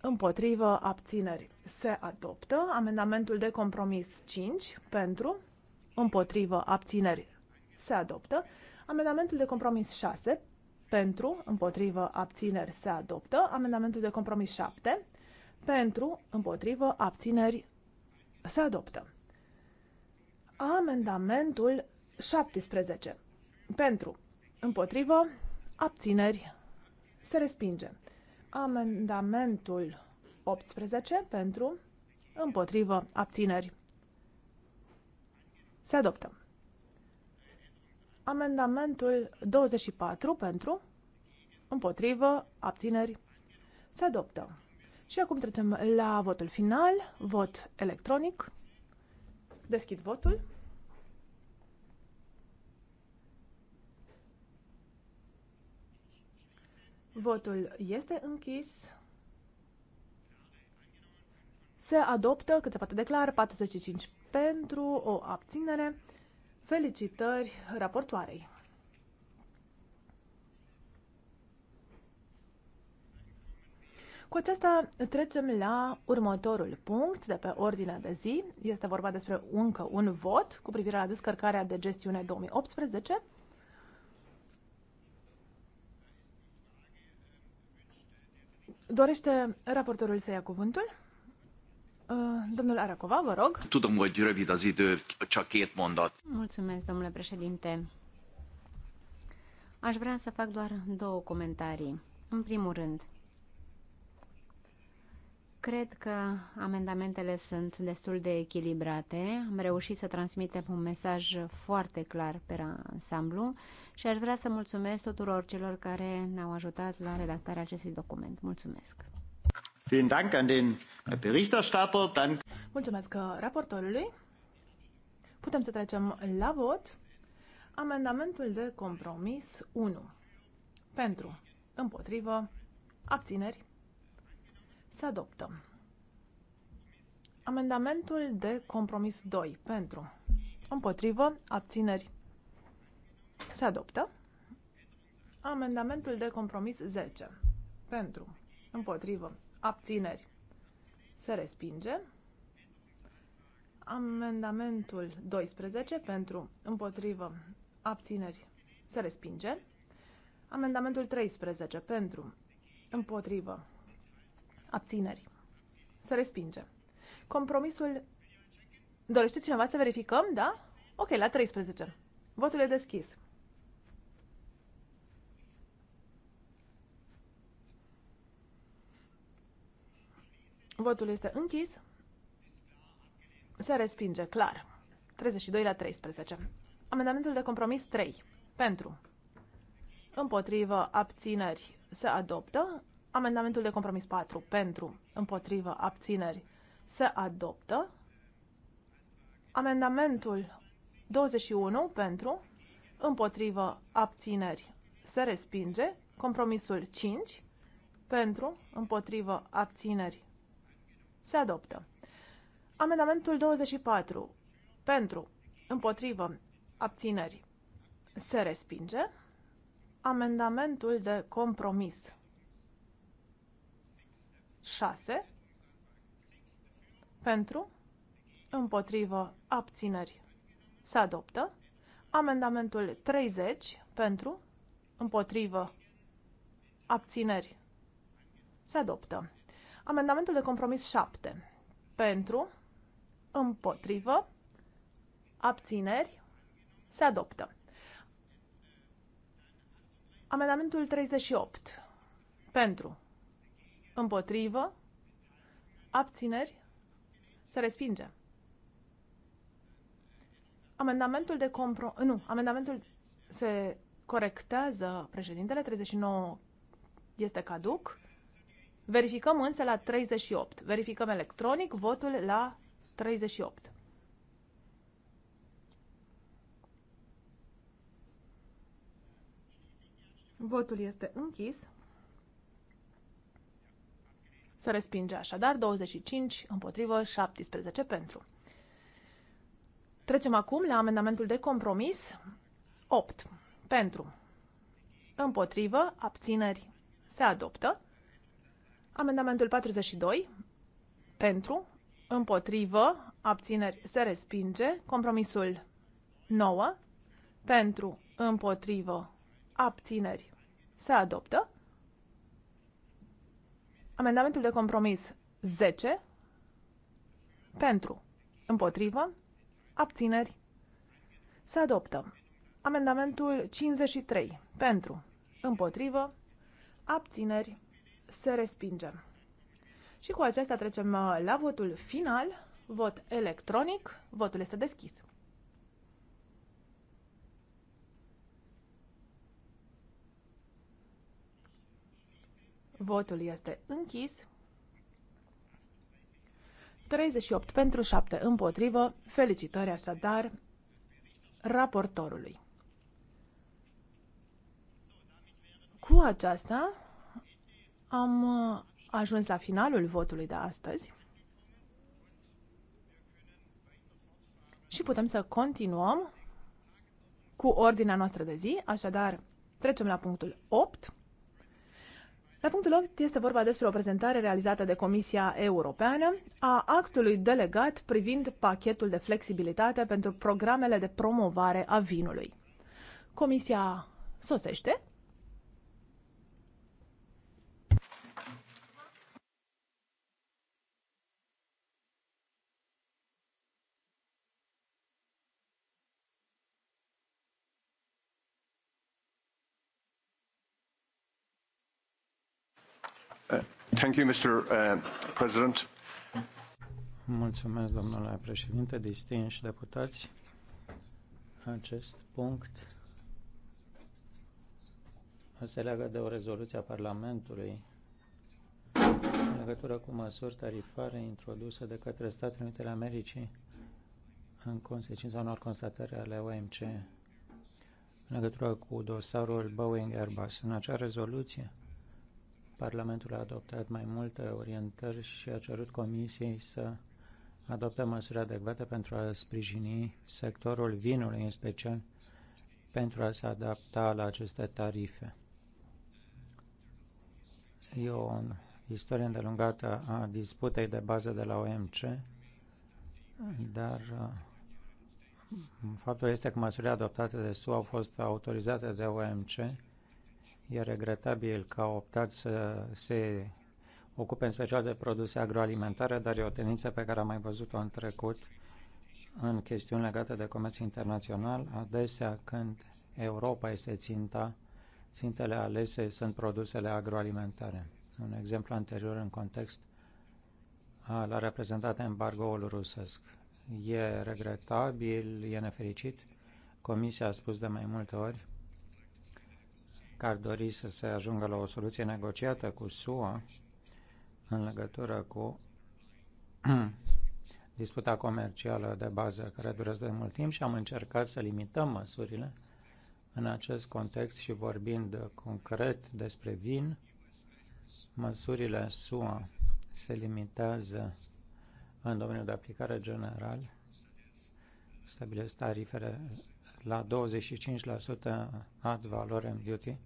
împotrivă, abținerii Se adoptă. Amendamentul de compromis 5 pentru, împotrivă, abținerii Se adoptă. Amendamentul de compromis 6 pentru, împotrivă, abțineri. Se adoptă. Amendamentul de compromis 7 pentru, împotrivă, abțineri. Se adoptă. Amendamentul 17. Pentru. Împotrivă. Abțineri. Se respinge. Amendamentul 18. Pentru. Împotrivă. Abțineri. Se adoptă. Amendamentul 24. Pentru. Împotrivă. Abțineri. Se adoptă. Și acum trecem la votul final. Vot electronic. Deschid votul. Votul este închis. Se adoptă, cât se poate declar, 45 pentru o abținere. Felicitări raportoarei! Cu acesta trecem la următorul punct de pe ordinea de zi. Este vorba despre încă un vot cu privire la descărcarea de gestiune 2018. Dorește raportorul să ia cuvântul? Uh, domnul Aracova, vă rog. Tudom, hogy rövid az idő, csak két mondat. Mulțumesc, domnule președinte. Aș vrea să fac doar două comentarii. În primul rând, Cred că amendamentele sunt destul de echilibrate. Am reușit să transmitem un mesaj foarte clar pe ansamblu și aș vrea să mulțumesc tuturor celor care ne-au ajutat la redactarea acestui document. Mulțumesc! Mulțumesc uh, raportorului. Putem să trecem la vot. Amendamentul de compromis 1. Pentru, împotrivă, abțineri, se adoptă. Amendamentul de compromis 2 pentru împotrivă abțineri se adoptă. Amendamentul de compromis 10 pentru împotrivă abțineri se respinge. Amendamentul 12 pentru împotrivă abțineri se respinge. Amendamentul 13 pentru împotrivă Abțineri. Se respinge. Compromisul... Dorește cineva să verificăm, da? Ok, la 13. Votul e deschis. Votul este închis. Se respinge, clar. 32 la 13. Amendamentul de compromis 3. Pentru. Împotrivă abțineri se adoptă. Amendamentul de compromis 4 pentru, împotrivă, abțineri se adoptă. Amendamentul 21 pentru, împotrivă, abțineri se respinge. Compromisul 5 pentru, împotrivă, abțineri se adoptă. Amendamentul 24 pentru, împotrivă, abțineri se respinge. Amendamentul de compromis 6 pentru, împotrivă, abțineri se adoptă. Amendamentul 30 pentru, împotrivă, abțineri se adoptă. Amendamentul de compromis 7 pentru, împotrivă, abțineri se adoptă. Amendamentul 38 pentru, Împotrivă. Abțineri. Se respinge. Amendamentul de compro... Nu, amendamentul se corectează președintele. 39 este caduc. Verificăm însă la 38. Verificăm electronic votul la 38. Votul este închis. Se respinge așadar 25 împotrivă 17 pentru. Trecem acum la amendamentul de compromis 8 pentru. Împotrivă, abțineri, se adoptă. Amendamentul 42 pentru, împotrivă, abțineri, se respinge. Compromisul 9 pentru, împotrivă, abțineri, se adoptă. Amendamentul de compromis 10 pentru, împotrivă, abțineri, se adoptă. Amendamentul 53 pentru, împotrivă, abțineri, se respinge. Și cu acesta trecem uh, la votul final, vot electronic, votul este deschis. Votul este închis. 38 pentru 7 împotrivă. Felicitări așadar raportorului. Cu aceasta am uh, ajuns la finalul votului de astăzi și putem să continuăm cu ordinea noastră de zi. Așadar, trecem la punctul 8 la punctul 8 este vorba despre o prezentare realizată de Comisia Europeană a actului delegat privind pachetul de flexibilitate pentru programele de promovare a vinului. Comisia sosește Thank you, Mr. Uh, President. Mulțumesc, domnule președinte, distinși deputați. Acest punct se leagă de o rezoluție a Parlamentului în legătură cu măsuri tarifare introduse de către Statele Unite ale Americii în consecința unor constatări ale OMC în legătură cu dosarul Boeing Airbus. În acea rezoluție Parlamentul a adoptat mai multe orientări și a cerut Comisiei să adopte măsuri adecvate pentru a sprijini sectorul vinului în special pentru a se adapta la aceste tarife. E o istorie îndelungată a disputei de bază de la OMC, dar uh, faptul este că măsurile adoptate de SUA au fost autorizate de OMC E regretabil că au optat să se ocupe în special de produse agroalimentare, dar e o tendință pe care am mai văzut-o în trecut în chestiuni legate de comerț internațional, adesea când Europa este ținta, țintele alese sunt produsele agroalimentare. Un exemplu anterior în context l-a reprezentat embargoul rusesc. E regretabil, e nefericit. Comisia a spus de mai multe ori că ar dori să se ajungă la o soluție negociată cu SUA în legătură cu disputa comercială de bază care durează de mult timp și am încercat să limităm măsurile în acest context și vorbind concret despre vin, măsurile SUA se limitează în domeniul de aplicare general, stabilesc tarifele la 25% ad valorem duty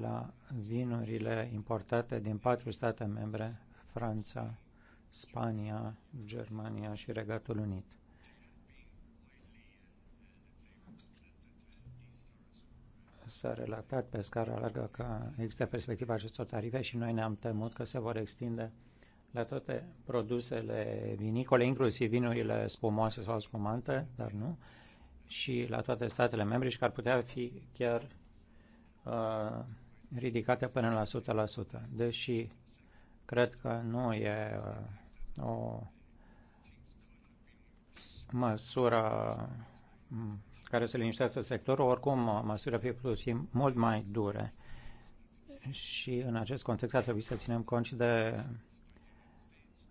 la vinurile importate din patru state membre, Franța, Spania, Germania și Regatul Unit. S-a relatat pe scară largă că există perspectiva acestor tarife și noi ne-am temut că se vor extinde la toate produsele vinicole, inclusiv vinurile spumoase sau spumante, dar nu și la toate statele membre și că ar putea fi chiar uh, ridicate până la 100%, deși cred că nu e uh, o măsură care să liniștească sectorul, oricum uh, măsură pe plus putut fi mult mai dure. Și în acest context ar trebui să ținem cont și de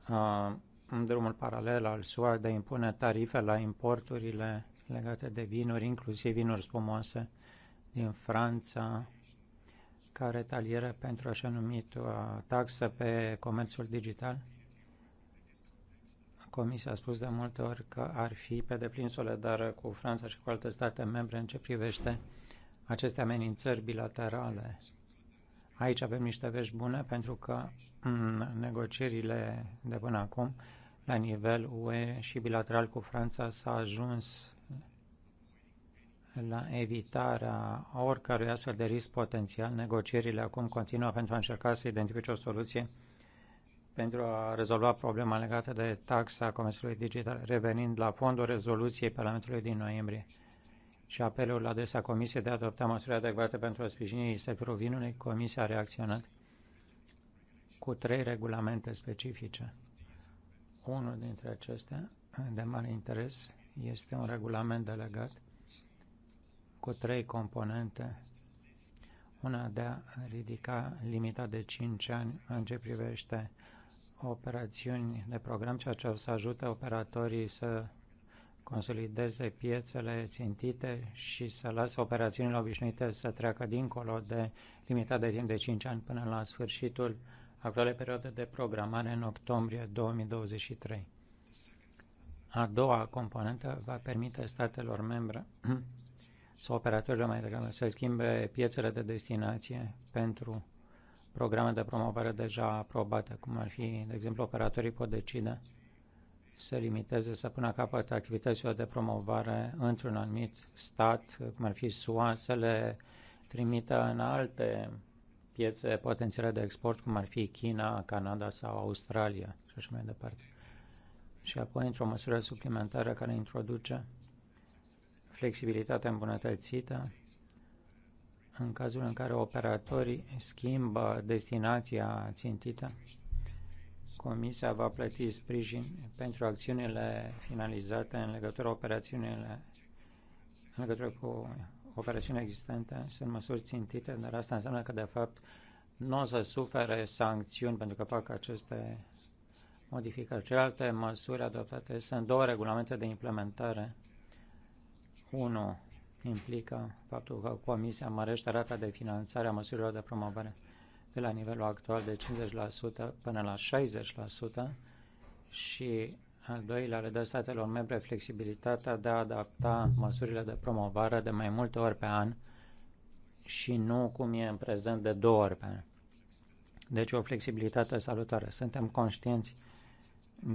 uh, drumul paralel al SUA de a impune tarife la importurile legate de vinuri, inclusiv vinuri spumoase din Franța, ca retaliere pentru așa o uh, taxă pe comerțul digital. Comisia a spus de multe ori că ar fi pe deplin solidară cu Franța și cu alte state membre în ce privește aceste amenințări bilaterale. Aici avem niște vești bune pentru că negocierile de până acum la nivel UE și bilateral cu Franța s-a ajuns la evitarea oricărui astfel de risc potențial. Negocierile acum continuă pentru a încerca să identifice o soluție pentru a rezolva problema legată de taxa comerțului digital, revenind la fondul rezoluției Parlamentului din noiembrie și apelul la adresa Comisiei de a adopta măsuri adecvate pentru a sprijini sectorul vinului, Comisia a reacționat cu trei regulamente specifice. Unul dintre acestea, de mare interes, este un regulament delegat cu trei componente. Una de a ridica limita de 5 ani în ce privește operațiuni de program, ceea ce o să ajute operatorii să consolideze piețele țintite și să lasă operațiunile obișnuite să treacă dincolo de limita de timp de 5 ani până la sfârșitul actualei perioade de programare în octombrie 2023. A doua componentă va permite statelor membre sau operatorilor mai degrabă să schimbe piețele de destinație pentru programe de promovare deja aprobate, cum ar fi, de exemplu, operatorii pot decide să limiteze, să pună capăt activităților de promovare într-un anumit stat, cum ar fi SUA, să le trimită în alte piețe potențiale de export, cum ar fi China, Canada sau Australia și așa mai departe. Și apoi, într-o măsură suplimentară care introduce flexibilitatea îmbunătățită în cazul în care operatorii schimbă destinația țintită. Comisia va plăti sprijin pentru acțiunile finalizate în legătură cu operațiunile în legătură cu operațiunile existente. Sunt măsuri țintite, dar asta înseamnă că, de fapt, nu o să sufere sancțiuni pentru că fac aceste modificări. Celelalte măsuri adoptate sunt două regulamente de implementare 1 implică faptul că Comisia mărește rata de finanțare a măsurilor de promovare de la nivelul actual de 50% până la 60% și al doilea le dă statelor membre flexibilitatea de a adapta măsurile de promovare de mai multe ori pe an și nu cum e în prezent de două ori pe an. Deci o flexibilitate salutară. Suntem conștienți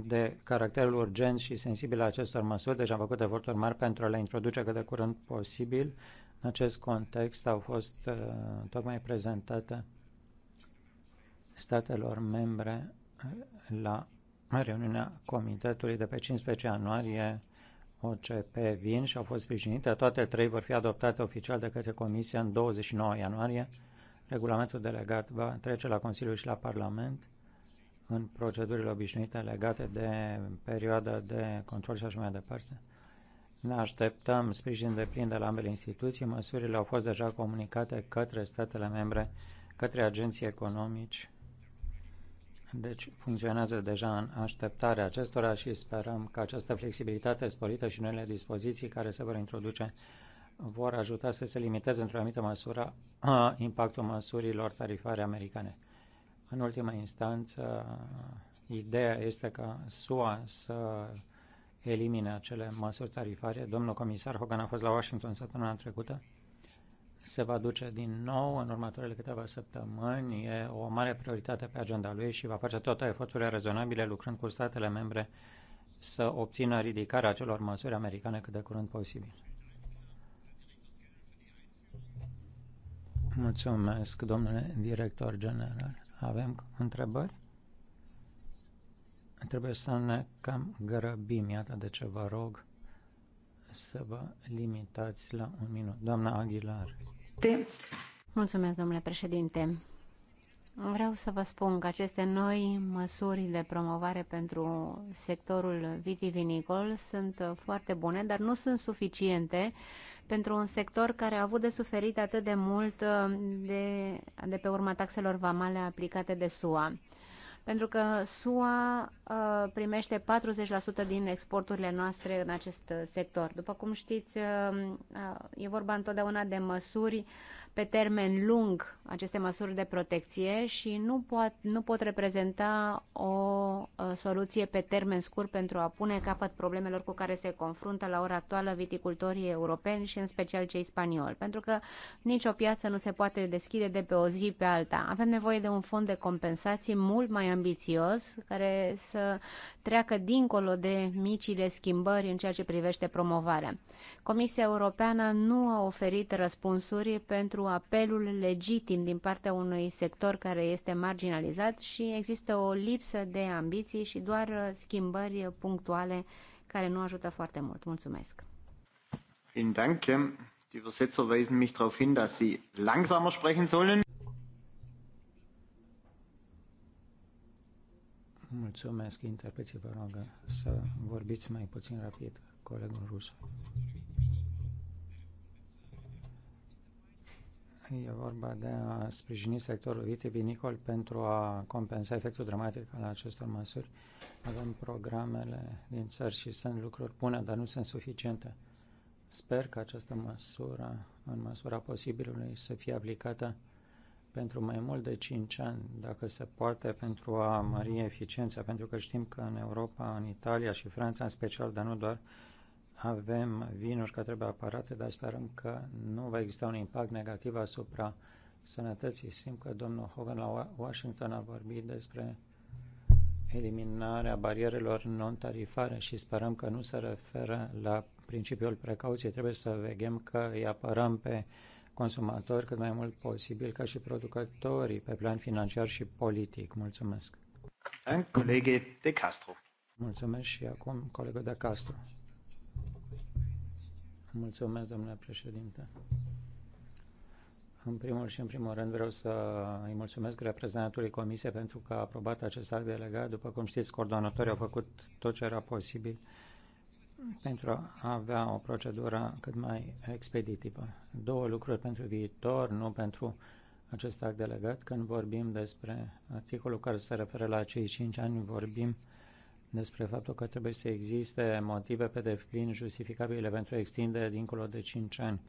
de caracterul urgent și sensibil a acestor măsuri. Deja deci am făcut eforturi mari pentru a le introduce cât de curând posibil. În acest context au fost uh, tocmai prezentate statelor membre uh, la reuniunea Comitetului de pe 15 ianuarie OCP vin și au fost sprijinite. Toate trei vor fi adoptate oficial de către comisia în 29 ianuarie. Regulamentul delegat va trece la Consiliu și la Parlament în procedurile obișnuite legate de perioada de control și așa mai departe. Ne așteptăm sprijin de plin de la ambele instituții. Măsurile au fost deja comunicate către statele membre, către agenții economici. Deci funcționează deja în așteptarea acestora și sperăm că această flexibilitate sporită și noile dispoziții care se vor introduce vor ajuta să se limiteze într-o anumită măsură impactul măsurilor tarifare americane. În ultima instanță, ideea este ca SUA să elimine acele măsuri tarifare. Domnul comisar Hogan a fost la Washington săptămâna trecută. Se va duce din nou în următoarele câteva săptămâni. E o mare prioritate pe agenda lui și va face toate eforturile rezonabile lucrând cu statele membre să obțină ridicarea acelor măsuri americane cât de curând posibil. Mulțumesc, domnule director general. Avem întrebări? Trebuie să ne cam grăbim, iată de ce vă rog să vă limitați la un minut. Doamna Aguilar. Te... Mulțumesc, domnule președinte. Vreau să vă spun că aceste noi măsuri de promovare pentru sectorul vitivinicol sunt foarte bune, dar nu sunt suficiente pentru un sector care a avut de suferit atât de mult uh, de, de pe urma taxelor vamale aplicate de SUA pentru că SUA uh, primește 40% din exporturile noastre în acest sector. După cum știți, uh, uh, e vorba întotdeauna de măsuri pe termen lung aceste măsuri de protecție și nu pot, nu pot reprezenta o uh, soluție pe termen scurt pentru a pune capăt problemelor cu care se confruntă la ora actuală viticultorii europeni și în special cei spanioli, pentru că nicio piață nu se poate deschide de pe o zi pe alta. Avem nevoie de un fond de compensații mult mai ambițios care să treacă dincolo de micile schimbări în ceea ce privește promovarea. Comisia Europeană nu a oferit răspunsuri pentru apelul legitim din partea unui sector care este marginalizat și există o lipsă de ambiții și doar schimbări punctuale care nu ajută foarte mult. Mulțumesc! Vielen Dank. Die Übersetzer weisen mich darauf hin, dass Sie langsamer sprechen sollen. Mulțumesc, interpreții vă rog să vorbiți mai puțin rapid colegul rus. E vorba de a sprijini sectorul vitivinicol pentru a compensa efectul dramatic al acestor măsuri. Avem programele din țări și sunt lucruri bune, dar nu sunt suficiente. Sper că această măsură, în măsura posibilului, să fie aplicată pentru mai mult de 5 ani, dacă se poate, pentru a mări eficiența, pentru că știm că în Europa, în Italia și Franța în special, dar nu doar, avem vinuri care trebuie aparate, dar sperăm că nu va exista un impact negativ asupra sănătății. Simt că domnul Hogan la Washington a vorbit despre eliminarea barierelor non-tarifare și sperăm că nu se referă la principiul precauției. Trebuie să vegem că îi apărăm pe consumatori cât mai mult posibil, ca și producătorii pe plan financiar și politic. Mulțumesc. Mulțumesc, de Castro. Mulțumesc și acum colegul de Castro. Mulțumesc, domnule președinte. În primul și în primul rând vreau să îi mulțumesc reprezentantului Comisiei pentru că a aprobat acest act delegat. După cum știți, coordonatorii au făcut tot ce era posibil pentru a avea o procedură cât mai expeditivă. Două lucruri pentru viitor, nu pentru acest act delegat. Când vorbim despre articolul care se referă la cei cinci ani, vorbim uh, despre faptul că trebuie să existe motive pe deplin justificabile pentru extindere dincolo de 5 ani.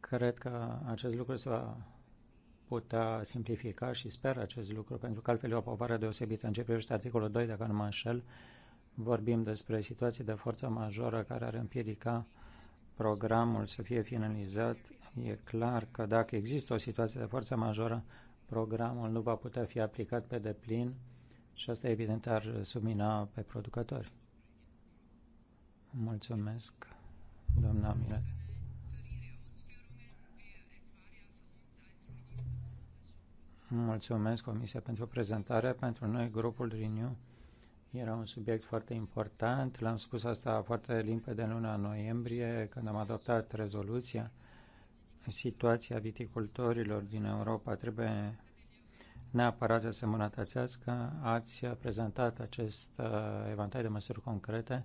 Cred că acest lucru se va putea simplifica și sper acest lucru, pentru că altfel e o povară deosebită. În ce privește articolul 2, dacă nu mă înșel, vorbim despre situații de forță majoră care ar împiedica programul să fie finalizat. E clar că dacă există o situație de forță majoră, programul nu va putea fi aplicat pe deplin și asta, evident, ar submina pe producători. Mulțumesc, doamna Milet. Mulțumesc, Comisia, pentru prezentare. Pentru noi, grupul Renew era un subiect foarte important. L-am spus asta foarte limpede în luna noiembrie, când am adoptat rezoluția. Situația viticultorilor din Europa trebuie neapărat să se îmbunătățească. Ați prezentat acest uh, evantai de măsuri concrete.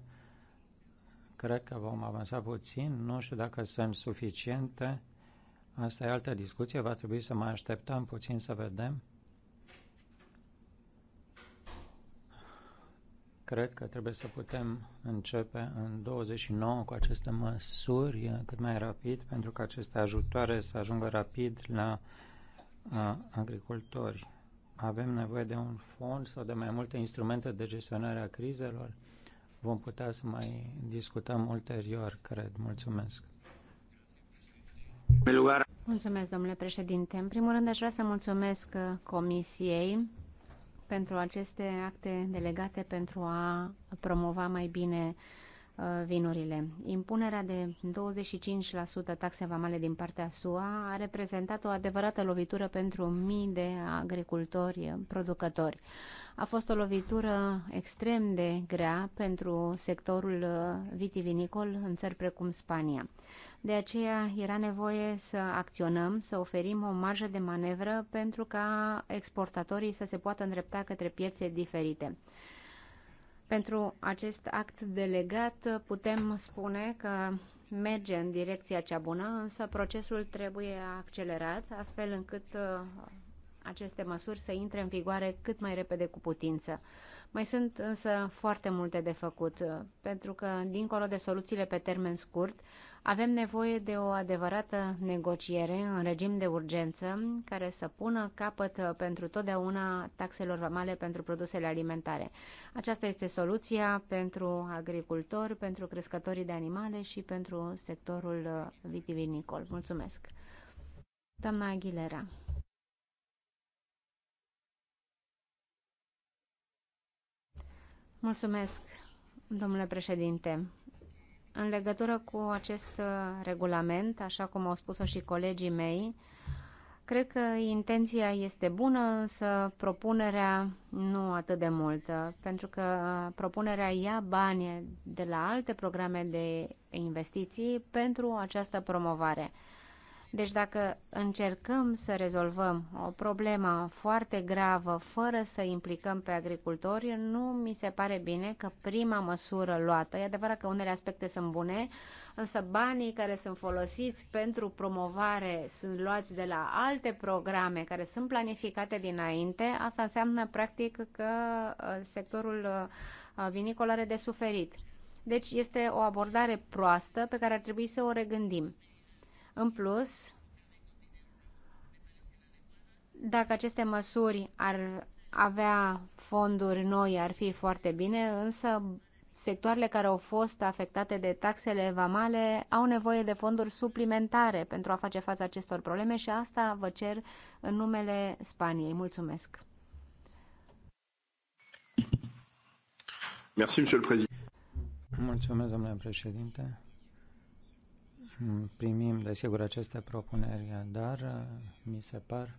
Cred că vom avansa puțin. Nu știu dacă sunt suficiente. Asta e altă discuție. Va trebui să mai așteptăm puțin să vedem. Cred că trebuie să putem începe în 29 cu aceste măsuri uh, cât mai rapid, pentru că aceste ajutoare să ajungă rapid la uh, agricultori avem nevoie de un fond sau de mai multe instrumente de gestionare a crizelor, vom putea să mai discutăm ulterior, cred. Mulțumesc. Mulțumesc, domnule președinte. În primul rând, aș vrea să mulțumesc uh, Comisiei pentru aceste acte delegate pentru a promova mai bine uh, Uh, vinurile. Impunerea de 25% taxe vamale din partea SUA a reprezentat o adevărată lovitură pentru mii de agricultori producători. A fost o lovitură extrem de grea pentru sectorul uh, vitivinicol în țări precum Spania. De aceea era nevoie să acționăm, să oferim o marjă de manevră pentru ca exportatorii să se poată îndrepta către piețe diferite. Pentru acest act delegat putem spune că merge în direcția cea bună, însă procesul trebuie accelerat, astfel încât uh, aceste măsuri să intre în vigoare cât mai repede cu putință. Mai sunt însă foarte multe de făcut, uh, pentru că, dincolo de soluțiile pe termen scurt, avem nevoie de o adevărată negociere în regim de urgență care să pună capăt pentru totdeauna taxelor vamale pentru produsele alimentare. Aceasta este soluția pentru agricultori, pentru crescătorii de animale și pentru sectorul vitivinicol. Mulțumesc! Doamna Aguilera. Mulțumesc, domnule președinte. În legătură cu acest uh, regulament, așa cum au spus-o și colegii mei, cred că intenția este bună, însă propunerea nu atât de multă, pentru că uh, propunerea ia bani de la alte programe de investiții pentru această promovare. Deci dacă încercăm să rezolvăm o problemă foarte gravă fără să implicăm pe agricultori, nu mi se pare bine că prima măsură luată, e adevărat că unele aspecte sunt bune, însă banii care sunt folosiți pentru promovare sunt luați de la alte programe care sunt planificate dinainte, asta înseamnă practic că uh, sectorul uh, vinicol are de suferit. Deci este o abordare proastă pe care ar trebui să o regândim. În plus, dacă aceste măsuri ar avea fonduri noi, ar fi foarte bine, însă sectoarele care au fost afectate de taxele vamale au nevoie de fonduri suplimentare pentru a face față acestor probleme și asta vă cer în numele Spaniei. Mulțumesc! Mulțumesc, domnule președinte primim, desigur, aceste propuneri, dar uh, mi se par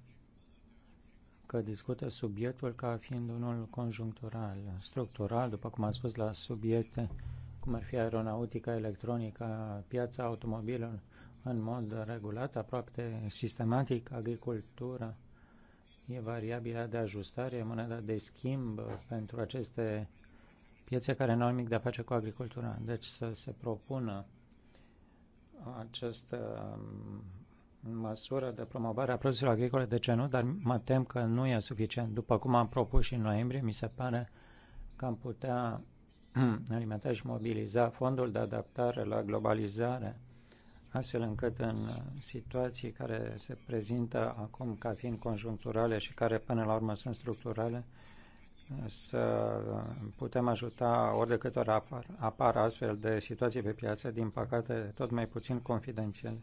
că discută subiectul ca fiind unul conjunctural, structural, după cum am spus, la subiecte cum ar fi aeronautica, electronica, piața automobilelor în mod regulat, aproape sistematic, agricultura e variabila de ajustare, moneda de schimb uh, pentru aceste piețe care nu au nimic de a face cu agricultura. Deci să se propună această um, măsură de promovare a produselor agricole de genul, dar mă tem că nu e suficient. După cum am propus și în noiembrie, mi se pare că am putea um, alimenta și mobiliza fondul de adaptare la globalizare, astfel încât în situații care se prezintă acum ca fiind conjuncturale și care până la urmă sunt structurale, să putem ajuta ori de câte ori apar, apar astfel de situații pe piață, din păcate tot mai puțin confidențiale.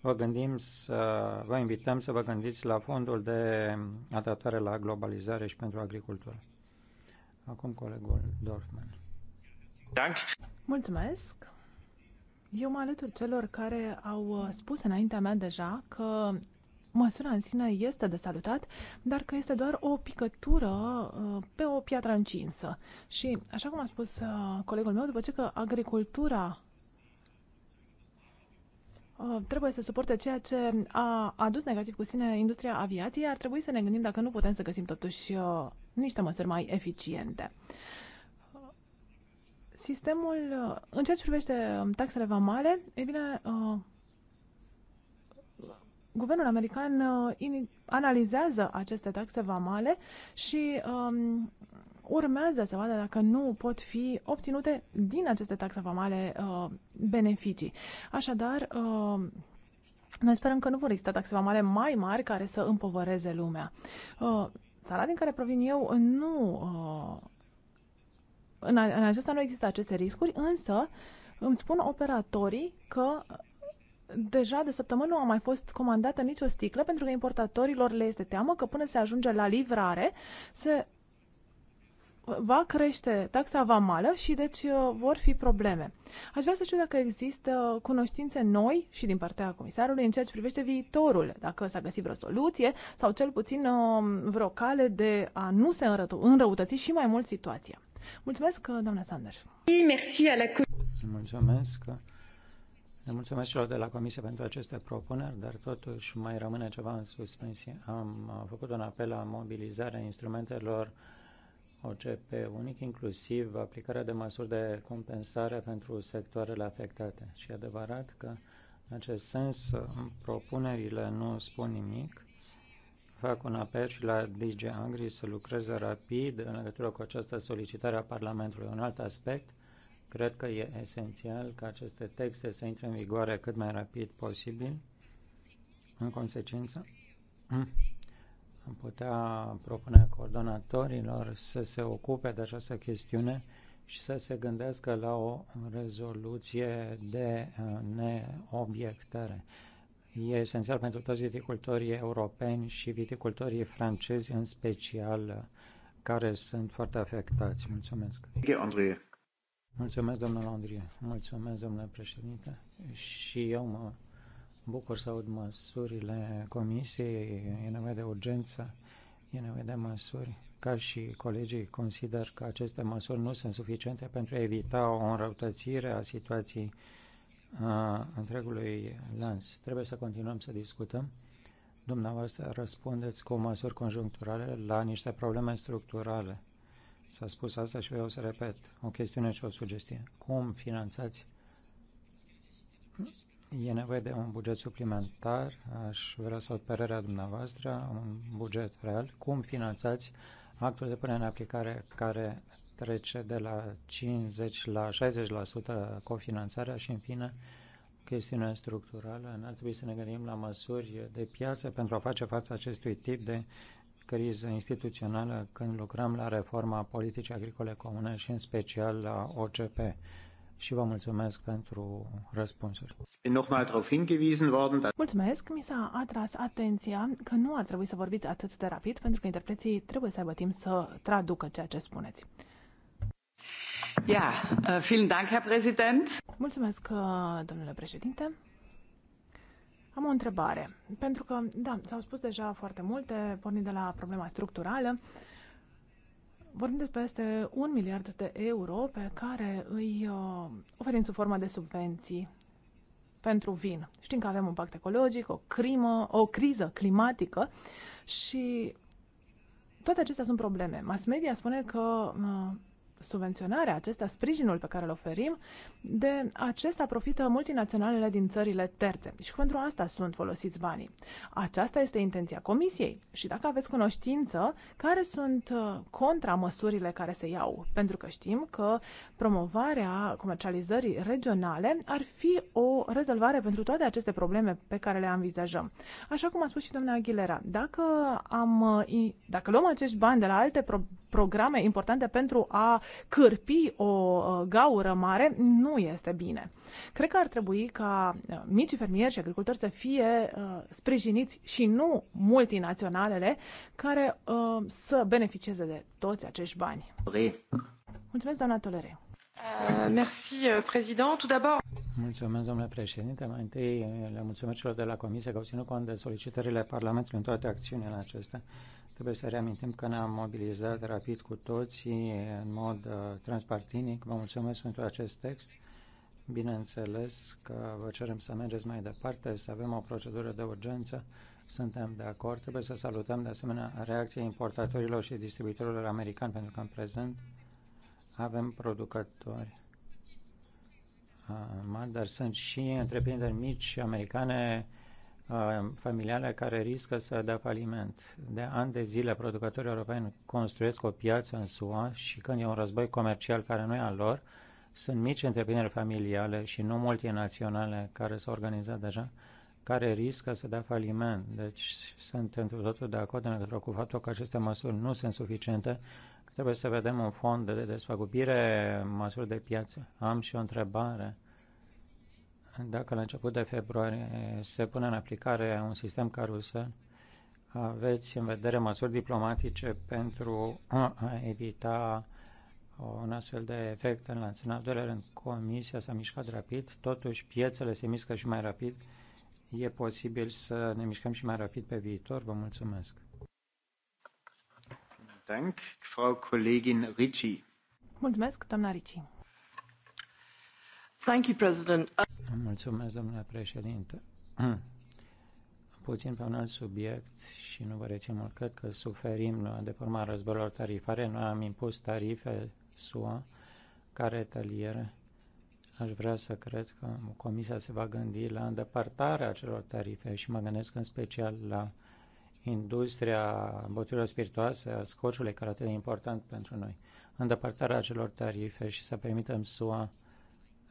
Vă gândim să vă invităm să vă gândiți la fondul de adaptare la globalizare și pentru agricultură. Acum colegul Dorfman. Dank. Mulțumesc. Eu mă alătur celor care au uh, spus înaintea mea deja că măsura în sine este de salutat, dar că este doar o picătură uh, pe o piatră încinsă. Și, așa cum a spus uh, colegul meu, după ce că agricultura uh, trebuie să suporte ceea ce a adus negativ cu sine industria aviației, ar trebui să ne gândim dacă nu putem să găsim totuși niște măsuri mai eficiente. Sistemul, în ceea ce privește um, taxele vamale, e bine, guvernul american uh, analizează aceste taxe vamale și um, urmează să vadă dacă nu pot fi obținute din aceste taxe vamale uh, beneficii. Așadar, uh, noi sperăm că nu vor exista taxe vamale mai mari care să împovăreze lumea. Uh, țara din care provin eu nu. Uh, în, în acesta nu există aceste riscuri, însă îmi spun operatorii că deja de săptămână nu a mai fost comandată nicio sticlă pentru că importatorilor le este teamă că până se ajunge la livrare se va crește taxa vamală și deci uh, vor fi probleme. Aș vrea să știu dacă există cunoștințe noi și din partea comisarului în ceea ce privește viitorul, dacă s-a găsit vreo soluție sau cel puțin uh, vreo cale de a nu se înrăutăți și mai mult situația. Mulțumesc, uh, doamna Sanders. Mulțumesc ne mulțumesc celor de la Comisie pentru aceste propuneri, dar totuși mai rămâne ceva în suspensie. Am făcut un apel la mobilizarea instrumentelor OCP unic, inclusiv aplicarea de măsuri de compensare pentru sectoarele afectate. Și e adevărat că, în acest sens, propunerile nu spun nimic. Fac un apel și la DG Angri să lucreze rapid în legătură cu această solicitare a Parlamentului. Un alt aspect – Cred că e esențial ca aceste texte să intre în vigoare cât mai rapid posibil. În consecință, am putea propune coordonatorilor să se ocupe de această chestiune și să se gândească la o rezoluție de uh, neobiectare. E esențial pentru toți viticultorii europeni și viticultorii francezi în special care sunt foarte afectați. Mulțumesc. Andrei. Mulțumesc, domnule Andrie. Mulțumesc, domnule președinte. Și eu mă bucur să aud măsurile comisiei. E nevoie de urgență, e nevoie de măsuri. Ca și colegii, consider că aceste măsuri nu sunt suficiente pentru a evita o înrăutățire a situației a întregului lans. Trebuie să continuăm să discutăm. Dumneavoastră răspundeți cu măsuri conjuncturale la niște probleme structurale S-a spus asta și vreau să repet o chestiune și o sugestie. Cum finanțați? E nevoie de un buget suplimentar, aș vrea să aud părerea dumneavoastră, un buget real. Cum finanțați actul de până în aplicare care trece de la 50 la 60% cofinanțarea și, în fine, chestiune structurală. N-ar trebui să ne gândim la măsuri de piață pentru a face față acestui tip de criză instituțională când lucrăm la reforma politicii agricole comune și în special la OCP. Și vă mulțumesc pentru răspunsuri. Mulțumesc, mi s-a atras atenția că nu ar trebui să vorbiți atât de rapid pentru că interpreții trebuie să aibă timp să traducă ceea ce spuneți. Ja, uh, vielen Dank, Herr Präsident. Mulțumesc, uh, domnule președinte. Am o întrebare, pentru că, da, s-au spus deja foarte multe, pornind de la problema structurală, vorbim despre peste un miliard de euro pe care îi uh, oferim sub formă de subvenții pentru vin. Știm că avem un pact ecologic, o, crimă, o criză climatică și toate acestea sunt probleme. Mass media spune că uh, subvenționarea acesta, sprijinul pe care îl oferim, de acesta profită multinaționalele din țările terțe și pentru asta sunt folosiți banii. Aceasta este intenția Comisiei și dacă aveți cunoștință care sunt uh, contra măsurile care se iau, pentru că știm că promovarea comercializării regionale ar fi o rezolvare pentru toate aceste probleme pe care le anvizajăm. Așa cum a spus și doamna Aguilera, dacă, am, uh, dacă luăm acești bani de la alte pro- programe importante pentru a cârpi o uh, gaură mare nu este bine. Cred că ar trebui ca uh, micii fermieri și agricultori să fie uh, sprijiniți și nu multinaționalele care să beneficieze de toți acești bani. Mulțumesc, doamna Tolere. merci, président. Tout d'abord. Mulțumesc, domnule președinte. Mai întâi le mulțumesc celor de la Comisie că au ținut cont de solicitările Parlamentului în toate acțiunile acestea. Trebuie să reamintim că ne-am mobilizat rapid cu toții în mod uh, transpartinic. Vă mulțumesc pentru acest text. Bineînțeles că vă cerem să mergeți mai departe, să avem o procedură de urgență. Suntem de acord. Trebuie să salutăm de asemenea reacția importatorilor și distribuitorilor americani, pentru că în prezent avem producători uh, mari, dar sunt și întreprinderi mici americane familiale care riscă să dea faliment. De ani de zile, producătorii europeni construiesc o piață în SUA și când e un război comercial care nu e al lor, sunt mici întreprinderi familiale și nu multinaționale care s-au organizat deja, care riscă să dea faliment. Deci sunt într totul de acord în cu faptul că aceste măsuri nu sunt suficiente, că trebuie să vedem un fond de desfăgubire, măsuri de piață. Am și o întrebare dacă la început de februarie se pune în aplicare un sistem carusel, aveți în vedere măsuri diplomatice pentru a evita un astfel de efect în lanț. În al doilea rând, Comisia s-a mișcat rapid, totuși piețele se mișcă și mai rapid. E posibil să ne mișcăm și mai rapid pe viitor. Vă mulțumesc. Dank, Frau Kollegin Ricci. Mulțumesc, doamna Ricci. Mulțumesc, domnule președinte. Puțin pe un alt subiect și nu vă rețin mult, cred că suferim de forma războiilor tarifare. Noi am impus tarife SUA care taliere. Aș vrea să cred că Comisia se va gândi la îndepărtarea acelor tarife și mă gândesc în special la industria băuturilor spiritoase, a scociului, care e atât de important pentru noi. Îndepărtarea acelor tarife și să permitem SUA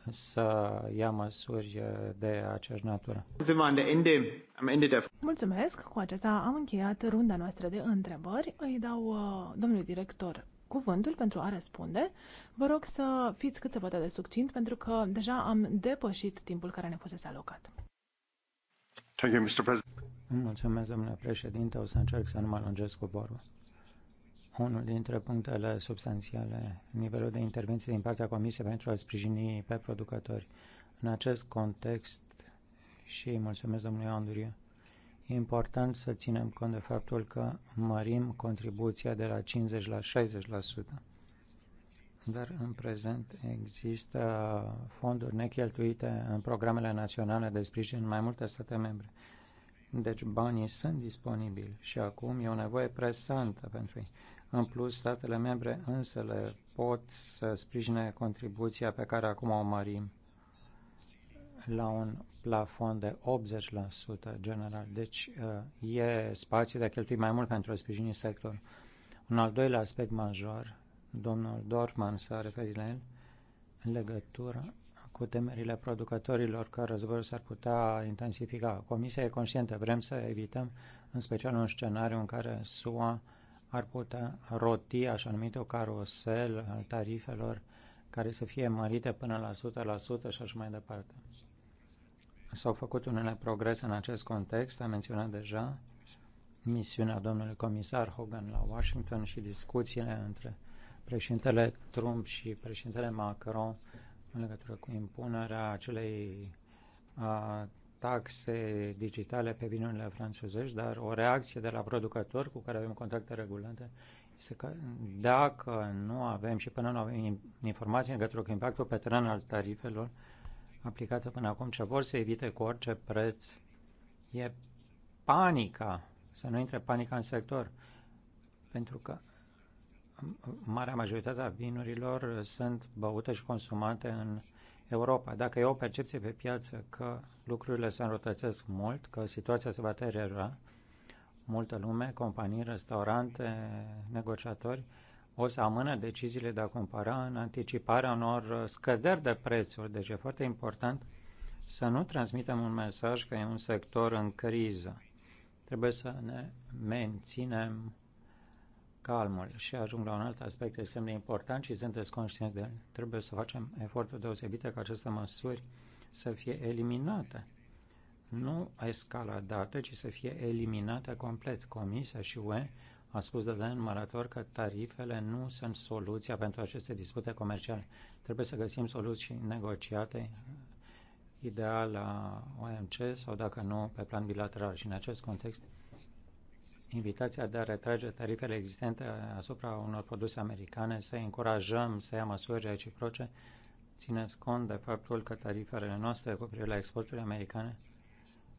să ia măsuri uh, de aceeași natură. Mulțumesc! Cu acesta am încheiat runda noastră de întrebări. Îi dau uh, domnului director cuvântul pentru a răspunde. Vă rog să fiți cât se poate de succint, pentru că deja am depășit timpul care ne fusese alocat. Thank you, Mr. President. Mulțumesc, domnule președinte. O să încerc să nu mă alungesc cu borul unul dintre punctele substanțiale, nivelul de intervenție din partea Comisiei pentru a sprijini pe producători. În acest context, și mulțumesc domnului Andrie, e important să ținem cont de faptul că mărim contribuția de la 50 la 60%. Dar în prezent există fonduri necheltuite în programele naționale de sprijin în mai multe state membre. Deci banii sunt disponibili și acum e o nevoie presantă pentru ei în plus, statele membre însă le pot să sprijine contribuția pe care acum o mărim la un plafon de 80% general. Deci uh, e spațiu de a cheltui mai mult pentru a sprijini sectorul. Un al doilea aspect major, domnul Dorman s-a referit la el, în legătură cu temerile producătorilor că războiul s-ar putea intensifica. Comisia e conștientă, vrem să evităm în special un scenariu în care SUA ar putea roti așa numit o carosel al tarifelor care să fie mărite până la 100% și așa mai departe. S-au făcut unele progrese în acest context, am menționat deja misiunea domnului comisar Hogan la Washington și discuțiile între președintele Trump și președintele Macron în legătură cu impunerea acelei a, taxe digitale pe vinurile franțuzești, dar o reacție de la producători cu care avem contacte regulante este că dacă nu avem și până nu avem informații în legătură cu impactul pe teren al tarifelor aplicate până acum, ce vor să evite cu orice preț e panica, să nu intre panica în sector, pentru că marea majoritate a vinurilor sunt băute și consumate în Europa. Dacă e o percepție pe piață că lucrurile se înrotățesc mult, că situația se va deteriora, multă lume, companii, restaurante, negociatori, o să amână deciziile de a cumpăra în anticiparea unor scăderi de prețuri. Deci e foarte important să nu transmitem un mesaj că e un sector în criză. Trebuie să ne menținem calmul și ajung la un alt aspect extrem de important și sunteți conștienți de el. Trebuie să facem eforturi deosebite ca aceste măsuri să fie eliminate. Nu escaladate, ci să fie eliminate complet. Comisia și UE a spus de denumărător că tarifele nu sunt soluția pentru aceste dispute comerciale. Trebuie să găsim soluții negociate, ideal la OMC sau dacă nu, pe plan bilateral. Și în acest context, invitația de a retrage tarifele existente asupra unor produse americane, să încurajăm să ia măsuri reciproce, țineți cont de faptul că tarifele noastre cu privire la exporturile americane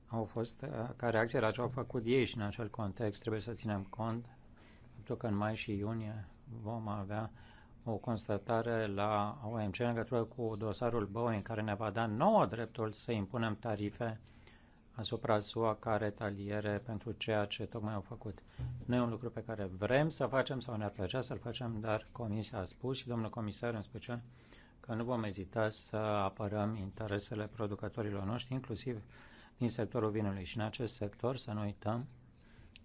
au fost ca reacție la ce au făcut ei și în acel context trebuie să ținem cont faptul că în mai și iunie vom avea o constatare la OMC în legătură cu dosarul Boeing care ne va da nouă dreptul să impunem tarife asupra SUA ca retaliere pentru ceea ce tocmai au făcut. Nu e un lucru pe care vrem să facem sau ne-ar plăcea să-l facem, dar Comisia a spus și domnul comisar în special că nu vom ezita să apărăm interesele producătorilor noștri, inclusiv din sectorul vinului. Și în acest sector să nu uităm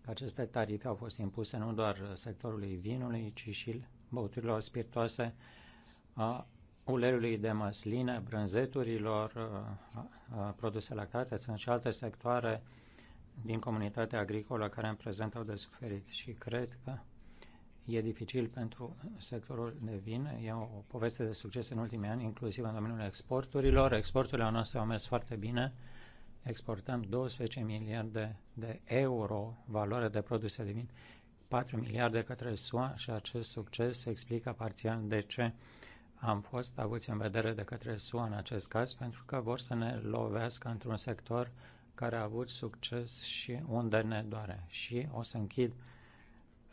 că aceste tarife au fost impuse nu doar sectorului vinului, ci și băuturilor spiritoase, a uleiului de măsline, brânzeturilor, uh, uh, produse lactate, sunt și alte sectoare din comunitatea agricolă care în prezent au de suferit și cred că e dificil pentru sectorul de vin. E o poveste de succes în ultimii ani, inclusiv în domeniul exporturilor. Exporturile noastre au mers foarte bine. Exportăm 12 miliarde de euro valoare de produse de vin, 4 miliarde către SUA și acest succes se explică parțial de ce am fost avuți în vedere de către SUA în acest caz pentru că vor să ne lovească într-un sector care a avut succes și unde ne doare. Și o să închid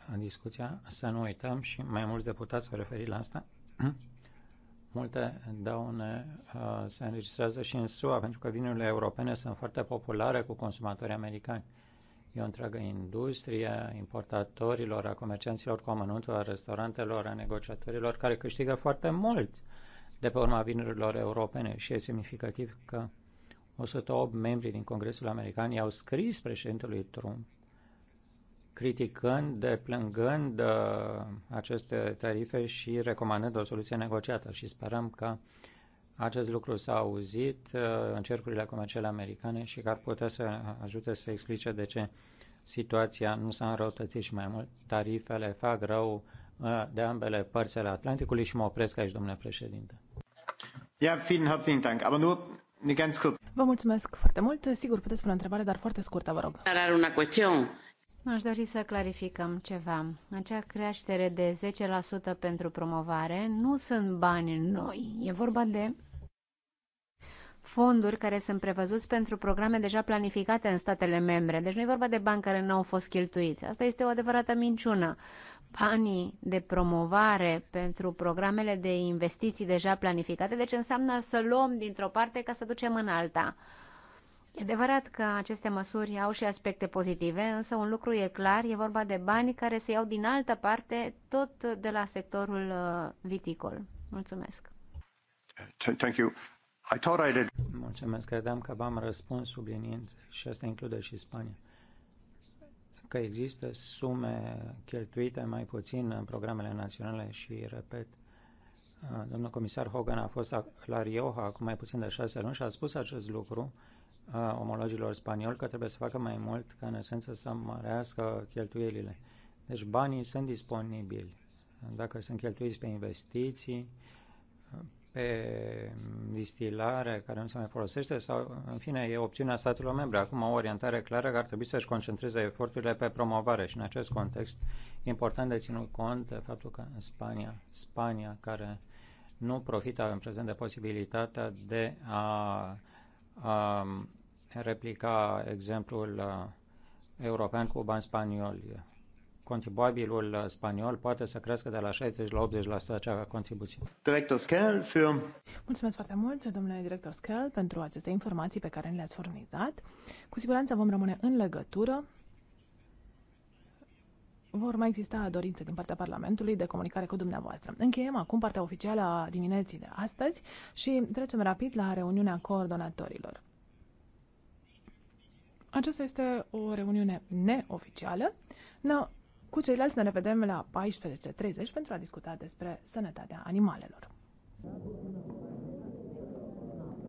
în uh, discuția, să nu uităm și mai mulți deputați au referit la asta, multe daune uh, se înregistrează și în SUA, pentru că vinurile europene sunt foarte populare cu consumatorii americani. E o întreagă industrie importatorilor, a comercianților cu amănuntul, a restaurantelor, a negociatorilor, care câștigă foarte mult de pe urma vinurilor europene și e semnificativ că 108 membri din Congresul American i-au scris președintelui Trump criticând, deplângând uh, aceste tarife și recomandând o soluție negociată și sperăm că acest lucru s-a auzit uh, în cercurile comerciale americane și că ar putea să ajute să explice de ce situația nu s-a înrăutățit și mai mult. Tarifele fac rău uh, de ambele părți ale Atlanticului și mă opresc aici, domnule președinte. Ja, vielen herzlichen Dank, aber nur eine ganz kurz. Vă mulțumesc foarte mult. Sigur, puteți pune întrebare, dar foarte scurtă, vă rog. Dar are una cuestión. Aș dori să clarificăm ceva. Acea creștere de 10% pentru promovare nu sunt bani noi. E vorba de fonduri care sunt prevăzuți pentru programe deja planificate în statele membre. Deci nu e vorba de bani care nu au fost cheltuiți. Asta este o adevărată minciună. Banii de promovare pentru programele de investiții deja planificate, deci înseamnă să luăm dintr-o parte ca să ducem în alta. E adevărat că aceste măsuri au și aspecte pozitive, însă un lucru e clar, e vorba de bani care se iau din altă parte, tot de la sectorul uh, viticol. Mulțumesc. Thank you. I thought I did. Mulțumesc, credeam că v-am răspuns subliniind și asta include și Spania că există sume cheltuite mai puțin în programele naționale și, repet, domnul comisar Hogan a fost la Rioja acum mai puțin de șase luni și a spus acest lucru omologilor spanioli că trebuie să facă mai mult ca în esență să mărească cheltuielile. Deci banii sunt disponibili. Dacă sunt cheltuiți pe investiții, pe distilare care nu se mai folosește sau, în fine, e opțiunea statelor membre. Acum o orientare clară că ar trebui să-și concentreze eforturile pe promovare și în acest context e important de ținut cont de faptul că în Spania, Spania care nu profită în prezent de posibilitatea de a, a replica exemplul uh, european cu bani spanioli contribuabilul spaniol poate să crească de la 60 la 80% acea contribuție. Director Schell, für... Mulțumesc foarte mult, domnule director Schell, pentru aceste informații pe care ne le-ați furnizat. Cu siguranță vom rămâne în legătură. Vor mai exista dorințe din partea Parlamentului de comunicare cu dumneavoastră. Încheiem acum partea oficială a dimineții de astăzi și trecem rapid la reuniunea coordonatorilor. Aceasta este o reuniune neoficială. Now, cu ceilalți ne revedem la 14.30 pentru a discuta despre sănătatea animalelor.